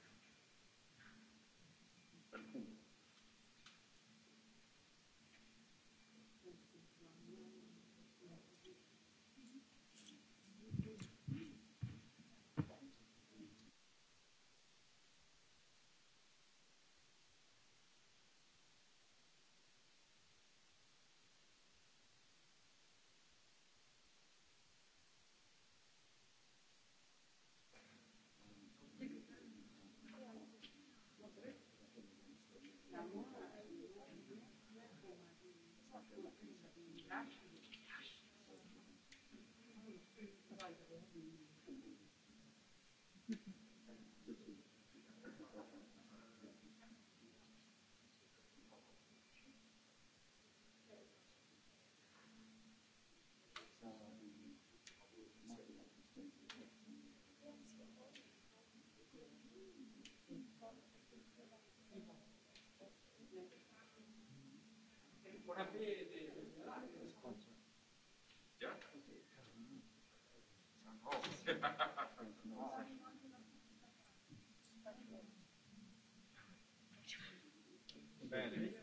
Bene.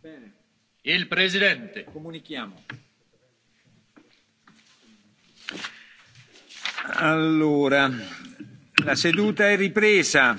Bene. Il Presidente. Comunichiamo. Allora, la seduta è ripresa.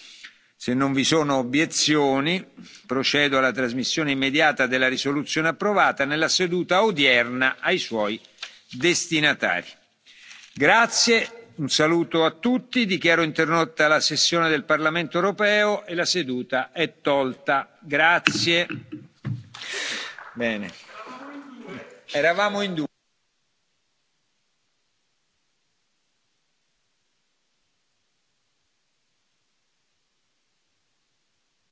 se non vi sono obiezioni procedo alla trasmissione immediata della risoluzione approvata nella seduta odierna ai suoi destinatari. grazie un saluto a tutti dichiaro interrotta la sessione del parlamento europeo e la seduta è tolta. grazie. Bene. eravamo in due.